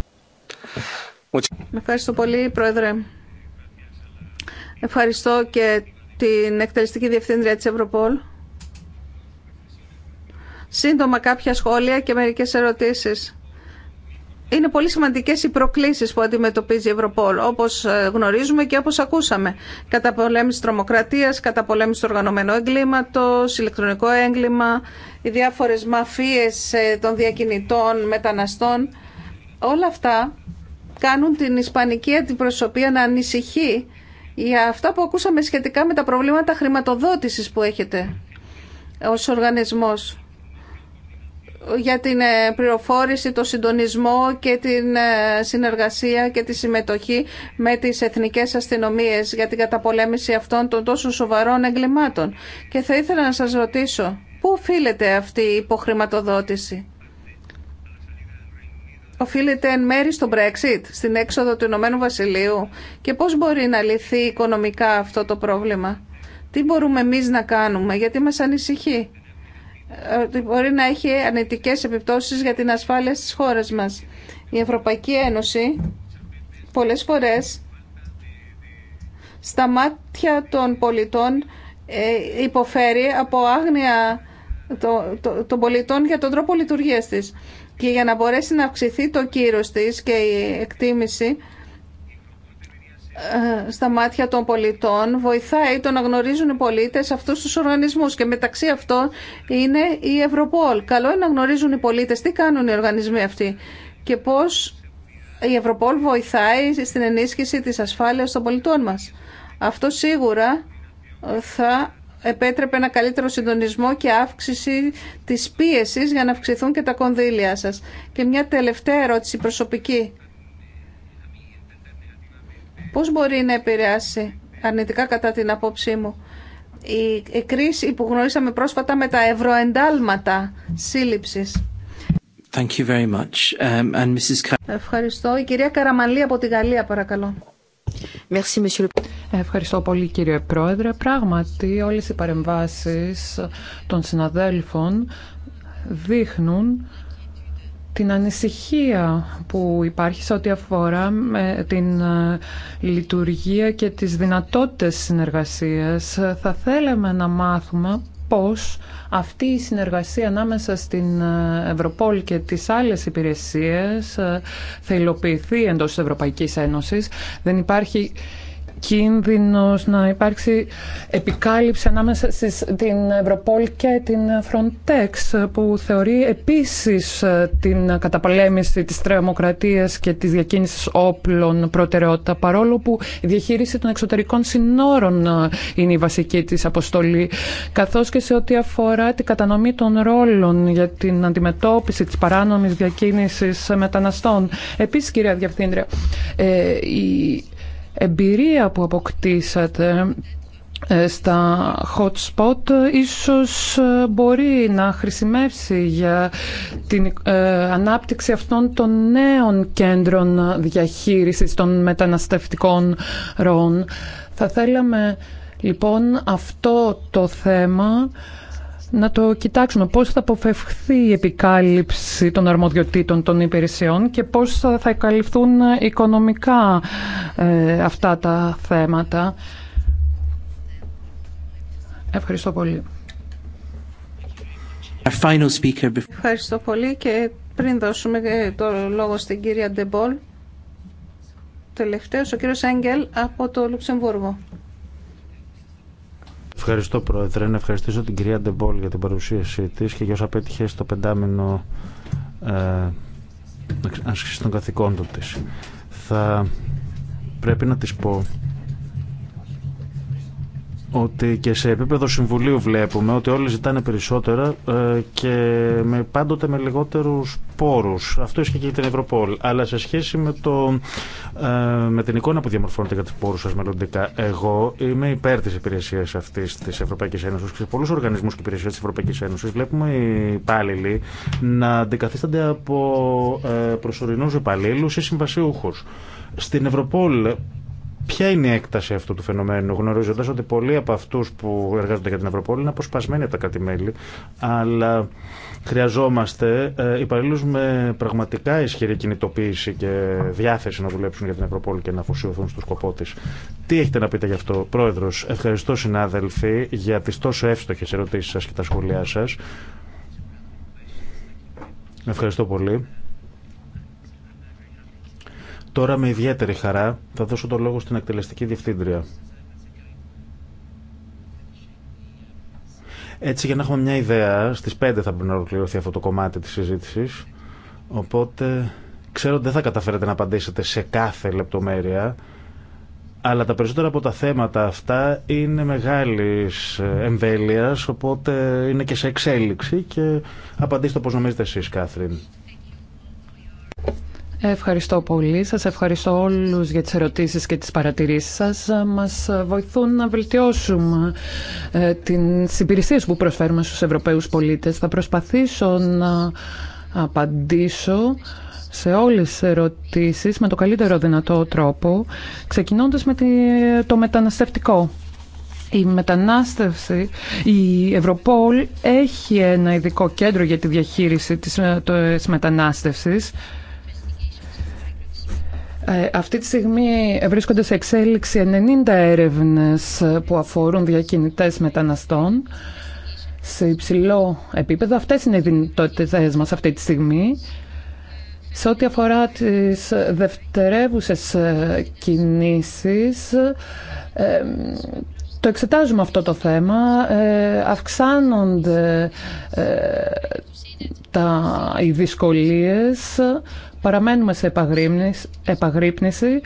Ευχαριστώ πολύ, Πρόεδρε. Ευχαριστώ και την εκτελεστική διευθύντρια της Ευρωπόλ. Σύντομα κάποια σχόλια και μερικές ερωτήσεις είναι πολύ σημαντικές οι προκλήσεις που αντιμετωπίζει η Ευρωπόλ, όπως ε, γνωρίζουμε και όπως ακούσαμε. Κατά πολέμηση τρομοκρατίας, κατά πολέμηση του οργανωμένου εγκλήματος, ηλεκτρονικό έγκλημα, οι διάφορε μαφίες ε, των διακινητών, μεταναστών. Όλα αυτά κάνουν την ισπανική αντιπροσωπεία να ανησυχεί για αυτά που ακούσαμε σχετικά με τα προβλήματα χρηματοδότησης που έχετε ως οργανισμός για την ε, πληροφόρηση, το συντονισμό και την ε, συνεργασία και τη συμμετοχή με τις εθνικές αστυνομίες για την καταπολέμηση αυτών των τόσο σοβαρών εγκλημάτων. Και θα ήθελα να σας ρωτήσω, πού οφείλεται αυτή η υποχρηματοδότηση. Οφείλεται εν μέρη στο Brexit, στην έξοδο του Ηνωμένου Βασιλείου και πώς μπορεί να λυθεί οικονομικά αυτό το πρόβλημα. Τι μπορούμε εμείς να κάνουμε, γιατί μας ανησυχεί ότι μπορεί να έχει ανετικές επιπτώσεις για την ασφάλεια της χώρας μας. Η Ευρωπαϊκή Ένωση πολλές φορές στα μάτια των πολιτών ε, υποφέρει από άγνοια των πολιτών για τον τρόπο λειτουργίας της. Και για να μπορέσει να αυξηθεί το κύρος της και η εκτίμηση ε, στα μάτια των πολιτών βοηθάει το να γνωρίζουν οι πολίτες αυτούς τους οργανισμούς και μεταξύ αυτών είναι η Ευρωπόλ. Καλό είναι να γνωρίζουν οι πολίτες τι κάνουν οι οργανισμοί αυτοί και πώς η Ευρωπόλ βοηθάει στην ενίσχυση της ασφάλειας των πολιτών μας. Αυτό σίγουρα ε, θα επέτρεπε ένα καλύτερο συντονισμό και αύξηση της πίεσης για να αυξηθούν και τα κονδύλια σας. Και μια τελευταία ερώτηση προσωπική. Πώς μπορεί να επηρεάσει αρνητικά κατά την απόψή μου η κρίση που γνωρίσαμε πρόσφατα με τα ευρωεντάλματα σύλληψης. Thank you very much. Um, Ευχαριστώ. Η κυρία Καραμαλή από τη Γαλλία, παρακαλώ. Ευχαριστώ πολύ κύριε Πρόεδρε. Πράγματι όλες οι παρεμβάσεις των συναδέλφων δείχνουν την ανησυχία που υπάρχει σε ό,τι αφορά την ε, λειτουργία και τις δυνατότητες συνεργασίας. Θα θέλαμε να μάθουμε πώς αυτή η συνεργασία ανάμεσα στην ε, Ευρωπόλ και τις άλλες υπηρεσίες ε, θα υλοποιηθεί εντός της Ευρωπαϊκής Ένωσης. Δεν υπάρχει κίνδυνος να υπάρξει επικάλυψη ανάμεσα στην Ευρωπόλ και την Frontex που θεωρεί επίσης ε, την καταπολέμηση της τρεμοκρατίας και της διακίνησης όπλων προτεραιότητα παρόλο που η διαχείριση των εξωτερικών συνόρων ε, είναι η βασική της αποστολή καθώς και σε ό,τι αφορά την κατανομή των ρόλων για την αντιμετώπιση της παράνομης διακίνησης μεταναστών. Επίσης κυρία Διευθύντρια, ε, η εμπειρία που αποκτήσατε ε, στα hot spot ε, ίσως ε, μπορεί να χρησιμεύσει για την ανάπτυξη αυτών των νέων κέντρων διαχείρισης των μεταναστευτικών ροών. Θα θέλαμε λοιπόν αυτό το θέμα να το κοιτάξουμε πώς θα αποφευχθεί η επικάλυψη των αρμοδιοτήτων των υπηρεσιών και πώς θα καλυφθούν οικονομικά ε, αυτά τα θέματα. Ευχαριστώ πολύ. Ευχαριστώ πολύ και πριν δώσουμε ε, το λόγο στην κυρία Ντεμπόλ, τελευταίος ο κύριος Έγγελ από το Λουξεμβούργο. Ευχαριστώ, Πρόεδρε. Να ευχαριστήσω την κυρία Ντεμπόλ για την παρουσίασή τη και για όσα πέτυχε στο πεντάμινο ε, άσκηση των καθηκόντων τη. Θα πρέπει να τη πω ότι και σε επίπεδο συμβουλίου βλέπουμε ότι όλοι ζητάνε περισσότερα ε, και με, πάντοτε με λιγότερους πόρους. Αυτό ισχύει και για την Ευρωπόλ. Αλλά σε σχέση με, το, ε, με την εικόνα που διαμορφώνεται για τους πόρους σας μελλοντικά, εγώ είμαι υπέρ της υπηρεσίας αυτής της Ευρωπαϊκή Ένωση, και σε πολλούς οργανισμούς και υπηρεσιέ της Ευρωπαϊκή Ένωση, βλέπουμε οι υπάλληλοι να αντικαθίστανται από ε, προσωρινούς υπαλλήλους ή συμβασιούχους. Στην Ευρωπόλ Ποια είναι η έκταση αυτού του φαινομένου, γνωρίζοντα ότι πολλοί από αυτού που εργάζονται για την Ευρωπόλη είναι αποσπασμένοι από τα κράτη-μέλη αλλά χρειαζόμαστε ε, υπαλλήλου με πραγματικά ισχυρή κινητοποίηση και διάθεση να δουλέψουν για την Ευρωπόλη και να αφοσιωθούν στο σκοπό τη. Τι έχετε να πείτε γι' αυτό, Πρόεδρο. Ευχαριστώ, συνάδελφοι, για τι τόσο εύστοχε ερωτήσει σα και τα σχόλιά σα. Ευχαριστώ πολύ. Τώρα με ιδιαίτερη χαρά θα δώσω το λόγο στην εκτελεστική διευθύντρια. Έτσι για να έχουμε μια ιδέα, στις 5 θα πρέπει να ολοκληρωθεί αυτό το κομμάτι της συζήτησης, οπότε ξέρω ότι δεν θα καταφέρετε να απαντήσετε σε κάθε λεπτομέρεια, αλλά τα περισσότερα από τα θέματα αυτά είναι μεγάλης ε, εμβέλειας, οπότε είναι και σε εξέλιξη και απαντήστε όπως νομίζετε εσείς, Κάθριν. Ευχαριστώ πολύ. Σας ευχαριστώ όλους για τις ερωτήσεις και τις παρατηρήσεις σας. Μας βοηθούν να βελτιώσουμε ε, την υπηρεσίες που προσφέρουμε στους Ευρωπαίους πολίτες. Θα προσπαθήσω να απαντήσω σε όλες τις ερωτήσεις με το καλύτερο δυνατό τρόπο, ξεκινώντας με το μεταναστευτικό. Η μετανάστευση, η Ευρωπόλ έχει ένα ειδικό κέντρο για τη διαχείριση της ε, μετανάστευσης ε, αυτή τη στιγμή βρίσκονται σε εξέλιξη 90 έρευνες που αφορούν διακινητές μεταναστών σε υψηλό επίπεδο. Αυτές είναι οι δυνατότητες μας αυτή τη στιγμή. Σε ό,τι αφορά τις δευτερεύουσες ε, κινήσεις, ε, το εξετάζουμε αυτό το θέμα. Αυξάνονται τα, οι δυσκολίες Παραμένουμε σε επαγρύπνηση.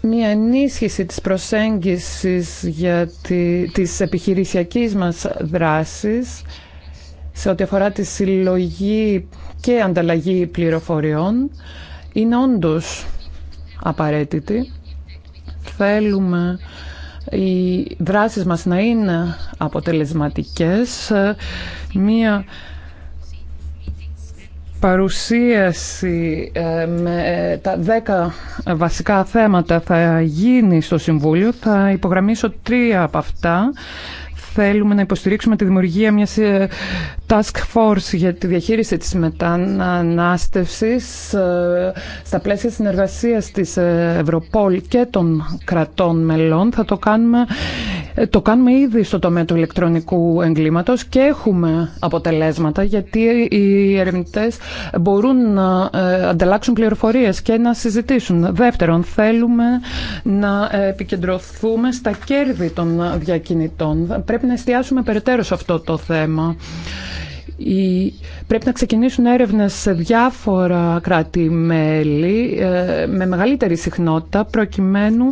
Μια ενίσχυση της προσέγγισης για τη, της επιχειρησιακής μας δράσης σε ό,τι αφορά τη συλλογή και ανταλλαγή πληροφοριών είναι όντως απαραίτητη. Θέλουμε οι δράσεις μας να είναι αποτελεσματικές. Μία παρουσίαση ε, με τα δέκα βασικά θέματα θα γίνει στο Συμβούλιο. Θα υπογραμμίσω τρία από αυτά θέλουμε να υποστηρίξουμε τη δημιουργία μιας ε, task force για τη διαχείριση της μετανάστευσης ε, στα πλαίσια συνεργασίας της ε, Ευρωπόλ και των κρατών μελών. Θα το κάνουμε, το κάνουμε ήδη στο τομέα του ηλεκτρονικού εγκλήματος και έχουμε αποτελέσματα γιατί οι ερευνητές μπορούν να ανταλλάξουν πληροφορίες και να συζητήσουν. Δεύτερον, θέλουμε να επικεντρωθούμε στα κέρδη των διακινητών. Πρέπει να εστιάσουμε περαιτέρω σε αυτό το θέμα πρέπει να ξεκινήσουν έρευνες σε διάφορα κράτη-μέλη ε, με μεγαλύτερη συχνότητα προκειμένου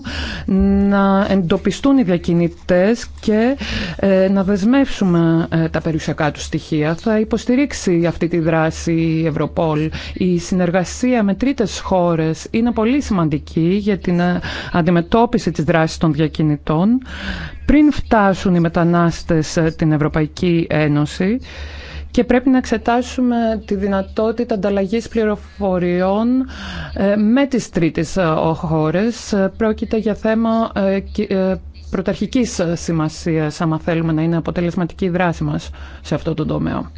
να εντοπιστούν οι διακινητές και ε, να δεσμεύσουμε ε, τα περιουσιακά του στοιχεία. Θα υποστηρίξει αυτή τη δράση η Ευρωπόλ. Η συνεργασία με τρίτες χώρες είναι πολύ σημαντική για την αντιμετώπιση της δράσης των διακινητών πριν φτάσουν οι μετανάστες στην Ευρωπαϊκή Ένωση και πρέπει να εξετάσουμε τη δυνατότητα ανταλλαγή πληροφοριών ε, με τις τρίτες ε, χώρες. Ε, πρόκειται για θέμα πρωταρχικής σημασίας, άμα θέλουμε να είναι αποτελεσματική η δράση μας σε αυτό το τομέα.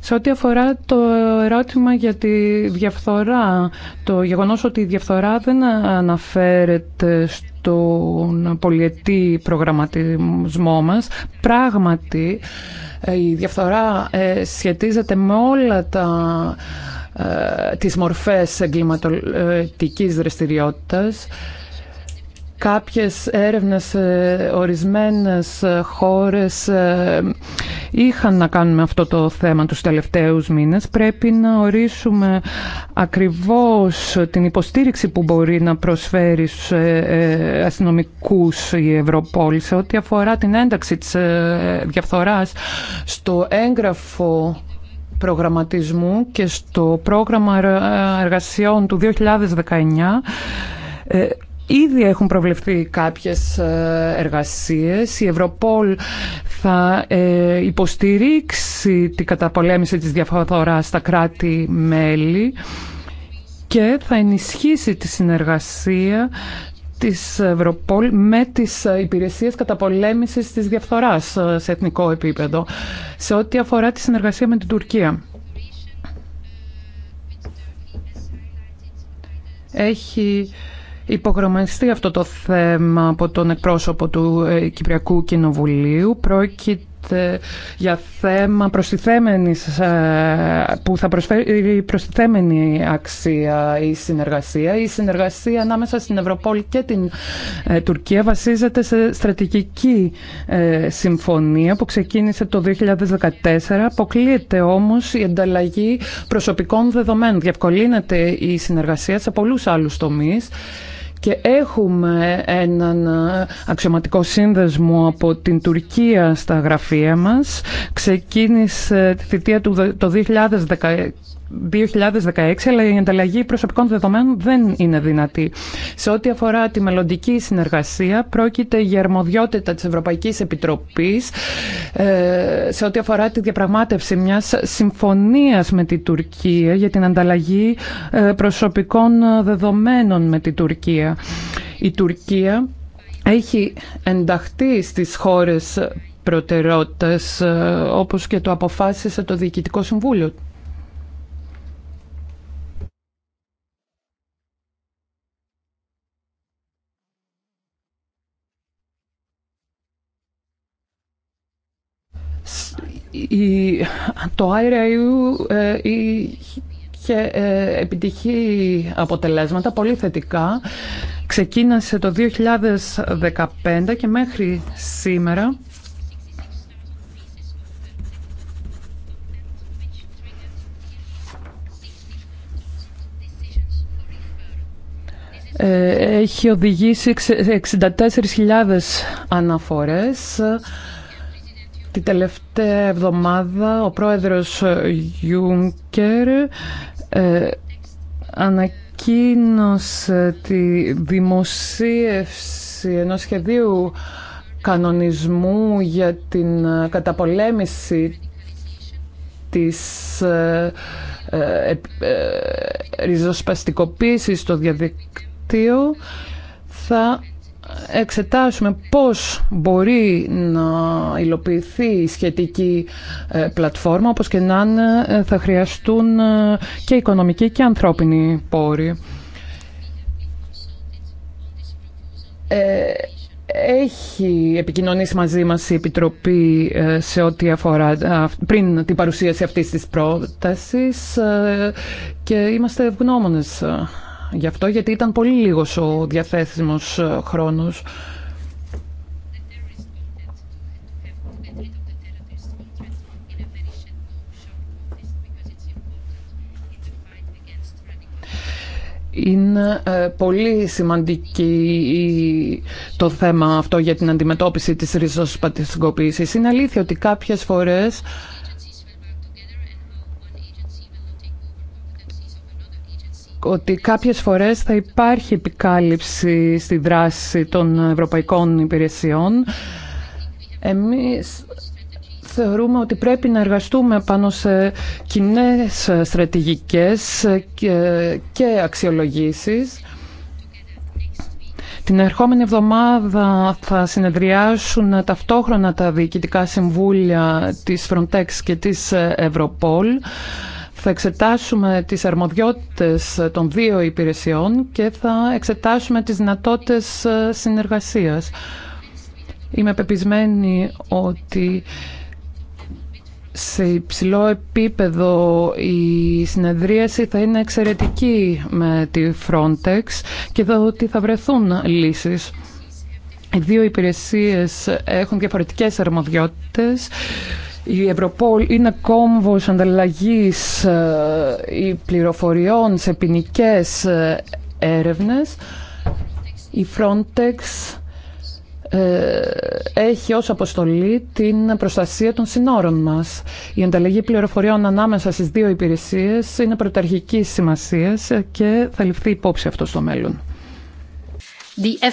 Σε ό,τι αφορά το ερώτημα για τη διαφθορά, το γεγονός ότι η διαφθορά δεν αναφέρεται τον πολιετή προγραμματισμό μας. Πράγματι, ε, η διαφθορά ε, σχετίζεται με όλα τα ε, τις μορφές εγκληματικής δραστηριότητας Κάποιες έρευνες σε ορισμένες ε, χώρες ε, είχαν να κάνουν με αυτό το θέμα τους τελευταίους μήνες. Πρέπει να ορίσουμε ακριβώς την υποστήριξη που μπορεί να προσφέρει στους ε, αστυνομικούς η Ευρωπόλη σε ό,τι αφορά την ένταξη της διαφθοράς στο έγγραφο προγραμματισμού και στο πρόγραμμα εργασιών του 2019 Ήδη έχουν προβλεφθεί κάποιες ε, εργασίες. Η Ευρωπόλ θα ε, υποστηρίξει την καταπολέμηση της διαφοράς στα κράτη-μέλη και θα ενισχύσει τη συνεργασία της Ευρωπόλ με τις υπηρεσίες καταπολέμησης της διαφθοράς ε, σε εθνικό επίπεδο σε ό,τι αφορά τη συνεργασία με την Τουρκία. Έχει υπογραμμαστεί αυτό το θέμα από τον εκπρόσωπο του ε, Κυπριακού Κοινοβουλίου. Πρόκειται για θέμα προστιθέμενης, ε, που θα προσφέρει προστιθέμενη αξία η συνεργασία. Η συνεργασία ανάμεσα στην Ευρωπόλη και την ε, Τουρκία βασίζεται σε στρατηγική συμφωνία που ξεκίνησε το 2014. Αποκλείεται όμως η ανταλλαγή προσωπικών δεδομένων. Διευκολύνεται η συνεργασία σε πολλούς άλλους τομείς και έχουμε έναν ε, αξιωματικό σύνδεσμο από την Τουρκία στα γραφεία μας. Ξεκίνησε τη θητεία του το 2016 2016, αλλά η ανταλλαγή προσωπικών δεδομένων δεν είναι δυνατή. Σε ό,τι αφορά τη μελλοντική συνεργασία, πρόκειται για αρμοδιότητα της Ευρωπαϊκής Επιτροπής ε, σε ό,τι αφορά τη διαπραγμάτευση μιας συμφωνίας με τη Τουρκία για την ανταλλαγή ε, προσωπικών δεδομένων με τη Τουρκία. Η Τουρκία έχει ενταχθεί στις χώρες προτεραιότητες, ε, όπως και το αποφάσισε το Διοικητικό Συμβούλιο το ή ε, είχε ε, επιτυχή αποτελέσματα, πολύ θετικά. Ξεκίνησε το 2015 και μέχρι σήμερα ε, έχει οδηγήσει 64.000 αναφορές την τελευταία εβδομάδα ο πρόεδρος Γιούνκερ ε, ανακοίνωσε τη δημοσίευση ενός σχεδίου κανονισμού για την καταπολέμηση της ε, ε, ε, ε ριζοσπαστικοποίησης στο διαδικτύο θα εξετάσουμε πώς μπορεί να υλοποιηθεί η σχετική ε, πλατφόρμα, όπως και να ε, θα χρειαστούν ε, και οικονομικοί και ανθρώπινοι πόροι. Έχει επικοινωνήσει μαζί μας η Επιτροπή σε ό,τι αφορά πριν την παρουσίαση αυτής της πρότασης και είμαστε ευγνώμονες γι' αυτό, γιατί ήταν πολύ λίγος ο διαθέσιμος ε, χρόνος. Είναι ε, πολύ σημαντική το θέμα αυτό για την αντιμετώπιση της ριζοσπατιστικοποίησης. Είναι αλήθεια ότι κάποιες φορές ότι κάποιες φορές θα υπάρχει επικάλυψη στη δράση των ευρωπαϊκών υπηρεσιών. Εμείς θεωρούμε ότι πρέπει να εργαστούμε πάνω σε κοινέ στρατηγικές και αξιολογήσεις. Την ερχόμενη εβδομάδα θα συνεδριάσουν ταυτόχρονα τα διοικητικά συμβούλια της Frontex και της Ευρωπόλ. Θα εξετάσουμε τις αρμοδιότητες των δύο υπηρεσιών και θα εξετάσουμε τις δυνατότητες ε, συνεργασίας. Είμαι πεπισμένη ότι σε υψηλό επίπεδο η συνεδρίαση θα είναι εξαιρετική με τη Frontex και εδώ ότι θα βρεθούν λύσεις. Οι δύο υπηρεσίες έχουν διαφορετικές αρμοδιότητες. Η Ευρωπόλ είναι κόμβος ανταλλαγής ή ε, πληροφοριών σε ποινικέ ε, έρευνες. Η Frontex ε, έχει ως αποστολή την προστασία των συνόρων μας. Η ανταλλαγή πληροφοριών ανάμεσα στις δύο υπηρεσίες είναι πρωταρχική σημασία και θα ληφθεί υπόψη αυτό στο μέλλον. The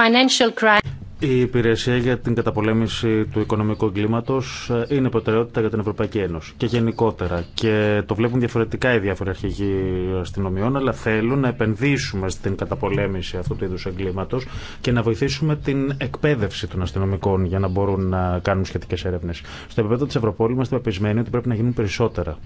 financial crime. Η υπηρεσία για την καταπολέμηση του οικονομικού εγκλήματο ε, είναι προτεραιότητα για την Ευρωπαϊκή Ένωση και γενικότερα. Και το βλέπουν διαφορετικά οι διάφοροι αρχηγοί αστυνομιών, αλλά θέλουν να επενδύσουμε στην καταπολέμηση αυτού του είδους εγκλήματο και να βοηθήσουμε την εκπαίδευση των αστυνομικών για να μπορούν να κάνουν σχετικέ έρευνε. Στο επίπεδο τη Ευρωπόλη είμαστε πεπισμένοι ότι πρέπει να γίνουν περισσότερα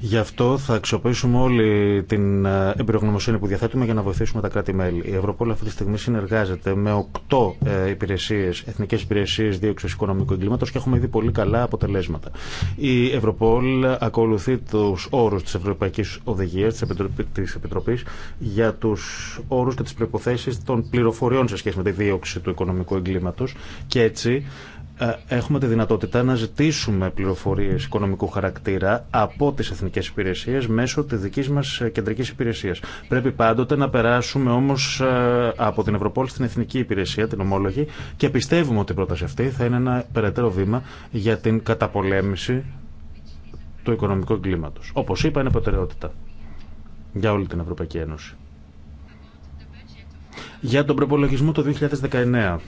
Γι' αυτό θα αξιοποιήσουμε όλη την ε, εμπειρογνωμοσύνη που διαθέτουμε για να βοηθήσουμε τα κράτη-μέλη. Η Ευρωπόλ αυτή τη στιγμή συνεργάζεται με οκτώ ε, υπηρεσίες, εθνικές υπηρεσίες δίωξης οικονομικού εγκλήματος και έχουμε δει πολύ καλά αποτελέσματα. Η Ευρωπόλ ακολουθεί τους όρους της Ευρωπαϊκής Οδηγίας, της, Επιτροπή, της Επιτροπής, για τους όρους και τις προποθέσει των πληροφοριών σε σχέση με τη δίωξη του οικονομικού εγκλήματος και έτσι ε, έχουμε τη δυνατότητα να ζητήσουμε πληροφορίες οικονομικού χαρακτήρα από τις εθνικές υπηρεσίες μέσω της δικής μας ε, κεντρικής υπηρεσίας. Πρέπει πάντοτε να περάσουμε όμως ε, από την Ευρωπόλη στην Εθνική Υπηρεσία, την ομόλογη, και πιστεύουμε ότι η πρόταση αυτή θα είναι ένα περαιτέρω βήμα για την καταπολέμηση του οικονομικού εγκλήματος. Όπως είπα, είναι προτεραιότητα για όλη την Ευρωπαϊκή Ένωση. Για τον προπολογισμό το 2019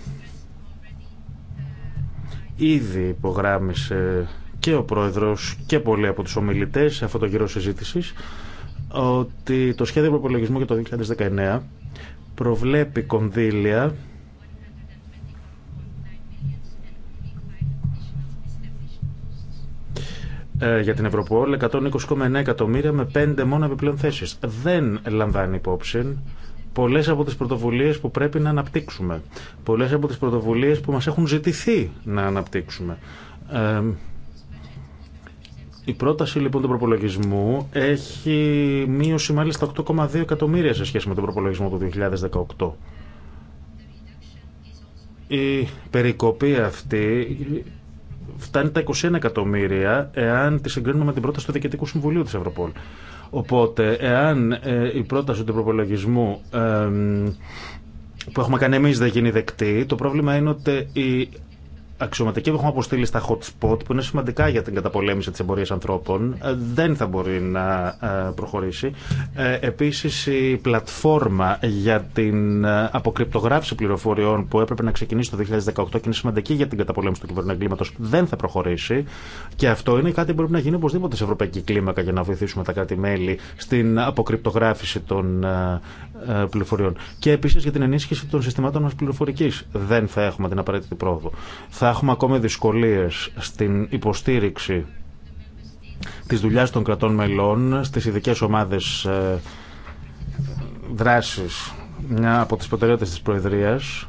ήδη υπογράμμισε και ο Πρόεδρος και πολλοί από τους ομιλητές σε αυτό το γύρο συζήτησης ότι το σχέδιο προπολογισμού για το 2019 προβλέπει κονδύλια ε, για την Ευρωπόλ 120,9 εκατομμύρια με 5 μόνο επιπλέον θέσεις. Δεν λαμβάνει υπόψη Πολλέ από τις πρωτοβουλίε που πρέπει να αναπτύξουμε, πολλές από τις πρωτοβουλίε που μας έχουν ζητηθεί να αναπτύξουμε. Ε, η πρόταση λοιπόν του προπολογισμού έχει μείωση μάλιστα 8,2 εκατομμύρια σε σχέση με τον προπολογισμό του 2018. Η περικοπή αυτή φτάνει τα 21 εκατομμύρια εάν τη συγκρίνουμε με την πρόταση του Διοικητικού Συμβουλίου της Ευρωπόλ. Οπότε, εάν ε, η πρόταση του προπολογισμού ε, που έχουμε κάνει εμεί δεν γίνει δεκτή, το πρόβλημα είναι ότι η αξιωματικοί που έχουμε αποστείλει στα hot spot, που είναι σημαντικά για την καταπολέμηση τη εμπορία ανθρώπων, ε, δεν θα μπορεί να ε, προχωρήσει. Ε, επίση, η πλατφόρμα για την αποκρυπτογράφηση πληροφοριών που έπρεπε να ξεκινήσει το 2018 και είναι σημαντική για την καταπολέμηση του κυβερνού δεν θα προχωρήσει. Και αυτό είναι κάτι που πρέπει να γίνει οπωσδήποτε σε ευρωπαϊκή κλίμακα για να βοηθήσουμε τα κράτη-μέλη στην αποκρυπτογράφηση των πληροφοριών. Και επίση για την ενίσχυση των συστημάτων μα πληροφορική. Δεν θα έχουμε την απαραίτητη πρόοδο έχουμε ακόμη δυσκολίες στην υποστήριξη της δουλειάς των κρατών μελών στις ειδικές ομάδες ε, δράσης. Μια από τις προτεραιότητες της Προεδρίας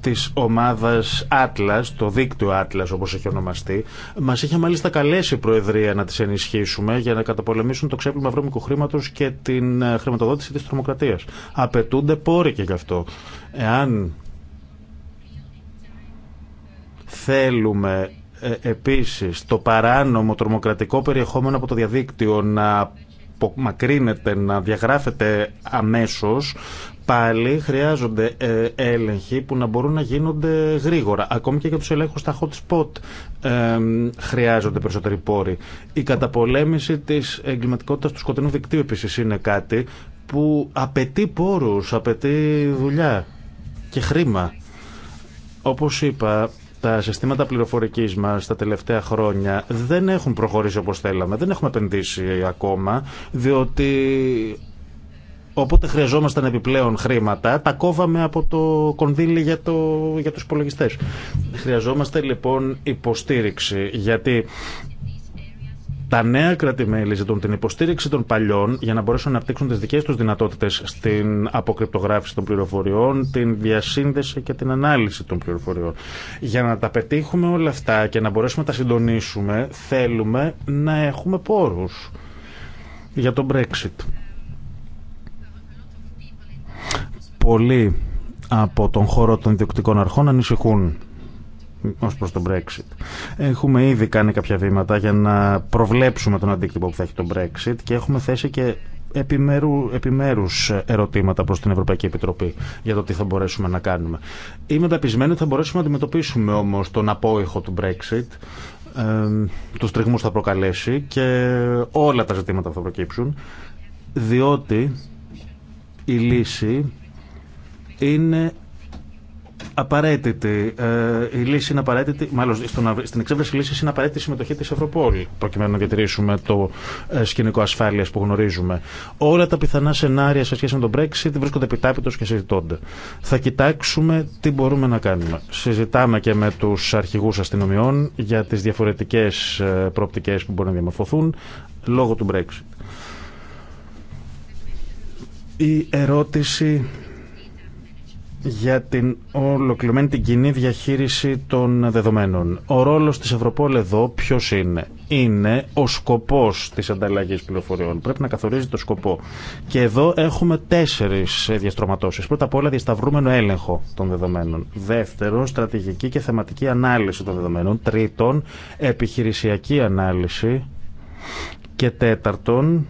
της ομάδας Atlas, το δίκτυο Atlas όπως έχει ονομαστεί, μας είχε μάλιστα καλέσει η Προεδρία να τις ενισχύσουμε για να καταπολεμήσουν το ξέπλυμα βρώμικου χρήματος και την ε, χρηματοδότηση της τρομοκρατίας. Απαιτούνται πόροι και γι' αυτό. Εάν Θέλουμε ε, επίσης το παράνομο τρομοκρατικό περιεχόμενο από το διαδίκτυο να απομακρύνεται, να διαγράφεται αμέσως, πάλι χρειάζονται ε, έλεγχοι που να μπορούν να γίνονται γρήγορα. Ακόμη και για τους ελέγχους στα hot spot ε, χρειάζονται περισσότεροι πόροι. Η καταπολέμηση της εγκληματικότητας του σκοτεινού δικτύου επίσης είναι κάτι που απαιτεί πόρους, απαιτεί δουλειά και χρήμα. Όπως είπα, τα συστήματα πληροφορική μα τα τελευταία χρόνια δεν έχουν προχωρήσει όπω θέλαμε, δεν έχουμε επενδύσει ακόμα, διότι όποτε χρειαζόμασταν επιπλέον χρήματα, τα κόβαμε από το κονδύλι για, το, για τους υπολογιστέ. Χρειαζόμαστε λοιπόν υποστήριξη, γιατί τα νέα κρατημέλη ζητούν την υποστήριξη των παλιών για να μπορέσουν να αναπτύξουν τι δικέ του δυνατότητε στην αποκρυπτογράφηση των πληροφοριών, την διασύνδεση και την ανάλυση των πληροφοριών. Για να τα πετύχουμε όλα αυτά και να μπορέσουμε να τα συντονίσουμε, θέλουμε να έχουμε πόρου για τον Brexit. Πολλοί από τον χώρο των ιδιοκτικών αρχών ανησυχούν Ω προς τον Brexit. Έχουμε ήδη κάνει κάποια βήματα για να προβλέψουμε τον αντίκτυπο που θα έχει το Brexit και έχουμε θέσει και επιμέρου, επιμέρους ερωτήματα προς την Ευρωπαϊκή Επιτροπή για το τι θα μπορέσουμε να κάνουμε. Είμαι πεπισμένη ότι θα μπορέσουμε να αντιμετωπίσουμε όμως τον απόϊχο του Brexit, ε, τους τριγμούς θα προκαλέσει και όλα τα ζητήματα θα προκύψουν, διότι η λύση είναι απαραίτητη. Ε, η λύση είναι απαραίτητη, μάλλον στην εξέβρεση λύση είναι απαραίτητη η συμμετοχή τη Ευρωπόλη, προκειμένου να διατηρήσουμε το ε, σκηνικό ασφάλεια που γνωρίζουμε. Όλα τα πιθανά σενάρια σε σχέση με τον Brexit βρίσκονται επιτάπητο και συζητώνται. Θα κοιτάξουμε τι μπορούμε να κάνουμε. Συζητάμε και με του αρχηγού αστυνομιών για τι διαφορετικέ ε, προοπτικέ που μπορούν να διαμορφωθούν λόγω του Brexit. Η ερώτηση για την ολοκληρωμένη την κοινή διαχείριση των δεδομένων. Ο ρόλος της Ευρωπόλ εδώ ποιος είναι. Είναι ο σκοπός της ανταλλαγής πληροφοριών. Πρέπει να καθορίζει το σκοπό. Και εδώ έχουμε τέσσερις διαστρωματώσεις. Πρώτα απ' όλα διασταυρούμενο έλεγχο των δεδομένων. Δεύτερον, στρατηγική και θεματική ανάλυση των δεδομένων. Τρίτον, επιχειρησιακή ανάλυση. Και τέταρτον,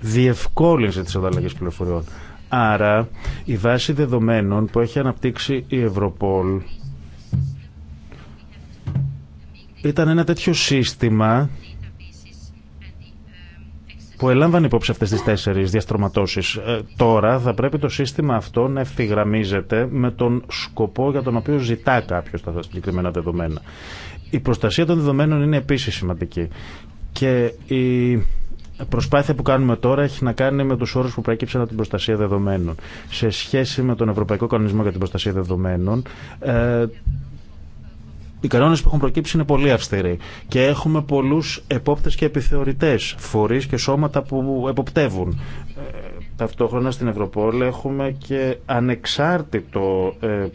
διευκόλυνση της ανταλλαγής πληροφοριών. Άρα η βάση δεδομένων που έχει αναπτύξει η Ευρωπόλ ήταν ένα τέτοιο σύστημα που ελάμβανε υπόψη αυτές τις τέσσερις διαστρωματώσεις. Ε, τώρα θα πρέπει το σύστημα αυτό να ευθυγραμμίζεται με τον σκοπό για τον οποίο ζητά κάποιος τα συγκεκριμένα δεδομένα. Η προστασία των δεδομένων είναι επίσης σημαντική και η προσπάθεια που κάνουμε τώρα έχει να κάνει με του όρου που προέκυψαν από την προστασία δεδομένων. Σε σχέση με τον Ευρωπαϊκό Κανονισμό για την Προστασία Δεδομένων, ε, οι κανόνε που έχουν προκύψει είναι πολύ αυστηροί και έχουμε πολλού επόπτε και επιθεωρητέ, φορεί και σώματα που εποπτεύουν. Ε, ταυτόχρονα στην Ευρωπόλη έχουμε και ανεξάρτητο ε,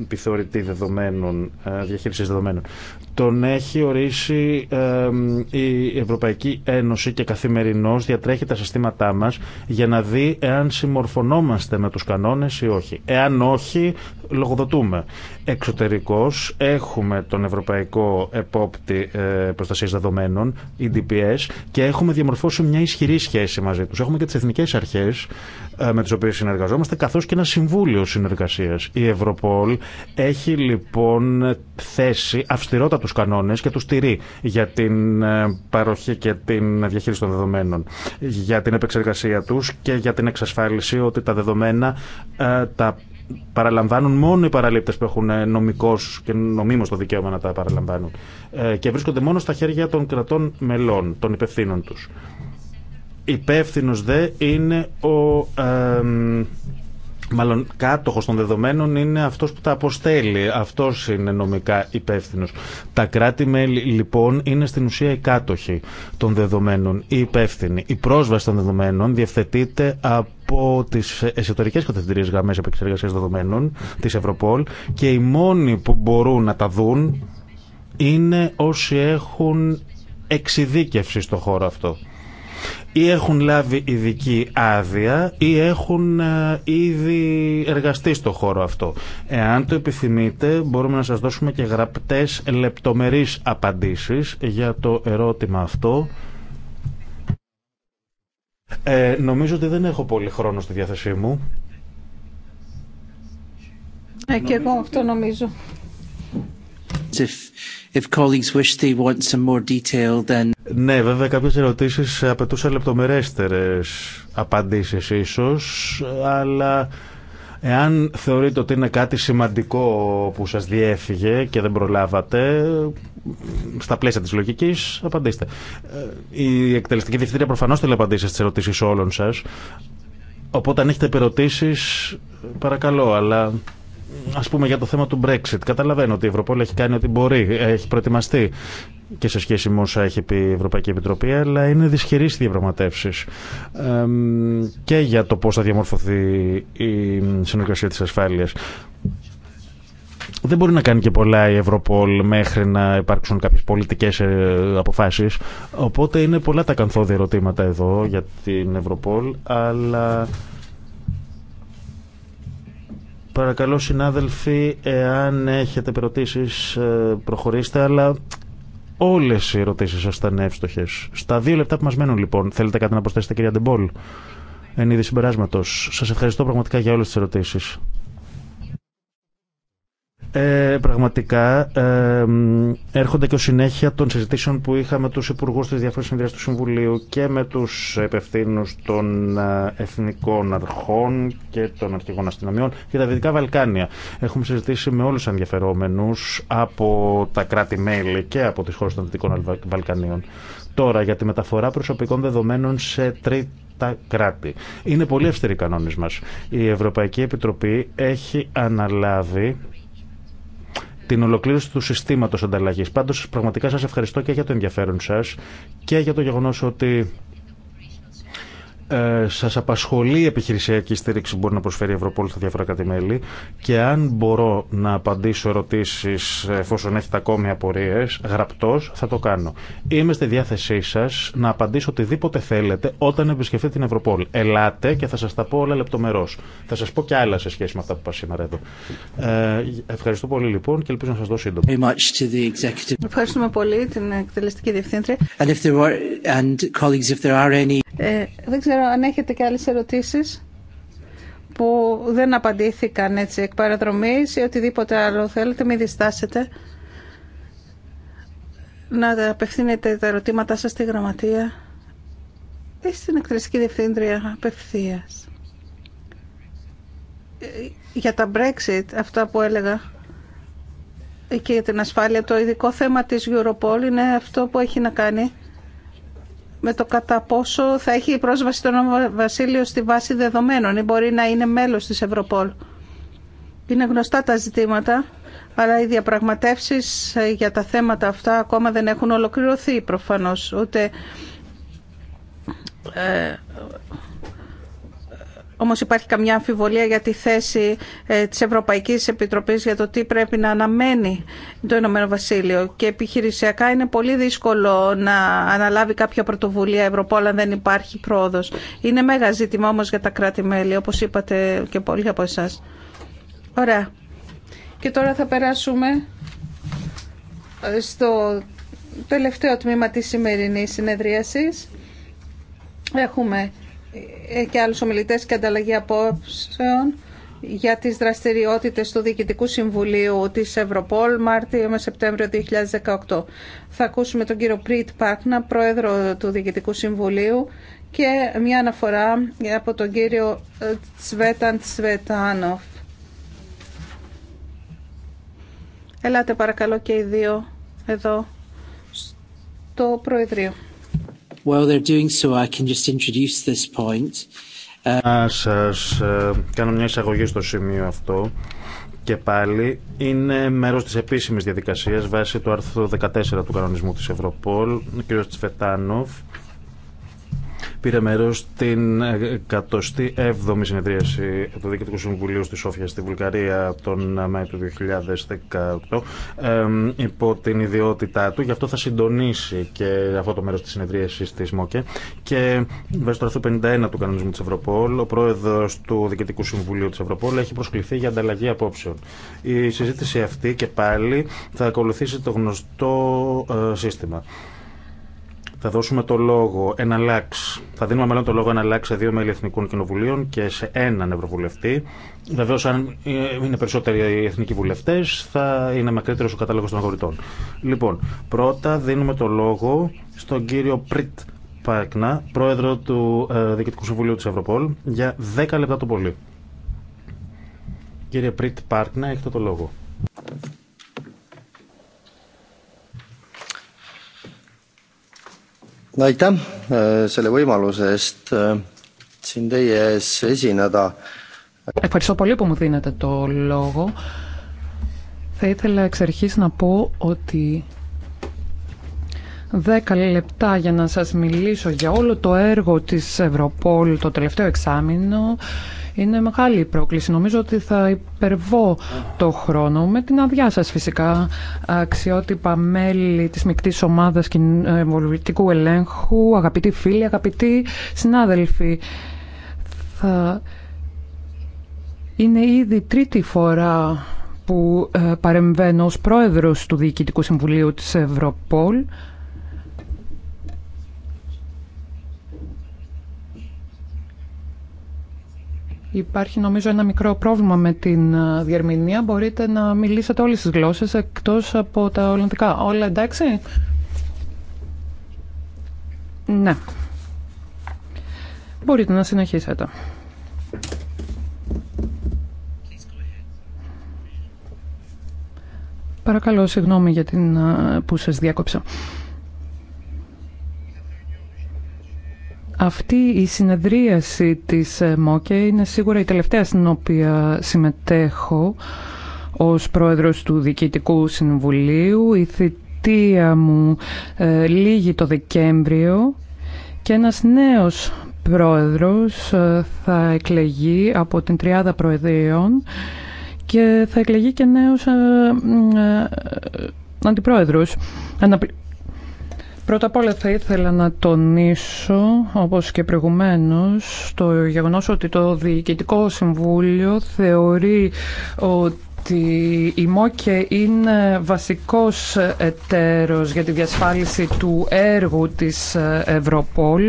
επιθεωρητή δεδομένων, ε, διαχείριση δεδομένων τον έχει ορίσει η Ευρωπαϊκή Ένωση και καθημερινώς διατρέχει τα συστήματά μας για να δει εάν συμμορφωνόμαστε με τους κανόνες ή όχι. Εάν όχι, λογοδοτούμε. Εξωτερικώς έχουμε τον Ευρωπαϊκό Επόπτη ε, Προστασίας Δεδομένων, EDPS, και έχουμε διαμορφώσει μια ισχυρή σχέση μαζί τους. Έχουμε και τις εθνικές αρχές ε, με τις οποίες συνεργαζόμαστε, καθώς και ένα συμβούλιο συνεργασίας. Η Ευρωπόλ έχει λοιπόν θέσει κανόνες και του στηρεί για την ε, παροχή και την διαχείριση των δεδομένων, για την επεξεργασία τους και για την εξασφάλιση ότι τα δεδομένα ε, τα παραλαμβάνουν μόνο οι παραλήπτες που έχουν ε, νομικός και νομίμως το δικαίωμα να τα παραλαμβάνουν και βρίσκονται μόνο στα χέρια των κρατών μελών, των υπευθύνων τους. Υπεύθυνο δε είναι ο Μάλλον κάτοχος των δεδομένων είναι αυτός που τα αποστέλει. Αυτός είναι νομικά υπεύθυνο. Τα κράτη-μέλη λοιπόν είναι στην ουσία οι κάτοχοι των δεδομένων, οι υπεύθυνοι. Η πρόσβαση των δεδομένων διευθετείται από τις εσωτερικές κατευθυντήριε γραμμέ επεξεργασία δεδομένων τη Ευρωπόλ και οι μόνοι που μπορούν να τα δουν είναι όσοι έχουν εξειδίκευση στο χώρο αυτό ή έχουν λάβει ειδική άδεια ή έχουν ε, ήδη εργαστεί στο χώρο αυτό. Εάν το επιθυμείτε μπορούμε να σας δώσουμε και γραπτές λεπτομερείς απαντήσεις για το ερώτημα αυτό. Ε, νομίζω ότι δεν έχω πολύ χρόνο στη διάθεσή μου. Ε, και εγώ αυτό νομίζω. Ναι, βέβαια κάποιες ερωτήσεις απαιτούσαν λεπτομερέστερες απαντήσεις ίσως, αλλά εάν θεωρείτε ότι είναι κάτι σημαντικό που σας διέφυγε και δεν προλάβατε, στα πλαίσια της λογικής, απαντήστε. Ε, η εκτελεστική διευθυντήρια προφανώς θέλει απαντήσεις στις ερωτήσεις όλων σας, οπότε αν έχετε ερωτήσεις, παρακαλώ, αλλά Α πούμε για το θέμα του Brexit. Καταλαβαίνω ότι η Ευρωπόλ έχει κάνει ό,τι μπορεί, έχει προετοιμαστεί και σε σχέση με όσα έχει πει η Ευρωπαϊκή Επιτροπή, αλλά είναι δυσχερή στι διαπραγματεύσει και για το πώ θα διαμορφωθεί η συνεργασία τη ασφάλεια. Δεν μπορεί να κάνει και πολλά η Ευρωπόλ μέχρι να υπάρξουν κάποιες πολιτικές ε, αποφάσεις. Οπότε είναι πολλά τα κανθόδια ερωτήματα εδώ για την Ευρωπόλ, αλλά Παρακαλώ συνάδελφοι, εάν έχετε ερωτήσεις ε, προχωρήστε, αλλά όλες οι ερωτήσεις σας ήταν εύστοχες. Στα δύο λεπτά που μας μένουν λοιπόν, θέλετε κάτι να προσθέσετε κυρία Ντεμπόλ, εν είδη συμπεράσματος. Σας ευχαριστώ πραγματικά για όλες τις ερωτήσεις. Ε, πραγματικά ε, έρχονται και ως συνέχεια των συζητήσεων που είχαμε τους υπουργού της Διαφορε Συνδρία του Συμβουλίου και με τους υπευθύνου των ε, εθνικών αρχών και των αρχηγών αστυνομιών και τα Δυτικά Βαλκάνια. Έχουμε συζητήσει με όλους τους ενδιαφερόμενους από τα κράτη-μέλη και από τις χώρες των Δυτικών Βαλκανίων. Τώρα για τη μεταφορά προσωπικών δεδομένων σε τρίτα τα κράτη. Είναι πολύ αυστηροί οι κανόνες Η Ευρωπαϊκή Επιτροπή έχει αναλάβει την ολοκλήρωση του συστήματος ανταλλαγής. Πάντως πραγματικά σας ευχαριστώ και για το ενδιαφέρον σας και για το γεγονός ότι ε, σας απασχολεί η επιχειρησιακή στήριξη που μπορεί να προσφέρει η Ευρωπόλ στα διάφορα κατημέλη και αν μπορώ να απαντήσω ερωτήσει εφόσον έχετε ακόμη απορίε, γραπτός θα το κάνω. Είμαι στη διάθεσή σα να απαντήσω οτιδήποτε θέλετε όταν επισκεφτείτε την Ευρωπόλ. Ελάτε και θα σα τα πω όλα λεπτομέρω. Θα σα πω και άλλα σε σχέση με αυτά που είπα σήμερα εδώ. Ε, ευχαριστώ πολύ λοιπόν και ελπίζω να σα δω σύντομα. Ευχαριστούμε πολύ την εκτελεστική διευθύντρια αν έχετε και άλλες ερωτήσεις που δεν απαντήθηκαν έτσι εκ παραδρομής ή οτιδήποτε άλλο θέλετε, μην διστάσετε να απευθύνετε τα ερωτήματά σας στη γραμματεία ή στην εκτελεστική διευθύντρια απευθεία. Για τα Brexit, αυτά που έλεγα και για την ασφάλεια, το ειδικό θέμα της Europol είναι αυτό που έχει να κάνει με το κατά πόσο θα έχει πρόσβαση το Βασίλειο στη βάση δεδομένων ή μπορεί να είναι μέλος της Ευρωπόλ. Είναι γνωστά τα ζητήματα, αλλά οι διαπραγματεύσεις ε, για τα θέματα αυτά ακόμα δεν έχουν ολοκληρωθεί προφανώς, ούτε ε, όμως υπάρχει καμιά αμφιβολία για τη θέση ε, της Ευρωπαϊκής Επιτροπής για το τι πρέπει να αναμένει το Ηνωμένο Βασίλειο. Και επιχειρησιακά είναι πολύ δύσκολο να αναλάβει κάποια πρωτοβουλία Ευρωπόλ αν δεν υπάρχει πρόοδος. Είναι μέγα ζήτημα όμως για τα κράτη-μέλη, όπως είπατε και πολλοί από εσά. Ωραία. Και τώρα θα περάσουμε ε, στο τελευταίο τμήμα της σημερινής συνεδρίασης. Έχουμε ε, και άλλους ομιλητές και ανταλλαγή απόψεων για τις δραστηριότητες του Διοικητικού Συμβουλίου της Ευρωπόλ Μάρτιο με Σεπτέμβριο 2018. Θα ακούσουμε τον κύριο Πρίτ Πάκνα, πρόεδρο του Διοικητικού Συμβουλίου και μια αναφορά από τον κύριο ε, Τσβέταν Τσβετάνοφ. Ελάτε παρακαλώ και οι δύο εδώ στο Προεδρείο. Να σας ε, κάνω μια εισαγωγή στο σημείο αυτό και πάλι είναι μέρος της επίσημης διαδικασίας βάσει του άρθρου 14 του κανονισμού της Ευρωπόλ. Ο κ. Τσφετάνοφ πήρε μέρο στην 107η συνεδρίαση του Διοικητικού Συμβουλίου στη Σόφια στη Βουλγαρία τον Μάιο του 2018 υπό την ιδιότητά του. Γι' αυτό θα συντονίσει και αυτό το μέρο τη συνεδρίαση τη ΜΟΚΕ. Και βέβαια του αρθρό 51 του κανονισμού τη Ευρωπόλ, ο πρόεδρο του Διοικητικού Συμβουλίου τη Ευρωπόλ έχει προσκληθεί για ανταλλαγή απόψεων. Η συζήτηση αυτή και πάλι θα ακολουθήσει το γνωστό ε, σύστημα. Θα δώσουμε το λόγο εναλλάξ. Θα δίνουμε μάλλον το λόγο εναλλάξ σε δύο μέλη εθνικών κοινοβουλίων και σε έναν ευρωβουλευτή. Βεβαίω, αν είναι περισσότεροι οι εθνικοί βουλευτέ, θα είναι μακρύτερο ο κατάλογο των αγορητών. Λοιπόν, πρώτα δίνουμε το λόγο στον κύριο Πριτ Πάρκνα, πρόεδρο του ε, Διοικητικού Συμβουλίου τη Ευρωπόλ, για 10 λεπτά το πολύ. Κύριε Πριτ Πάρκνα, έχετε το λόγο. Ευχαριστώ πολύ που μου δίνετε το λόγο. Θα ήθελα εξ αρχή να πω ότι 10 λεπτά για να σας μιλήσω για όλο το έργο της Ευρωπόλ το τελευταίο εξάμηνο. Είναι μεγάλη η πρόκληση. Νομίζω ότι θα υπερβώ το χρόνο με την αδειά σα φυσικά. Αξιότυπα μέλη τη μεικτή ομάδα κοινοβουλευτικού ελέγχου, αγαπητοί φίλοι, αγαπητοί συνάδελφοι. Θα... Είναι ήδη τρίτη φορά που ε, παρεμβαίνω ως πρόεδρος του Διοικητικού Συμβουλίου της Ευρωπόλ. Υπάρχει νομίζω ένα μικρό πρόβλημα με την ε, διερμηνία. Μπορείτε να μιλήσετε όλες τις γλώσσες εκτός από τα Ολλανδικά. Όλα εντάξει. Ναι. Μπορείτε να συνεχίσετε. Παρακαλώ, συγγνώμη για την ε, που σας διάκοψα. Αυτή η συνεδρίαση της ε, ΜΟΚΕ είναι σίγουρα η τελευταία στην οποία συμμετέχω ως πρόεδρος του Διοικητικού Συμβουλίου. Η θητεία μου ε, λύγει το Δεκέμβριο και ένας νέος πρόεδρος ε, θα εκλεγεί από την Τριάδα Προεδρίων και θα εκλεγεί και νέος ε, ε αντιπρόεδρος. Πρώτα απ' όλα θα ήθελα να τονίσω, όπως και προηγουμένως, το γεγονός ότι το Διοικητικό Συμβούλιο θεωρεί ότι η ΜΟΚΕ είναι βασικός εταίρος για τη διασφάλιση του έργου της Ευρωπόλ.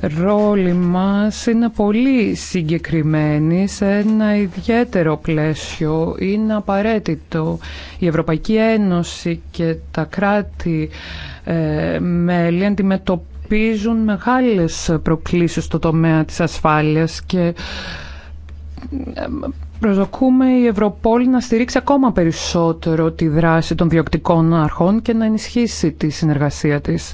Ρόλοι μας είναι πολύ συγκεκριμένοι σε ένα ιδιαίτερο πλαίσιο. Είναι απαραίτητο η Ευρωπαϊκή Ένωση και τα κράτη ε, μέλη αντιμετωπίζουν μεγάλες προκλήσεις στο τομέα της ασφάλειας και ε, προσδοκούμε η Ευρωπόλη να στηρίξει ακόμα περισσότερο τη δράση των διοκτικών αρχών και να ενισχύσει τη συνεργασία της.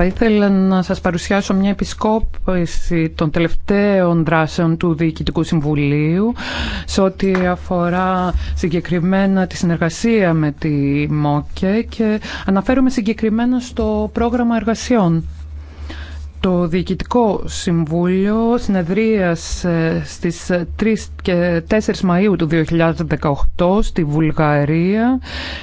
Θα ήθελα να σας παρουσιάσω μια επισκόπηση των τελευταίων δράσεων του Διοικητικού Συμβουλίου σε ό,τι αφορά συγκεκριμένα τη συνεργασία με τη ΜΟΚΕ και αναφέρομαι συγκεκριμένα στο πρόγραμμα εργασιών. Το Διοικητικό Συμβούλιο συνεδρίας στις 3 και 4 Μαΐου του 2018 στη Βουλγαρία,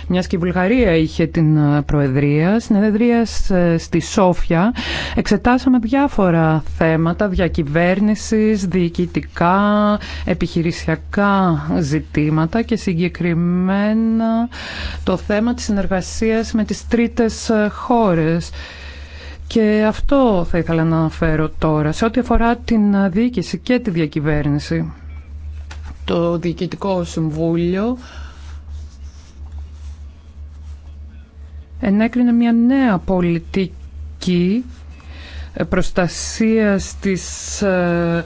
μιας και η Βουλγαρία είχε την Προεδρία, συνεδρίας στη Σόφια. Εξετάσαμε διάφορα θέματα διακυβέρνησης, διοικητικά, επιχειρησιακά ζητήματα και συγκεκριμένα το θέμα της συνεργασίας με τις τρίτες χώρες. Και αυτό θα ήθελα να αναφέρω τώρα, σε ό,τι αφορά την διοίκηση και τη διακυβέρνηση. Το Διοικητικό Συμβούλιο ενέκρινε μια νέα πολιτική προστασίας της ε,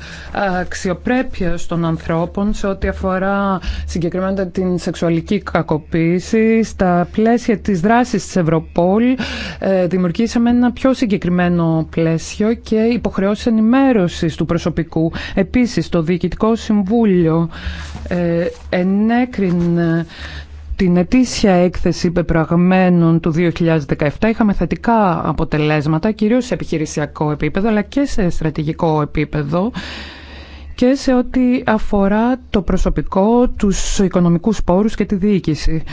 αξιοπρέπειας των ανθρώπων σε ό,τι αφορά συγκεκριμένα την σεξουαλική κακοποίηση. Στα πλαίσια της δράσης της Ευρωπόλ ε, δημιουργήσαμε ένα πιο συγκεκριμένο πλαίσιο και υποχρεώσει ενημέρωση του προσωπικού. Επίσης, το Διοικητικό Συμβούλιο ε, ενέκρινε την ετήσια έκθεση πεπραγμένων του 2017 είχαμε θετικά αποτελέσματα, κυρίως σε επιχειρησιακό επίπεδο, αλλά και σε στρατηγικό επίπεδο και σε ό,τι αφορά το προσωπικό, τους οικονομικούς πόρους και τη διοίκηση.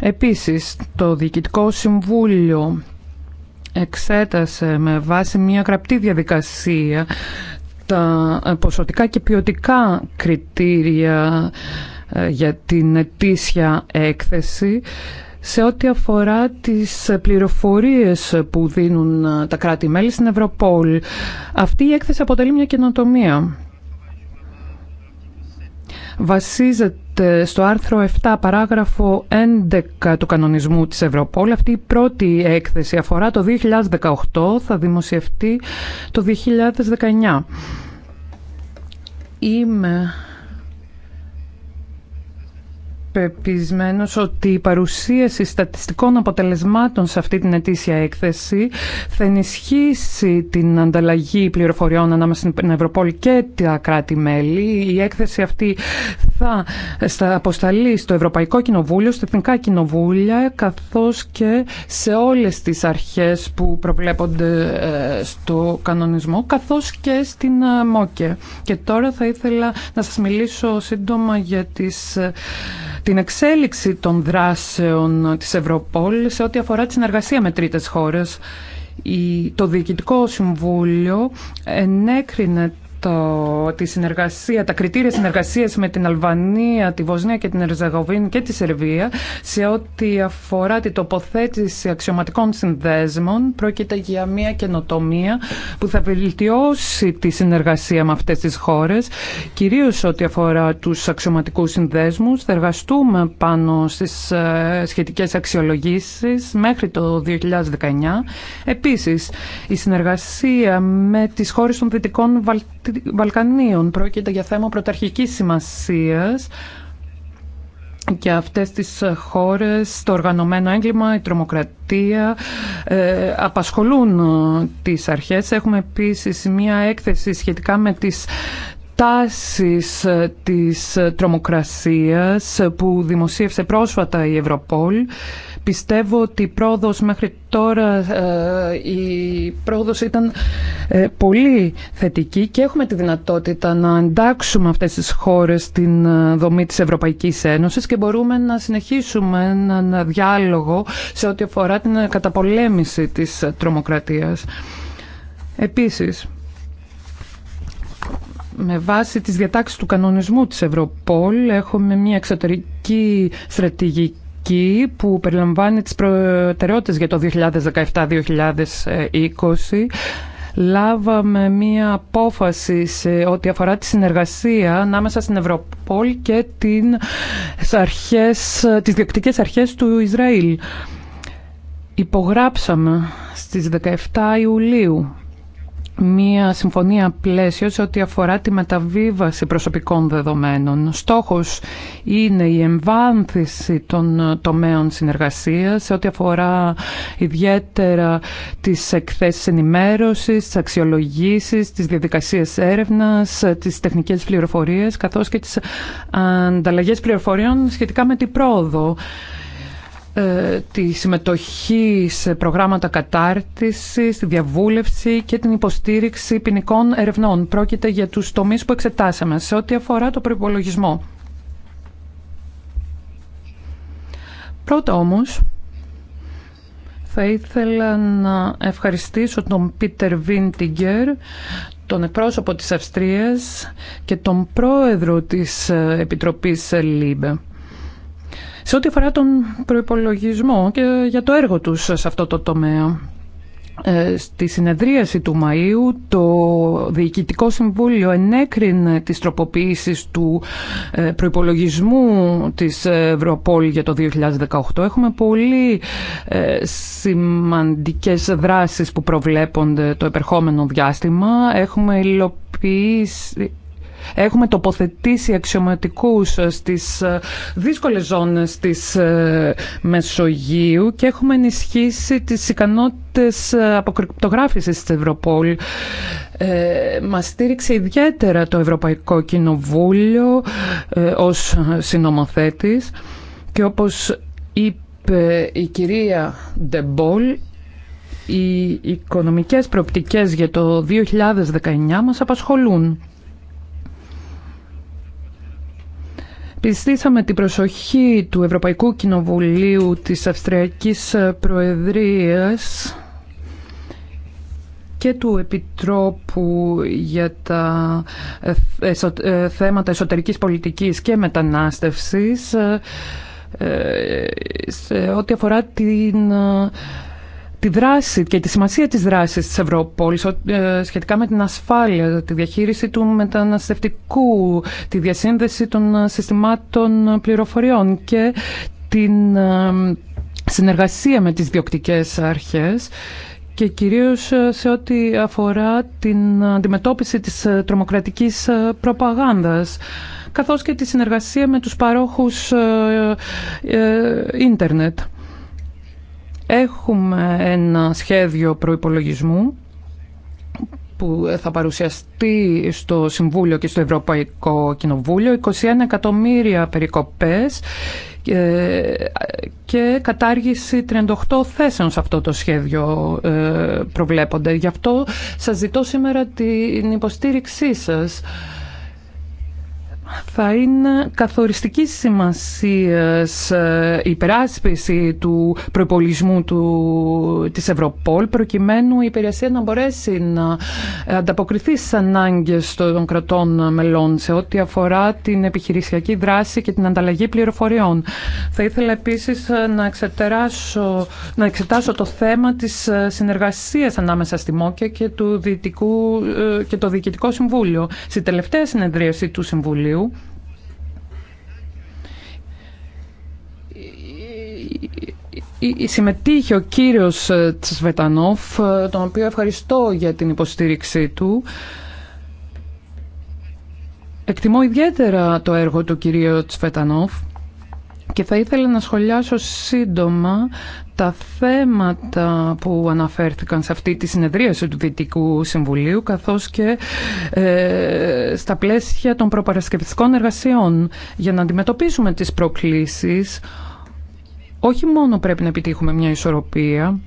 Επίσης, το Διοικητικό Συμβούλιο εξέτασε με βάση μια γραπτή διαδικασία τα ποσοτικά και ποιοτικά κριτήρια ε, για την ετήσια έκθεση σε ό,τι αφορά τις πληροφορίες που δίνουν ε, τα κράτη-μέλη στην Ευρωπόλ. Αυτή η έκθεση αποτελεί μια καινοτομία. Βασίζεται στο άρθρο 7, παράγραφο 11 του κανονισμού της Ευρωπόλ. Αυτή η πρώτη έκθεση αφορά το 2018, θα δημοσιευτεί το 2019. Είμαι πεπισμένος ότι η παρουσίαση στατιστικών αποτελεσμάτων σε αυτή την ετήσια έκθεση θα ενισχύσει την ανταλλαγή πληροφοριών ανάμεσα στην Ευρωπόλη και τα κράτη-μέλη. Η έκθεση αυτή θα αποσταλεί στο Ευρωπαϊκό Κοινοβούλιο, στα Εθνικά Κοινοβούλια, καθώς και σε όλες τις αρχές που προβλέπονται ε, στο κανονισμό, καθώς και στην ε, ΜΟΚΕ. Και τώρα θα ήθελα να σας μιλήσω σύντομα για τις ε, την εξέλιξη των δράσεων της Ευρωπόλ σε ό,τι αφορά τη συνεργασία με τρίτες χώρες. Το Διοικητικό Συμβούλιο ενέκρινε το, τη συνεργασία, τα κριτήρια συνεργασία με την Αλβανία, τη Βοσνία και την Ερζεγοβίνη και τη Σερβία σε ό,τι αφορά τη τοποθέτηση αξιωματικών συνδέσμων πρόκειται για μια καινοτομία που θα βελτιώσει τη συνεργασία με αυτέ τι χώρες Κυρίω ό,τι αφορά τους αξιωματικού συνδέσμού, θα εργαστούμε πάνω στις ε, σχετικές αξιολογήσεις μέχρι το 2019 Επίση, η συνεργασία με τι χώρε των Δυτικών Βαλτικών Βαλκανίων. Πρόκειται για θέμα πρωταρχικής σημασίας και αυτές τις χώρες, το οργανωμένο έγκλημα, η τρομοκρατία ε, απασχολούν τις αρχές. Έχουμε επίσης μια έκθεση σχετικά με τις τάσεις ε, της ε, τρομοκρασίας ε, που δημοσίευσε πρόσφατα η Ευρωπόλ. Πιστεύω ότι η πρόοδος μέχρι τώρα η πρόοδος ήταν πολύ θετική και έχουμε τη δυνατότητα να εντάξουμε αυτές τις χώρες στην δομή της Ευρωπαϊκής Ένωσης και μπορούμε να συνεχίσουμε έναν διάλογο σε ό,τι αφορά την καταπολέμηση της τρομοκρατίας. Επίσης, με βάση τις διατάξεις του κανονισμού της Ευρωπόλ έχουμε μια εξωτερική στρατηγική που περιλαμβάνει τις προτεραιότητες για το 2017-2020 λάβαμε μία απόφαση σε ό,τι αφορά τη συνεργασία ανάμεσα στην Ευρωπόλ και την, αρχές, τις διεκτικές αρχές του Ισραήλ. Υπογράψαμε στις 17 Ιουλίου μία συμφωνία πλαίσιο σε ό,τι αφορά τη μεταβίβαση προσωπικών δεδομένων. Στόχος είναι η εμβάνθηση των τομέων συνεργασίας σε ό,τι αφορά ιδιαίτερα τις εκθέσεις ενημέρωσης, τις αξιολογήσεις, τις διαδικασίες έρευνας, τις τεχνικές πληροφορίες καθώς και τις ανταλλαγές πληροφοριών σχετικά με την πρόοδο. Ε, τη συμμετοχή σε προγράμματα κατάρτισης, τη διαβούλευση και την υποστήριξη ποινικών ερευνών. Πρόκειται για τους τομείς που εξετάσαμε σε ό,τι αφορά το προϋπολογισμό. Πρώτα όμως, θα ήθελα να ευχαριστήσω τον Πίτερ Βίντιγκερ, τον εκπρόσωπο της Αυστρίας και τον πρόεδρο της Επιτροπής ΛΥΜΠΕ σε ό,τι αφορά τον προϋπολογισμό και για το έργο τους σε αυτό το τομέα. Ε, στη συνεδρίαση του Μαΐου το Διοικητικό Συμβούλιο ενέκρινε τις τροποποιήσεις του ε, προϋπολογισμού της Ευρωπόλη για το 2018. Έχουμε πολύ ε, σημαντικές δράσεις που προβλέπονται το επερχόμενο διάστημα. Έχουμε υλοποιήσει Έχουμε τοποθετήσει αξιωματικούς ε, στις ε, δύσκολες ζώνες της ε, Μεσογείου και έχουμε ενισχύσει τις ικανότητες αποκρυπτογράφησης της Ευρωπόλ. Ε, μας στήριξε ιδιαίτερα το Ευρωπαϊκό Κοινοβούλιο ως συνομοθέτης και όπως είπε η κυρία Ντεμπόλ οι οικονομικές προοπτικές για το 2019 μας απασχολούν. Επιστήσαμε την προσοχή του Ευρωπαϊκού Κοινοβουλίου της Αυστριακής Προεδρίας και του Επιτρόπου για τα ε, θέματα εσωτερικής πολιτικής και μετανάστευσης ε, ε, σε ό,τι αφορά την τη δράση και τη σημασία της δράσης της Ευρωπόλης ε, σχετικά με την ασφάλεια, τη διαχείριση του μεταναστευτικού, τη διασύνδεση των ε, συστημάτων πληροφοριών και την ε, συνεργασία με τις διοκτικές αρχές και κυρίως σε ό,τι αφορά την αντιμετώπιση της τρομοκρατικής προπαγάνδας καθώς και τη συνεργασία με τους παρόχους ίντερνετ. Έχουμε ένα σχέδιο προϋπολογισμού που θα παρουσιαστεί στο Συμβούλιο και στο Ευρωπαϊκό Κοινοβούλιο 21 εκατομμύρια περικοπές και κατάργηση 38 θέσεων σε αυτό το σχέδιο ε, προβλέπονται. Γι' αυτό σας ζητώ σήμερα την υποστήριξή σας θα είναι καθοριστική σημασία ε, η υπεράσπιση του προπολισμού του, της Ευρωπόλ προκειμένου η υπηρεσία να μπορέσει να ανταποκριθεί στις ανάγκες των κρατών μελών σε ό,τι αφορά την επιχειρησιακή δράση και την ανταλλαγή πληροφοριών. Θα ήθελα επίσης ε, να εξετάσω, να εξετάσω το θέμα της ε, συνεργασίας ανάμεσα στη ΜΟΚΕ και, και το Διοικητικό Συμβούλιο. Στη τελευταία συνεδρίαση του Συμβουλίου Κοινοβουλίου ε, ε, ε, συμμετείχε ο κύριος Τσβετανόφ, τον οποίο ευχαριστώ για την υποστήριξή του. Εκτιμώ ιδιαίτερα το έργο του κυρίου Τσβετανόφ και θα ήθελα να σχολιάσω σύντομα τα θέματα που αναφέρθηκαν σε αυτή τη συνεδρίαση του Δυτικού Συμβουλίου καθώς και ε, στα πλαίσια των προπαρασκευτικών εργασιών για να αντιμετωπίσουμε τις προκλήσεις όχι μόνο πρέπει να επιτύχουμε μια ισορροπία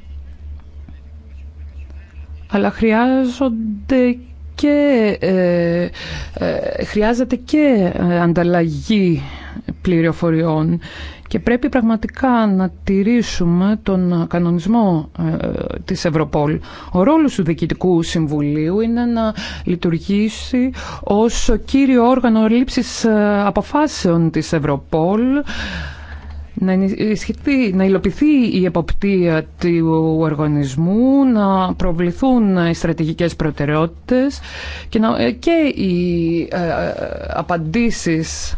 αλλά χρειάζονται και ε, ε, χρειάζεται και ε, ανταλλαγή πληροφοριών και πρέπει πραγματικά να τηρήσουμε τον κανονισμό της Ευρωπόλ. Ο ρόλος του Διοικητικού Συμβουλίου είναι να λειτουργήσει ως κύριο όργανο λήψης αποφάσεων της Ευρωπόλ να, να υλοποιηθεί η εποπτεία του οργανισμού, να προβληθούν οι στρατηγικές προτεραιότητες και, να, ε, και οι ε, ε, απαντήσεις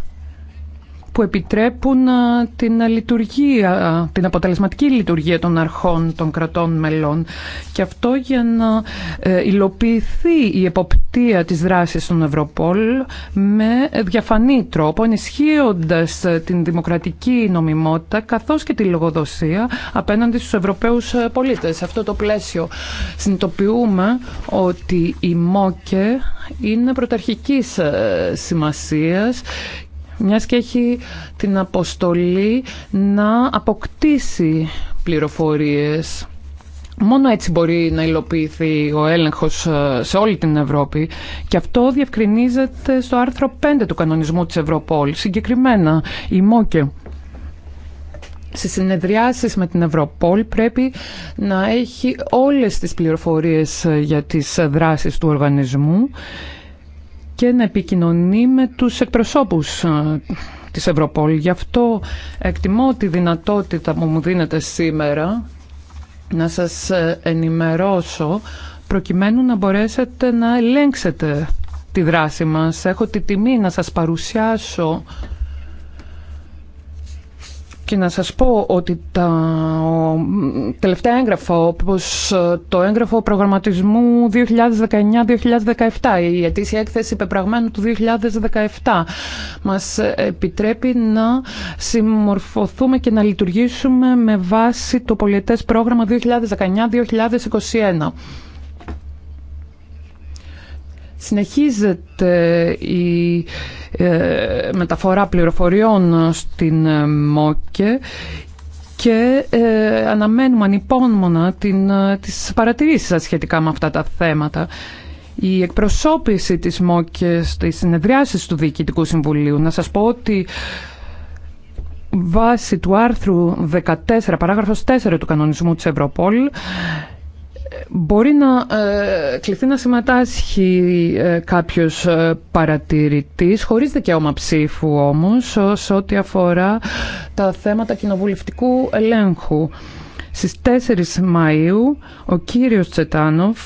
που επιτρέπουν την λειτουργία, την αποτελεσματική λειτουργία των αρχών των κρατών μελών. Και αυτό για να ε, υλοποιηθεί η εποπτεία της δράσης των Ευρωπόλ με διαφανή τρόπο, ενισχύοντας ε, την δημοκρατική νομιμότητα καθώς και τη λογοδοσία απέναντι στους Ευρωπαίους ε, πολίτες. Σε αυτό το πλαίσιο συνειδητοποιούμε ότι η ΜΟΚΕ είναι πρωταρχικής σημασίας μιας και έχει την αποστολή να αποκτήσει πληροφορίες. Μόνο έτσι μπορεί να υλοποιηθεί ο έλεγχος ε, σε όλη την Ευρώπη και αυτό διευκρινίζεται στο άρθρο 5 του κανονισμού της Ευρωπόλ, συγκεκριμένα η ΜΟΚΕ. Στις συνεδριάσεις με την Ευρωπόλ πρέπει να έχει όλες τις πληροφορίες ε, για τις ε, δράσεις του οργανισμού και να επικοινωνεί με τους εκπροσώπους ε, της Ευρωπόλη. Γι' αυτό εκτιμώ τη δυνατότητα που μου δίνετε σήμερα να σας ε, ενημερώσω προκειμένου να μπορέσετε να ελέγξετε τη δράση μας. Έχω τη τιμή να σας παρουσιάσω και να σας πω ότι τα τελευταία έγγραφα, όπως ε, το έγγραφο προγραμματισμού 2019-2017, η ετήσια έκθεση πεπραγμένου του 2017, μας επιτρέπει να συμμορφωθούμε και να λειτουργήσουμε με βάση το πολιετές πρόγραμμα 2019-2021. Συνεχίζεται η ε, μεταφορά πληροφοριών στην ε, ΜΟΚΕ και ε, αναμένουμε ανυπόμονα την, τις παρατηρήσεις σας σχετικά με αυτά τα θέματα. Η εκπροσώπηση της ΜΟΚΕ στις συνεδριάσεις του Διοικητικού Συμβουλίου, να σας πω ότι βάσει του άρθρου 14, παράγραφος 4 του κανονισμού της Ευρωπόλ, μπορεί να ε, κληθεί να συμμετάσχει ε, κάποιος ε, παρατηρητής χωρίς δικαίωμα ψήφου όμως ως ό,τι αφορά τα θέματα κοινοβουλευτικού ελέγχου. Στις 4 Μαΐου ο κύριος Τσετάνοφ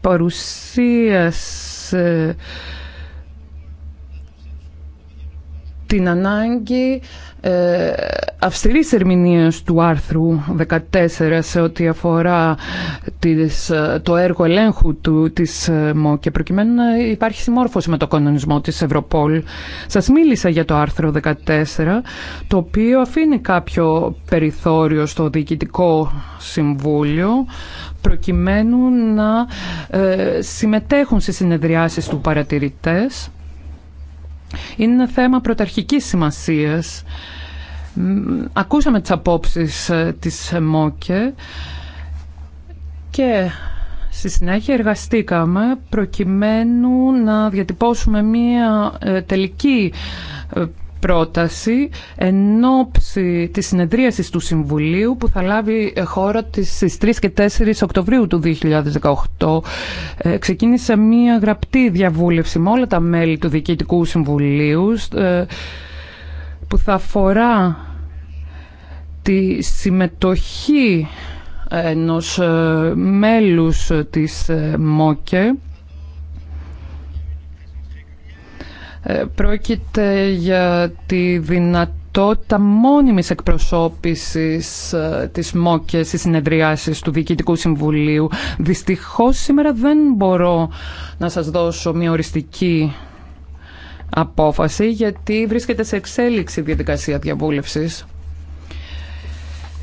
παρουσίασε την ανάγκη ε, αυστηρής ερμηνείας του άρθρου 14 σε ό,τι αφορά ε, το έργο ελέγχου του, της ε, ΜΟ και προκειμένου να υπάρχει συμμόρφωση με το κανονισμό της Ευρωπόλ. Σας μίλησα για το άρθρο 14 το οποίο αφήνει κάποιο περιθώριο στο Διοικητικό Συμβούλιο προκειμένου να ε, συμμετέχουν σε συνεδριάσεις του παρατηρητές είναι θέμα πρωταρχικής σημασίας. Ακούσαμε τις απόψεις ε, της ΜΟΚΕ και στη συνέχεια εργαστήκαμε προκειμένου να διατυπώσουμε μία ε, τελική ε, πρόταση εν ώψη της συνεδρίαση του Συμβουλίου που θα λάβει χώρα στι 3 και 4 Οκτωβρίου του 2018. Ε, ξεκίνησε μία γραπτή διαβούλευση με όλα τα μέλη του Διοικητικού Συμβουλίου ε, που θα αφορά τη συμμετοχή ενός ε, μέλους της ΜΟΚΕ Ε, πρόκειται για τη δυνατότητα μόνιμης εκπροσώπησης ε, της ΜΟΚΕ στις συνεδριάσεις του Διοικητικού Συμβουλίου. Δυστυχώς σήμερα δεν μπορώ να σας δώσω μια οριστική απόφαση γιατί βρίσκεται σε εξέλιξη διαδικασία διαβούλευσης.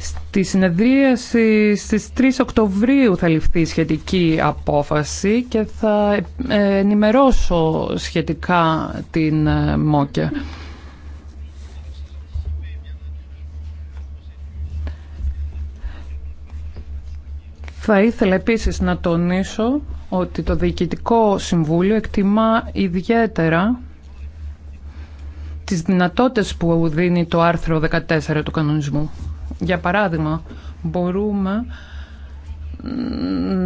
Στη συνεδρίαση στις 3 Οκτωβρίου θα ληφθεί σχετική απόφαση και θα ε, ενημερώσω σχετικά την ε, ΜΟΚΕ. Θα ήθελα επίσης να τονίσω ότι το Διοικητικό Συμβούλιο εκτιμά ιδιαίτερα τις δυνατότητες που δίνει το άρθρο 14 του κανονισμού. Για παράδειγμα, μπορούμε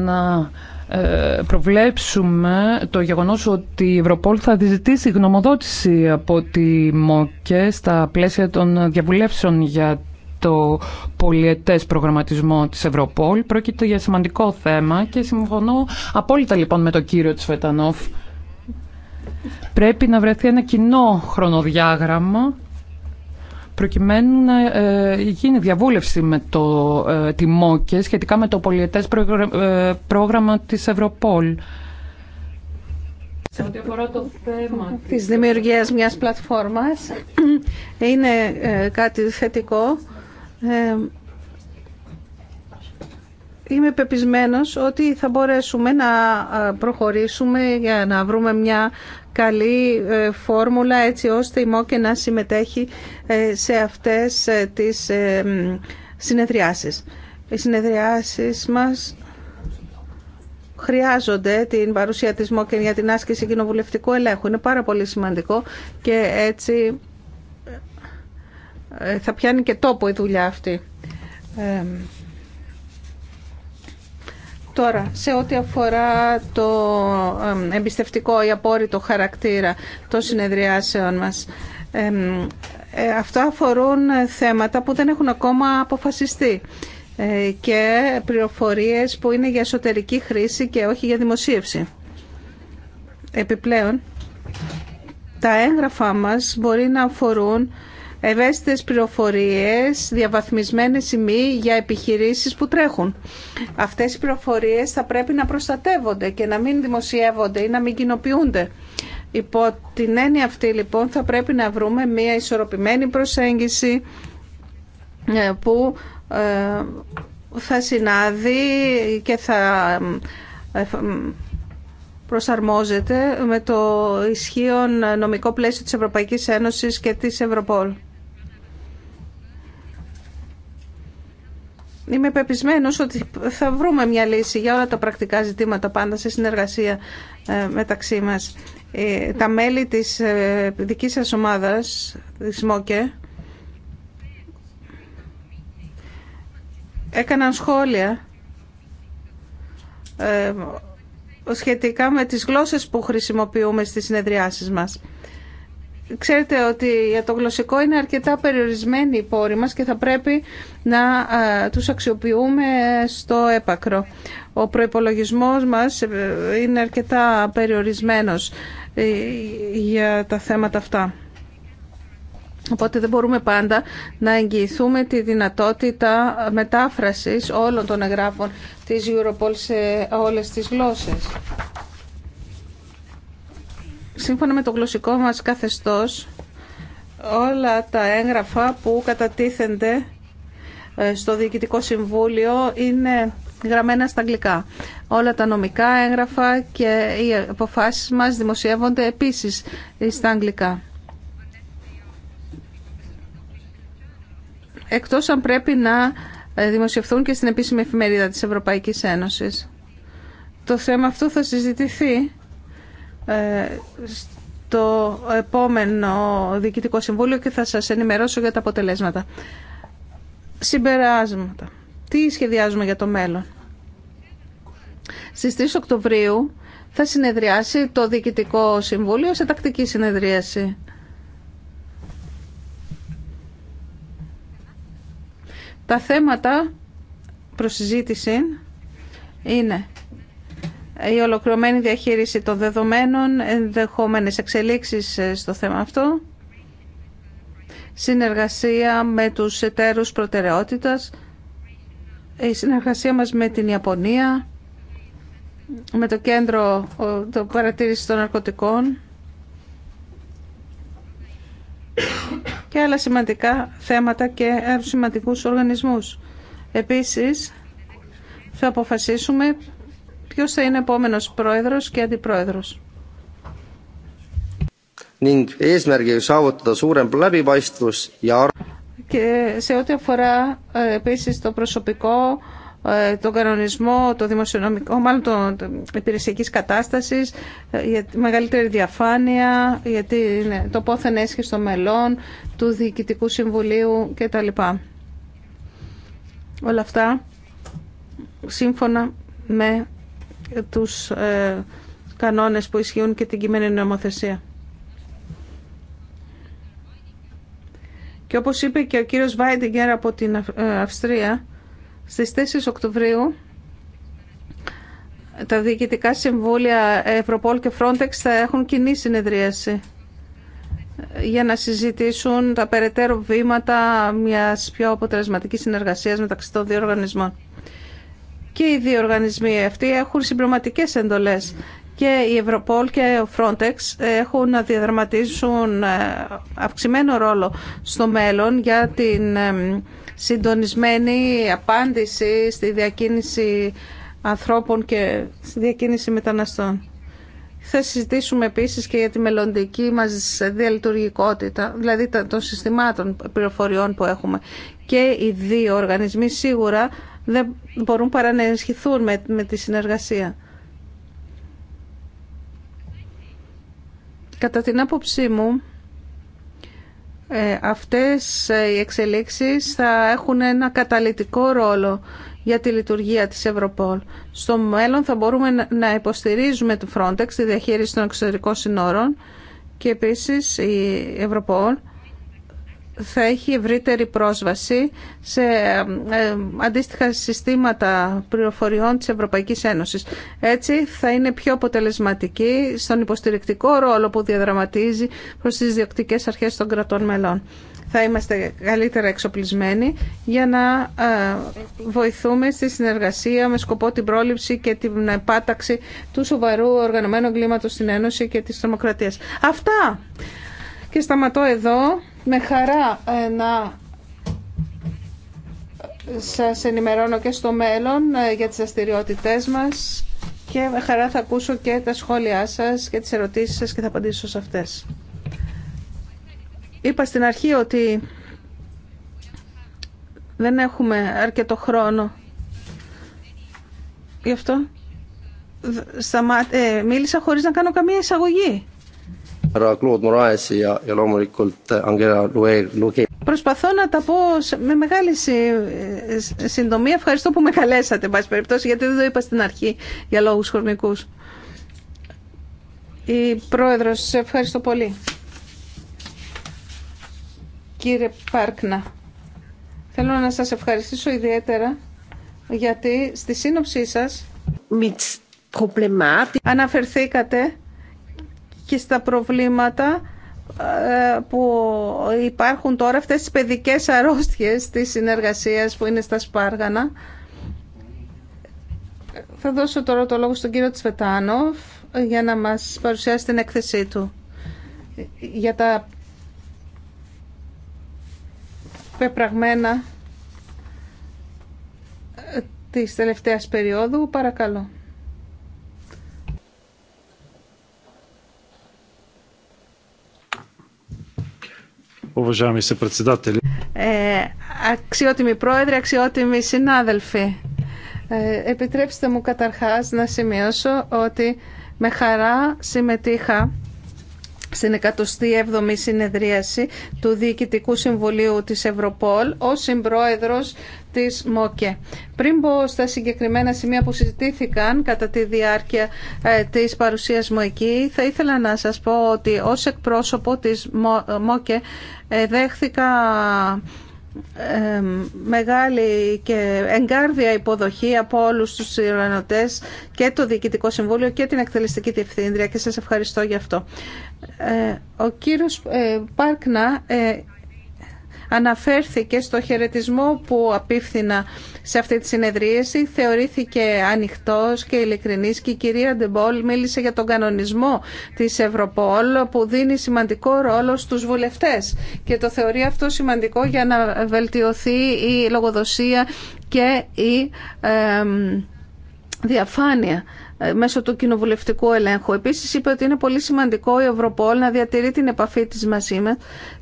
να ε, προβλέψουμε το γεγονός ότι η Ευρωπόλ θα διζητήσει γνωμοδότηση από τη ΜΟΚΕ στα πλαίσια των διαβουλεύσεων για το πολιετές προγραμματισμό της Ευρωπόλ. Πρόκειται για σημαντικό θέμα και συμφωνώ απόλυτα λοιπόν με τον κύριο Τσφετανόφ. Πρέπει να βρεθεί ένα κοινό χρονοδιάγραμμα προκειμένου να ε, γίνει διαβούλευση με το ε, τιμό και σχετικά με το πολιετές ε, πρόγραμμα της Ευρωπόλ. Σε ό,τι αφορά το θέμα της δημιουργίας μιας πλατφόρμας, είναι κάτι θετικό. Είμαι πεπισμένος ότι θα μπορέσουμε να προχωρήσουμε για να βρούμε μια καλή ε, φόρμουλα έτσι ώστε η ΜΟΚΕ να συμμετέχει ε, σε αυτές ε, τις συνεδριάσεις. Οι συνεδριάσεις μας χρειάζονται την παρουσία της ΜΟΚΕ για την άσκηση κοινοβουλευτικού ελέγχου. Είναι πάρα πολύ σημαντικό και έτσι θα πιάνει και τόπο η δουλειά αυτή. Τώρα, σε ό,τι αφορά το εμπιστευτικό ή απόρριτο χαρακτήρα των συνεδριάσεων μας, ε, αυτά αφορούν θέματα που δεν έχουν ακόμα αποφασιστεί ε, και πληροφορίες που είναι για εσωτερική χρήση και όχι για δημοσίευση. Επιπλέον, τα έγγραφά μας μπορεί να αφορούν ευαίσθητες πληροφορίες, διαβαθμισμένες σημεί για επιχειρήσεις που τρέχουν. Αυτές οι πληροφορίες θα πρέπει να προστατεύονται και να μην δημοσιεύονται ή να μην κοινοποιούνται. Υπό την έννοια αυτή λοιπόν θα πρέπει να βρούμε μια ισορροπημένη προσέγγιση ε, που ε, θα συνάδει και θα ε, προσαρμόζεται με το ισχύον νομικό πλαίσιο της Ευρωπαϊκής Ένωσης και της Ευρωπόλ. Είμαι πεπισμένο ότι θα βρούμε μια λύση για όλα τα πρακτικά ζητήματα πάντα σε συνεργασία ε, μεταξύ μας. Ε, τα μέλη της ε, δική σα ομάδας, της ΜΟΚΕ, έκαναν σχόλια σχετικά με τις γλώσσες που χρησιμοποιούμε στις συνεδριάσεις μας. Ξέρετε ότι για το γλωσσικό είναι αρκετά περιορισμένοι οι πόροι μας και θα πρέπει να τους αξιοποιούμε στο έπακρο. Ο προϋπολογισμός μας ε, είναι αρκετά περιορισμένος ε, για τα θέματα αυτά. Οπότε δεν μπορούμε πάντα να εγγυηθούμε τη δυνατότητα μετάφρασης όλων των εγγράφων της Europol σε όλες τις γλώσσες σύμφωνα με το γλωσσικό μας καθεστώς όλα τα έγγραφα που κατατίθενται ε, στο Διοικητικό Συμβούλιο είναι γραμμένα στα αγγλικά. Όλα τα νομικά έγγραφα και οι αποφάσεις μας δημοσιεύονται επίσης στα αγγλικά. Εκτός αν πρέπει να ε, δημοσιευθούν και στην επίσημη εφημερίδα της Ευρωπαϊκής Ένωσης. Το θέμα αυτό θα συζητηθεί ε, στο επόμενο Διοικητικό Συμβούλιο και θα σας ενημερώσω για τα αποτελέσματα. Συμπεράσματα. Τι σχεδιάζουμε για το μέλλον. Στις 3 Οκτωβρίου θα συνεδριάσει το Διοικητικό Συμβούλιο σε τακτική συνεδρίαση. Τα θέματα προς είναι η ολοκληρωμένη διαχείριση των δεδομένων, ενδεχόμενες εξελίξεις ε, στο θέμα αυτό, συνεργασία με τους εταίρους προτεραιότητας, η συνεργασία μας με την Ιαπωνία, με το κέντρο το παρατήρηση των ναρκωτικών και άλλα σημαντικά θέματα και άλλους σημαντικούς οργανισμούς. Επίσης, θα αποφασίσουμε ποιος θα είναι επόμενος πρόεδρος και αντιπρόεδρος. Και σε ό,τι αφορά ε, επίσης το προσωπικό, ε, τον κανονισμό, το δημοσιονομικό, μάλλον το, υπηρεσιακής κατάστασης, ε, για τη μεγαλύτερη διαφάνεια, για το πόθεν έσχεστο στο μελών, του Διοικητικού Συμβουλίου κτλ. Όλα αυτά σύμφωνα με τους ε, κανόνες που ισχύουν και την κειμένη νομοθεσία. Και όπως είπε και ο κύριος Βάιντιγκερ από την ε, Αυστρία, στις 4 Οκτωβρίου τα διοικητικά συμβούλια Ευρωπόλ και Frontex θα έχουν κοινή συνεδρίαση για να συζητήσουν τα περαιτέρω βήματα μιας πιο αποτελεσματικής συνεργασίας μεταξύ των δύο οργανισμών και οι δύο οργανισμοί αυτοί έχουν συμπληρωματικές εντολές και η Ευρωπόλ και ο Frontex έχουν να διαδραματίσουν ε, αυξημένο ρόλο στο μέλλον για την ε, συντονισμένη απάντηση στη διακίνηση ανθρώπων και στη διακίνηση μεταναστών. Θα συζητήσουμε επίσης και για τη μελλοντική μας διαλειτουργικότητα, δηλαδή των συστημάτων πληροφοριών που έχουμε. Και οι δύο οργανισμοί σίγουρα δεν μπορούν παρά να ενισχυθούν με, τη συνεργασία. Κατά την άποψή μου, ε, αυτές ε, οι εξελίξεις θα έχουν ένα καταλητικό ρόλο για τη λειτουργία της Ευρωπόλ. Στο μέλλον θα μπορούμε να υποστηρίζουμε το Frontex, τη διαχείριση των εξωτερικών συνόρων και επίσης η Ευρωπόλ θα έχει ευρύτερη πρόσβαση σε ε, αντίστοιχα συστήματα πληροφοριών της Ευρωπαϊκής Ένωσης. Έτσι θα είναι πιο αποτελεσματική στον υποστηρικτικό ρόλο που διαδραματίζει προς τις διοκτικές αρχές των κρατών μελών. Θα είμαστε καλύτερα εξοπλισμένοι για να ε, βοηθούμε στη συνεργασία με σκοπό την πρόληψη και την επάταξη του σοβαρού οργανωμένου εγκλήματος στην Ένωση και της τρομοκρατίας. Αυτά! Και σταματώ εδώ με χαρά ε, να σας ενημερώνω και στο μέλλον ε, για τις δραστηριότητε μας και με χαρά θα ακούσω και τα σχόλιά σας και τις ερωτήσεις σας και θα απαντήσω σε αυτές. Είπα στην αρχή ότι δεν έχουμε αρκετό χρόνο. Γι' αυτό ε, μίλησα χωρίς να κάνω καμία εισαγωγή. Προσπαθώ να τα πω με μεγάλη συντομία. Ευχαριστώ που με καλέσατε, πάση περιπτώσει, γιατί δεν το είπα στην αρχή για λόγους χρονικούς. Η Πρόεδρος, σε ευχαριστώ πολύ. Κύριε Πάρκνα, θέλω να σας ευχαριστήσω ιδιαίτερα γιατί στη σύνοψή σας αναφερθήκατε και στα προβλήματα ε, που υπάρχουν τώρα αυτές τις παιδικές αρρώστιες της συνεργασίας που είναι στα Σπάργανα. Θα δώσω τώρα το λόγο στον κύριο Τσβετάνοφ ε, για να μας παρουσιάσει την έκθεσή του για τα πεπραγμένα ε, της τελευταίας περίοδου. Παρακαλώ. Ε, αξιότιμοι πρόεδροι, αξιότιμοι συνάδελφοι, επιτρέψτε μου καταρχάς να σημειώσω ότι με χαρά συμμετείχα στην 107η συνεδρίαση του Διοικητικού Συμβουλίου της Ευρωπόλ ως συμπρόεδρος της ΜΟΚΕ. Πριν πω στα συγκεκριμένα σημεία που συζητήθηκαν κατά τη διάρκεια ε, της παρουσίας μου εκεί, θα ήθελα να σας πω ότι ως εκπρόσωπο της ΜΟΚΕ ε, δέχθηκα μεγάλη και εγκάρδια υποδοχή από όλους τους ειρανωτές και το Διοικητικό Συμβούλιο και την Εκτελεστική Διευθύντρια και σας ευχαριστώ για αυτό. Ε, ο κύριος ε, Πάρκνα ε, αναφέρθηκε στο χαιρετισμό που απίφθηνα σε αυτή τη συνεδρίαση. Θεωρήθηκε ανοιχτό και ειλικρινή και η κυρία Ντεμπόλ μίλησε για τον κανονισμό της Ευρωπόλ που δίνει σημαντικό ρόλο στου βουλευτές και το θεωρεί αυτό σημαντικό για να βελτιωθεί η λογοδοσία και η διαφάνεια ε, μέσω του κοινοβουλευτικού ελέγχου. Επίσης είπε ότι είναι πολύ σημαντικό η Ευρωπόλ να διατηρεί την επαφή της μαζί μας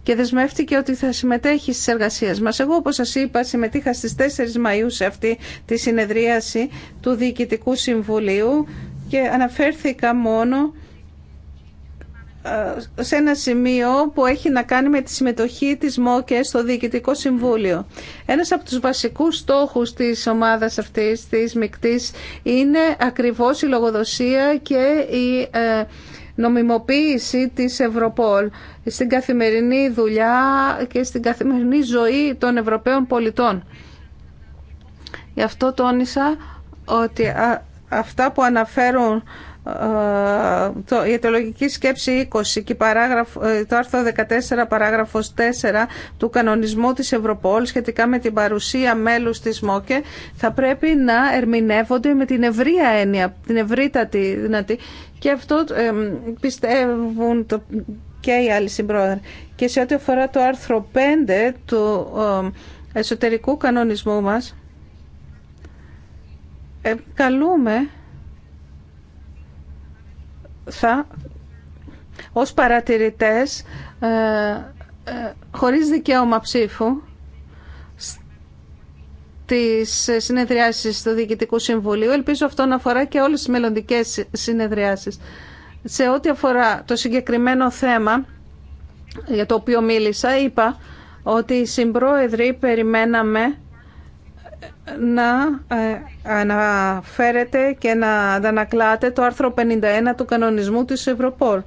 και δεσμεύτηκε ότι θα συμμετέχει στις εργασίες μας. Εγώ όπως σας είπα συμμετείχα στις 4 Μαΐου σε αυτή τη συνεδρίαση του Διοικητικού Συμβουλίου και αναφέρθηκα μόνο ε, σε ένα σημείο που έχει να κάνει με τη συμμετοχή της ΜΟΚΕ στο Διοικητικό Συμβούλιο. Ένας από τους βασικούς στόχους της ομάδας αυτής, της μικτής, είναι ακριβώς η λογοδοσία και η ε, νομιμοποίηση της Ευρωπόλ στην καθημερινή δουλειά και στην καθημερινή ζωή των Ευρωπαίων πολιτών. Γι' αυτό τόνισα ότι αυτά που αναφέρουν ε, το, η αιτιολογική σκέψη 20 και ε, το άρθρο 14 παράγραφος 4 του κανονισμού της Ευρωπόλ σχετικά με την παρουσία μέλους της ΜΟΚΕ θα πρέπει να ερμηνεύονται με την ευρία έννοια, την ευρύτατη δυνατή και αυτό πιστεύουν το, και οι άλλοι συμπρόεδροι. Και σε ό,τι αφορά το άρθρο 5 του εσωτερικού κανονισμού μας, ε, καλούμε θα ως παρατηρητές ε, ε, χωρίς δικαίωμα ψήφου τις συνεδριάσεις του Διοικητικού Συμβουλίου. Ελπίζω αυτό να αφορά και όλες τις μελλοντικές συνεδριάσεις. Σε ό,τι αφορά το συγκεκριμένο θέμα για το οποίο μίλησα, είπα ότι οι συμπρόεδροι περιμέναμε να ε, αναφέρεται και να αντανακλάτε το άρθρο 51 του κανονισμού της Ευρωπόλ.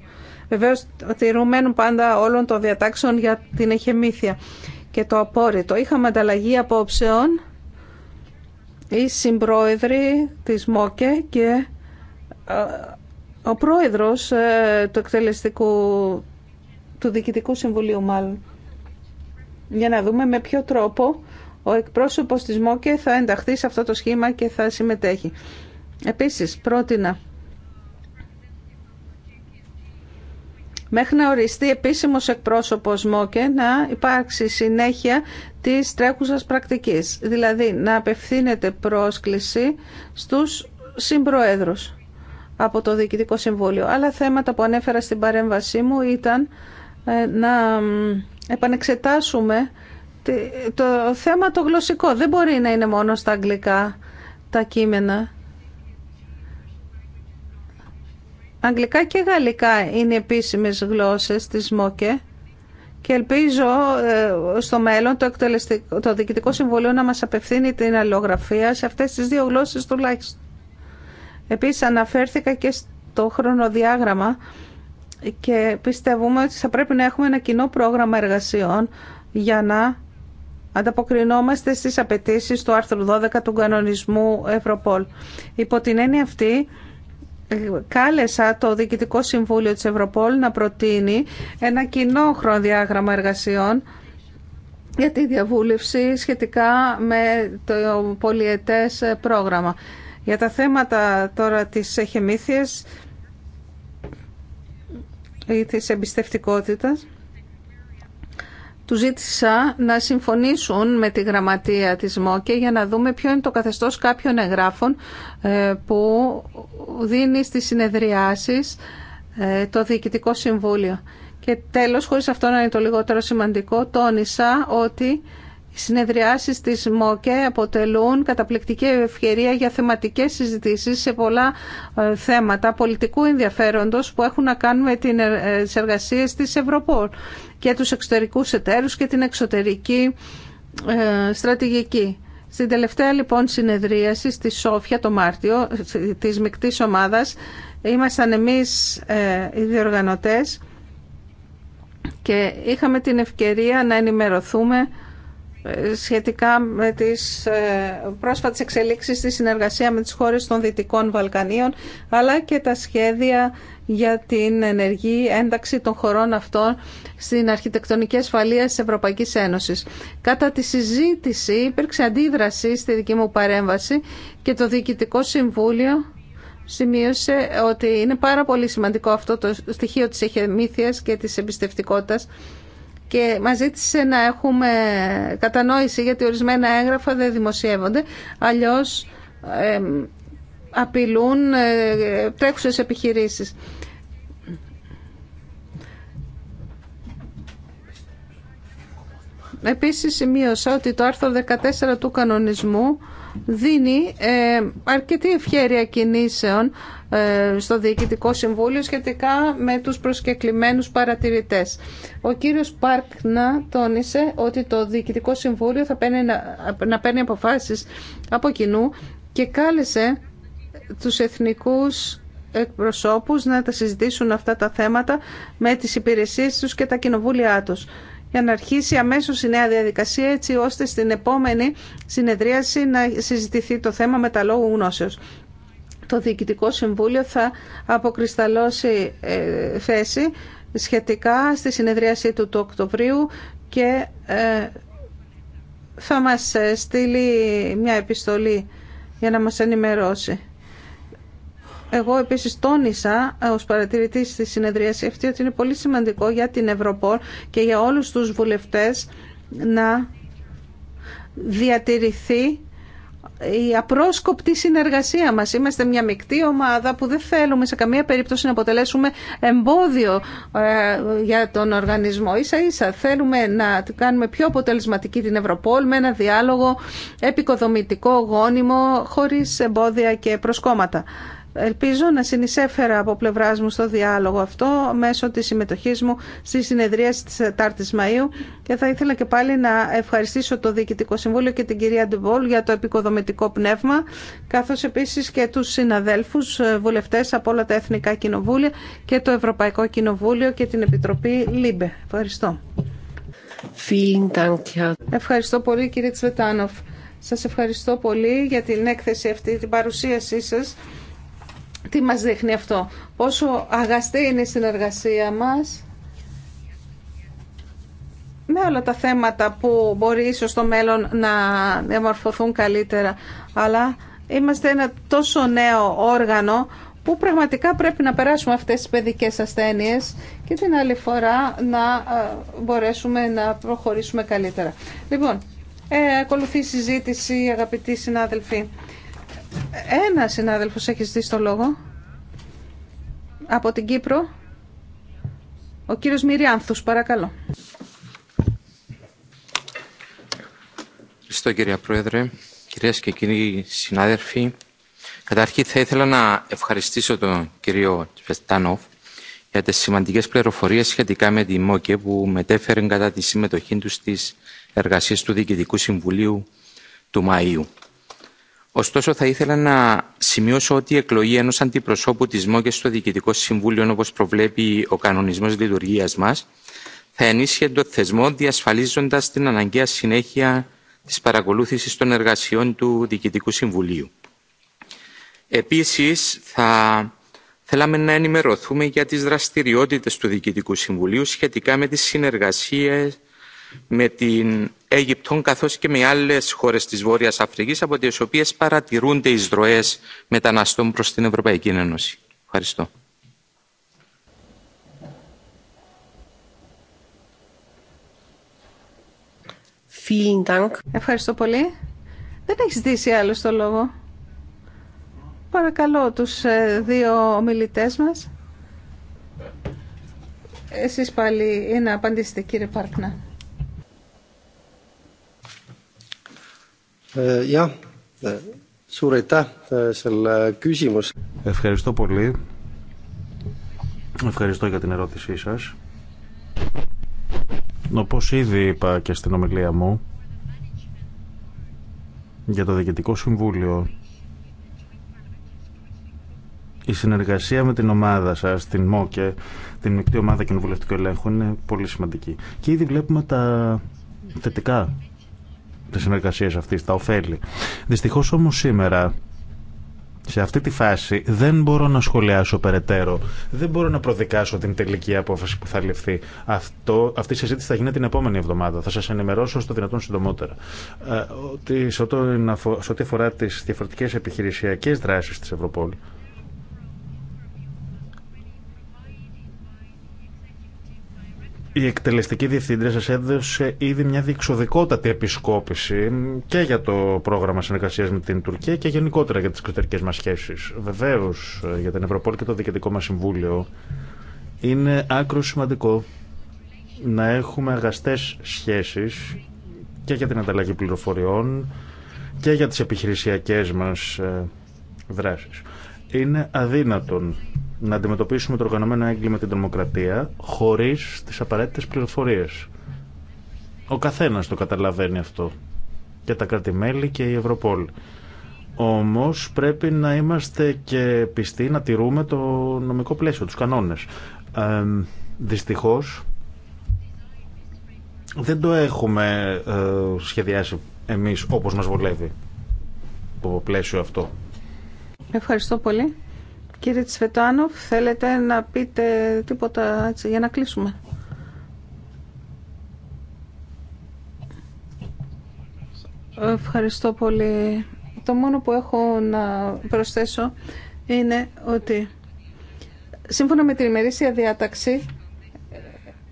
Βεβαίως τηρουμένου πάντα όλων των διατάξεων για την εχεμήθεια και το απόρριτο. Είχαμε ανταλλαγή απόψεων οι συμπρόεδροι της ΜΟΚΕ και ε, ο πρόεδρος ε, του εκτελεστικού του Διοικητικού Συμβουλίου μάλλον για να δούμε με ποιο τρόπο ο εκπρόσωπος της ΜΟΚΕ θα ενταχθεί σε αυτό το σχήμα και θα συμμετέχει. Επίσης, πρότεινα μέχρι να οριστεί επίσημος εκπρόσωπος ΜΟΚΕ να υπάρξει συνέχεια της τρέχουσας πρακτικής. Δηλαδή, να απευθύνεται πρόσκληση στους συμπροέδρους από το Διοικητικό Συμβούλιο. Άλλα θέματα που ανέφερα στην παρέμβασή μου ήταν ε, να επανεξετάσουμε το θέμα το γλωσσικό δεν μπορεί να είναι μόνο στα αγγλικά τα κείμενα. Αγγλικά και γαλλικά είναι επίσημες γλώσσες της ΜΟΚΕ και ελπίζω ε, στο μέλλον το, το Διοικητικό Συμβουλίο να μας απευθύνει την αλληλογραφία σε αυτές τις δύο γλώσσες τουλάχιστον. Επίσης αναφέρθηκα και στο χρονοδιάγραμμα και πιστεύουμε ότι θα πρέπει να έχουμε ένα κοινό πρόγραμμα εργασιών για να ανταποκρινόμαστε στις απαιτήσεις του άρθρου 12 του κανονισμού Ευρωπόλ. Υπό την έννοια αυτή, κάλεσα το Διοικητικό Συμβούλιο της Ευρωπόλ να προτείνει ένα κοινό χρονοδιάγραμμα εργασιών για τη διαβούλευση σχετικά με το πολιετές πρόγραμμα. Για τα θέματα τώρα της εχεμήθειας ή της εμπιστευτικότητας, του ζήτησα να συμφωνήσουν με τη γραμματεία της ΜΟΚΕ για να δούμε ποιο είναι το καθεστώς κάποιων εγγράφων ε, που δίνει στις συνεδριάσεις ε, το Διοικητικό Συμβούλιο. Και τέλος, χωρίς αυτό να είναι το λιγότερο σημαντικό, τόνισα ότι οι συνεδριάσεις της ΜΟΚΕ αποτελούν καταπληκτική ευκαιρία για θεματικές συζητήσεις σε πολλά ε, θέματα πολιτικού ενδιαφέροντος που έχουν να κάνουν με ε, τις εργασίες της Ευρωπόλ και τους εξωτερικούς εταίρους και την εξωτερική ε, στρατηγική. Στην τελευταία λοιπόν συνεδρίαση στη Σόφια το Μάρτιο της μεικτής ομάδας ήμασταν εμείς οι διοργανωτές και είχαμε την ευκαιρία να ενημερωθούμε σχετικά με τις ε, πρόσφατες εξελίξεις στη συνεργασία με τις χώρες των Δυτικών Βαλκανίων αλλά και τα σχέδια για την ενεργή ένταξη των χωρών αυτών στην αρχιτεκτονική ασφαλεία της Ευρωπαϊκής Ένωσης. Κατά τη συζήτηση υπήρξε αντίδραση στη δική μου παρέμβαση και το Διοικητικό Συμβούλιο σημείωσε ότι είναι πάρα πολύ σημαντικό αυτό το στοιχείο της εχεμήθειας και της εμπιστευτικότητας και μα ζήτησε να έχουμε κατανόηση γιατί ορισμένα έγγραφα δεν δημοσιεύονται, Αλλιώ απειλούν ε, τρέχουσες επιχειρήσεις. Επίσης σημείωσα ότι το άρθρο 14 του κανονισμού δίνει ε, αρκετή ευχέρεια κινήσεων ε, στο Διοικητικό Συμβούλιο σχετικά με τους προσκεκλημένους παρατηρητές. Ο κύριος Πάρκνα τόνισε ότι το Διοικητικό Συμβούλιο θα παίρνει, να παίρνει αποφάσεις από κοινού και κάλεσε τους εθνικούς εκπροσώπους να τα συζητήσουν αυτά τα θέματα με τις υπηρεσίες τους και τα κοινοβούλια τους για να αρχίσει αμέσω η νέα διαδικασία έτσι ώστε στην επόμενη συνεδρίαση να συζητηθεί το θέμα με τα λόγου γνώσεως. Το Διοικητικό Συμβούλιο θα αποκρισταλώσει ε, θέση σχετικά στη συνεδρίαση του του Οκτωβρίου και ε, θα μας ε, στείλει μια επιστολή για να μας ενημερώσει. Εγώ επίσης τόνισα ε, ως παρατηρητής στη συνεδρίαση αυτή ότι είναι πολύ σημαντικό για την Ευρωπόλ και για όλους τους βουλευτές να διατηρηθεί η απρόσκοπτη συνεργασία μας. Είμαστε μια μεικτή ομάδα που δεν θέλουμε σε καμία περίπτωση να αποτελέσουμε εμπόδιο ε, για τον οργανισμό. Ίσα ίσα θέλουμε να κάνουμε πιο αποτελεσματική την Ευρωπόλ με ένα διάλογο επικοδομητικό, γόνιμο, χωρίς εμπόδια και προσκόμματα. Ελπίζω να συνεισέφερα από πλευρά μου στο διάλογο αυτό μέσω τη συμμετοχή μου στη συνεδρία τη 4 η Μαΐου και θα ήθελα και πάλι να ευχαριστήσω το Διοικητικό Συμβούλιο και την κυρία Ντεβόλ για το επικοδομητικό πνεύμα καθώ επίση και του συναδέλφου, ε, βουλευτέ από όλα τα Εθνικά Κοινοβούλια και το Ευρωπαϊκό Κοινοβούλιο και την Επιτροπή ΛΥΜΠΕ. Ευχαριστώ. Ευχαριστώ πολύ κύριε Τσβετάνοφ. Σας ευχαριστώ πολύ για την έκθεση αυτή, την παρουσίασή σας τι μας δείχνει αυτό. Πόσο αγαστή είναι η συνεργασία μας με όλα τα θέματα που μπορεί ίσως στο μέλλον να διαμορφωθούν καλύτερα. Αλλά είμαστε ένα τόσο νέο όργανο που πραγματικά πρέπει να περάσουμε αυτές τις παιδικές ασθένειες και την άλλη φορά να ε, μπορέσουμε να προχωρήσουμε καλύτερα. Λοιπόν, ε, ακολουθεί η συζήτηση αγαπητοί συνάδελφοι. Ένα συνάδελφος έχει ζητήσει το λόγο. Από την Κύπρο. Ο κύριος Μυριάνθους, παρακαλώ. Ευχαριστώ κύριε Πρόεδρε, κυρίες και κύριοι συνάδελφοι. Καταρχήν θα ήθελα να ευχαριστήσω τον κύριο Τσβεστάνοφ για τις σημαντικές πληροφορίες σχετικά με τη ΜΟΚΕ που μετέφερε κατά τη συμμετοχή του στις εργασίες του Διοικητικού Συμβουλίου του Μαΐου. Ωστόσο, θα ήθελα να σημειώσω ότι η εκλογή ενό αντιπροσώπου τη ΜΟΚΕ στο Διοικητικό Συμβούλιο, όπω προβλέπει ο κανονισμό λειτουργία μα, θα ενίσχυε το θεσμό διασφαλίζοντα την αναγκαία συνέχεια τη παρακολούθηση των εργασιών του Διοικητικού Συμβουλίου. Επίση, θα θέλαμε να ενημερωθούμε για τι δραστηριότητε του Διοικητικού Συμβουλίου σχετικά με τι συνεργασίε με την Αιγυπτών καθώς και με άλλες χώρες της Βόρειας Αφρικής από τις οποίες παρατηρούνται εισδροές μεταναστών προς την Ευρωπαϊκή Ένωση. Ευχαριστώ. Ευχαριστώ πολύ. Δεν έχει ζητήσει άλλο το λόγο. Παρακαλώ τους ε, δύο ομιλητές μας. Εσείς πάλι να απαντήσετε κύριε Πάρκνα. Ε, ε, ε, Ευχαριστώ πολύ. Ευχαριστώ για την ερώτησή σας. Όπως ήδη είπα και στην ομιλία μου, για το Διοικητικό Συμβούλιο, η συνεργασία με την ομάδα σας, την ΜΟΚΕ, την Μικτή Ομάδα Κοινοβουλευτικού Ελέγχου, είναι πολύ σημαντική. Και ήδη βλέπουμε τα θετικά της συνεργασίας αυτή, τα ωφέλη. Δυστυχώς όμως σήμερα σε αυτή τη φάση δεν μπορώ να σχολιάσω περαιτέρω. Δεν μπορώ να προδικάσω την τελική απόφαση που θα ληφθεί. Αυτό, αυτή η συζήτηση θα γίνει την επόμενη εβδομάδα. Θα σα ενημερώσω στο δυνατόν συντομότερα. Ε, ότι σε ό,τι αφορά τι διαφορετικέ επιχειρησιακέ δράσει τη Ευρωπόλη, Η εκτελεστική διευθύντρια σας έδωσε ήδη μια διεξοδικότατη επισκόπηση και για το πρόγραμμα συνεργασίας με την Τουρκία και γενικότερα για τις εξωτερικές μας σχέσεις. Βεβαίως για την Ευρωπόλη και το Διοικητικό μας Συμβούλιο είναι άκρο σημαντικό να έχουμε αγαστές σχέσεις και για την ανταλλαγή πληροφοριών και για τις επιχειρησιακές μας ε, δράσεις. Είναι αδύνατον να αντιμετωπίσουμε το οργανωμένο έγκλημα την τρομοκρατία χωρίς τις απαραίτητες πληροφορίε. Ο καθένα το καταλαβαίνει αυτό. Και τα κράτη-μέλη και η Ευρωπόλ. Όμω πρέπει να είμαστε και πιστοί να τηρούμε το νομικό πλαίσιο, τους κανόνες. Ε, δυστυχώς δεν το έχουμε ε, σχεδιάσει εμείς όπως μας βολεύει το πλαίσιο αυτό. Ευχαριστώ πολύ. Κύριε Τσφετάνοφ, θέλετε να πείτε τίποτα έτσι, για να κλείσουμε. Ευχαριστώ πολύ. Το μόνο που έχω να προσθέσω είναι ότι σύμφωνα με την ημερήσια διάταξη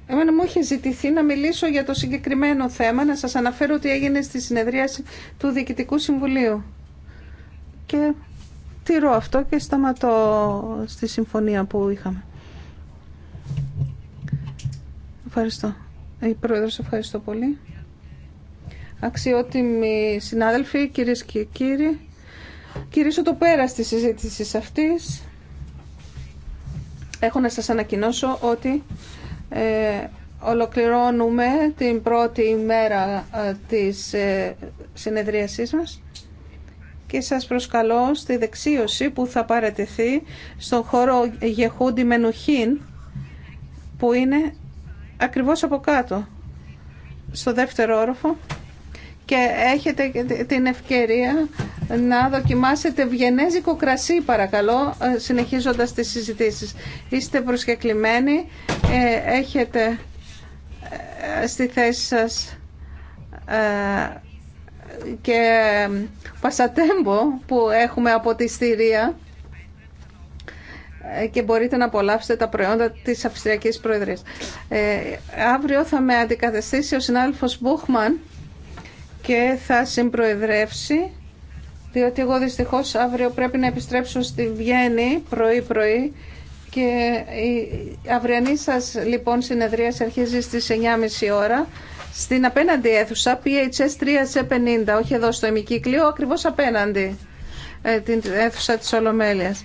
Εμένα μου είχε ζητηθεί να μιλήσω για το συγκεκριμένο θέμα, να σας αναφέρω ότι έγινε στη συνεδρίαση του Διοικητικού Συμβουλίου. Και τηρώ αυτό και σταματώ στη συμφωνία που είχαμε. Ευχαριστώ. Η Πρόεδρος, ευχαριστώ πολύ. Αξιότιμοι συνάδελφοι, κυρίες και κύριοι, κυρίσω το πέρα της συζήτηση αυτής. Έχω να σας ανακοινώσω ότι ε, ολοκληρώνουμε την πρώτη ημέρα ε, της ε, συνεδρίασής μας και σας προσκαλώ στη δεξίωση που θα παρατηθεί στον χώρο Γεχούντι Μενουχίν που είναι ακριβώς από κάτω στο δεύτερο όροφο και έχετε την ευκαιρία να δοκιμάσετε βιενέζικο κρασί παρακαλώ ε, συνεχίζοντας τις συζητήσεις. Είστε προσκεκλημένοι, ε, έχετε ε, στη θέση σας και πασατέμπο που έχουμε από τη Στηρία ε, και μπορείτε να απολαύσετε τα προϊόντα της Αυστριακής Προεδρίας. Ε, αύριο θα με αντικαταστήσει ο συνάδελφος Μπούχμαν και θα συμπροεδρεύσει διότι εγώ δυστυχώς αύριο πρέπει να επιστρέψω στη Βιέννη πρωί-πρωί και η αυριανή σας λοιπόν συνεδρία αρχίζει στις 9.30 ώρα στην απέναντι αίθουσα PHS 3C50, όχι εδώ στο ημικύκλιο, ακριβώς απέναντι ε, την αίθουσα της Ολομέλειας.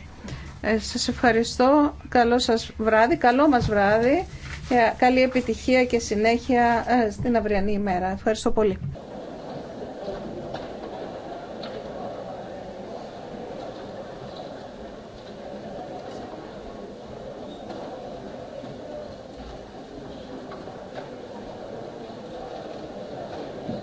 Ε, σας ευχαριστώ. Καλό σας βράδυ, καλό μας βράδυ. Και καλή επιτυχία και συνέχεια ε, στην αυριανή ημέρα. Ευχαριστώ πολύ.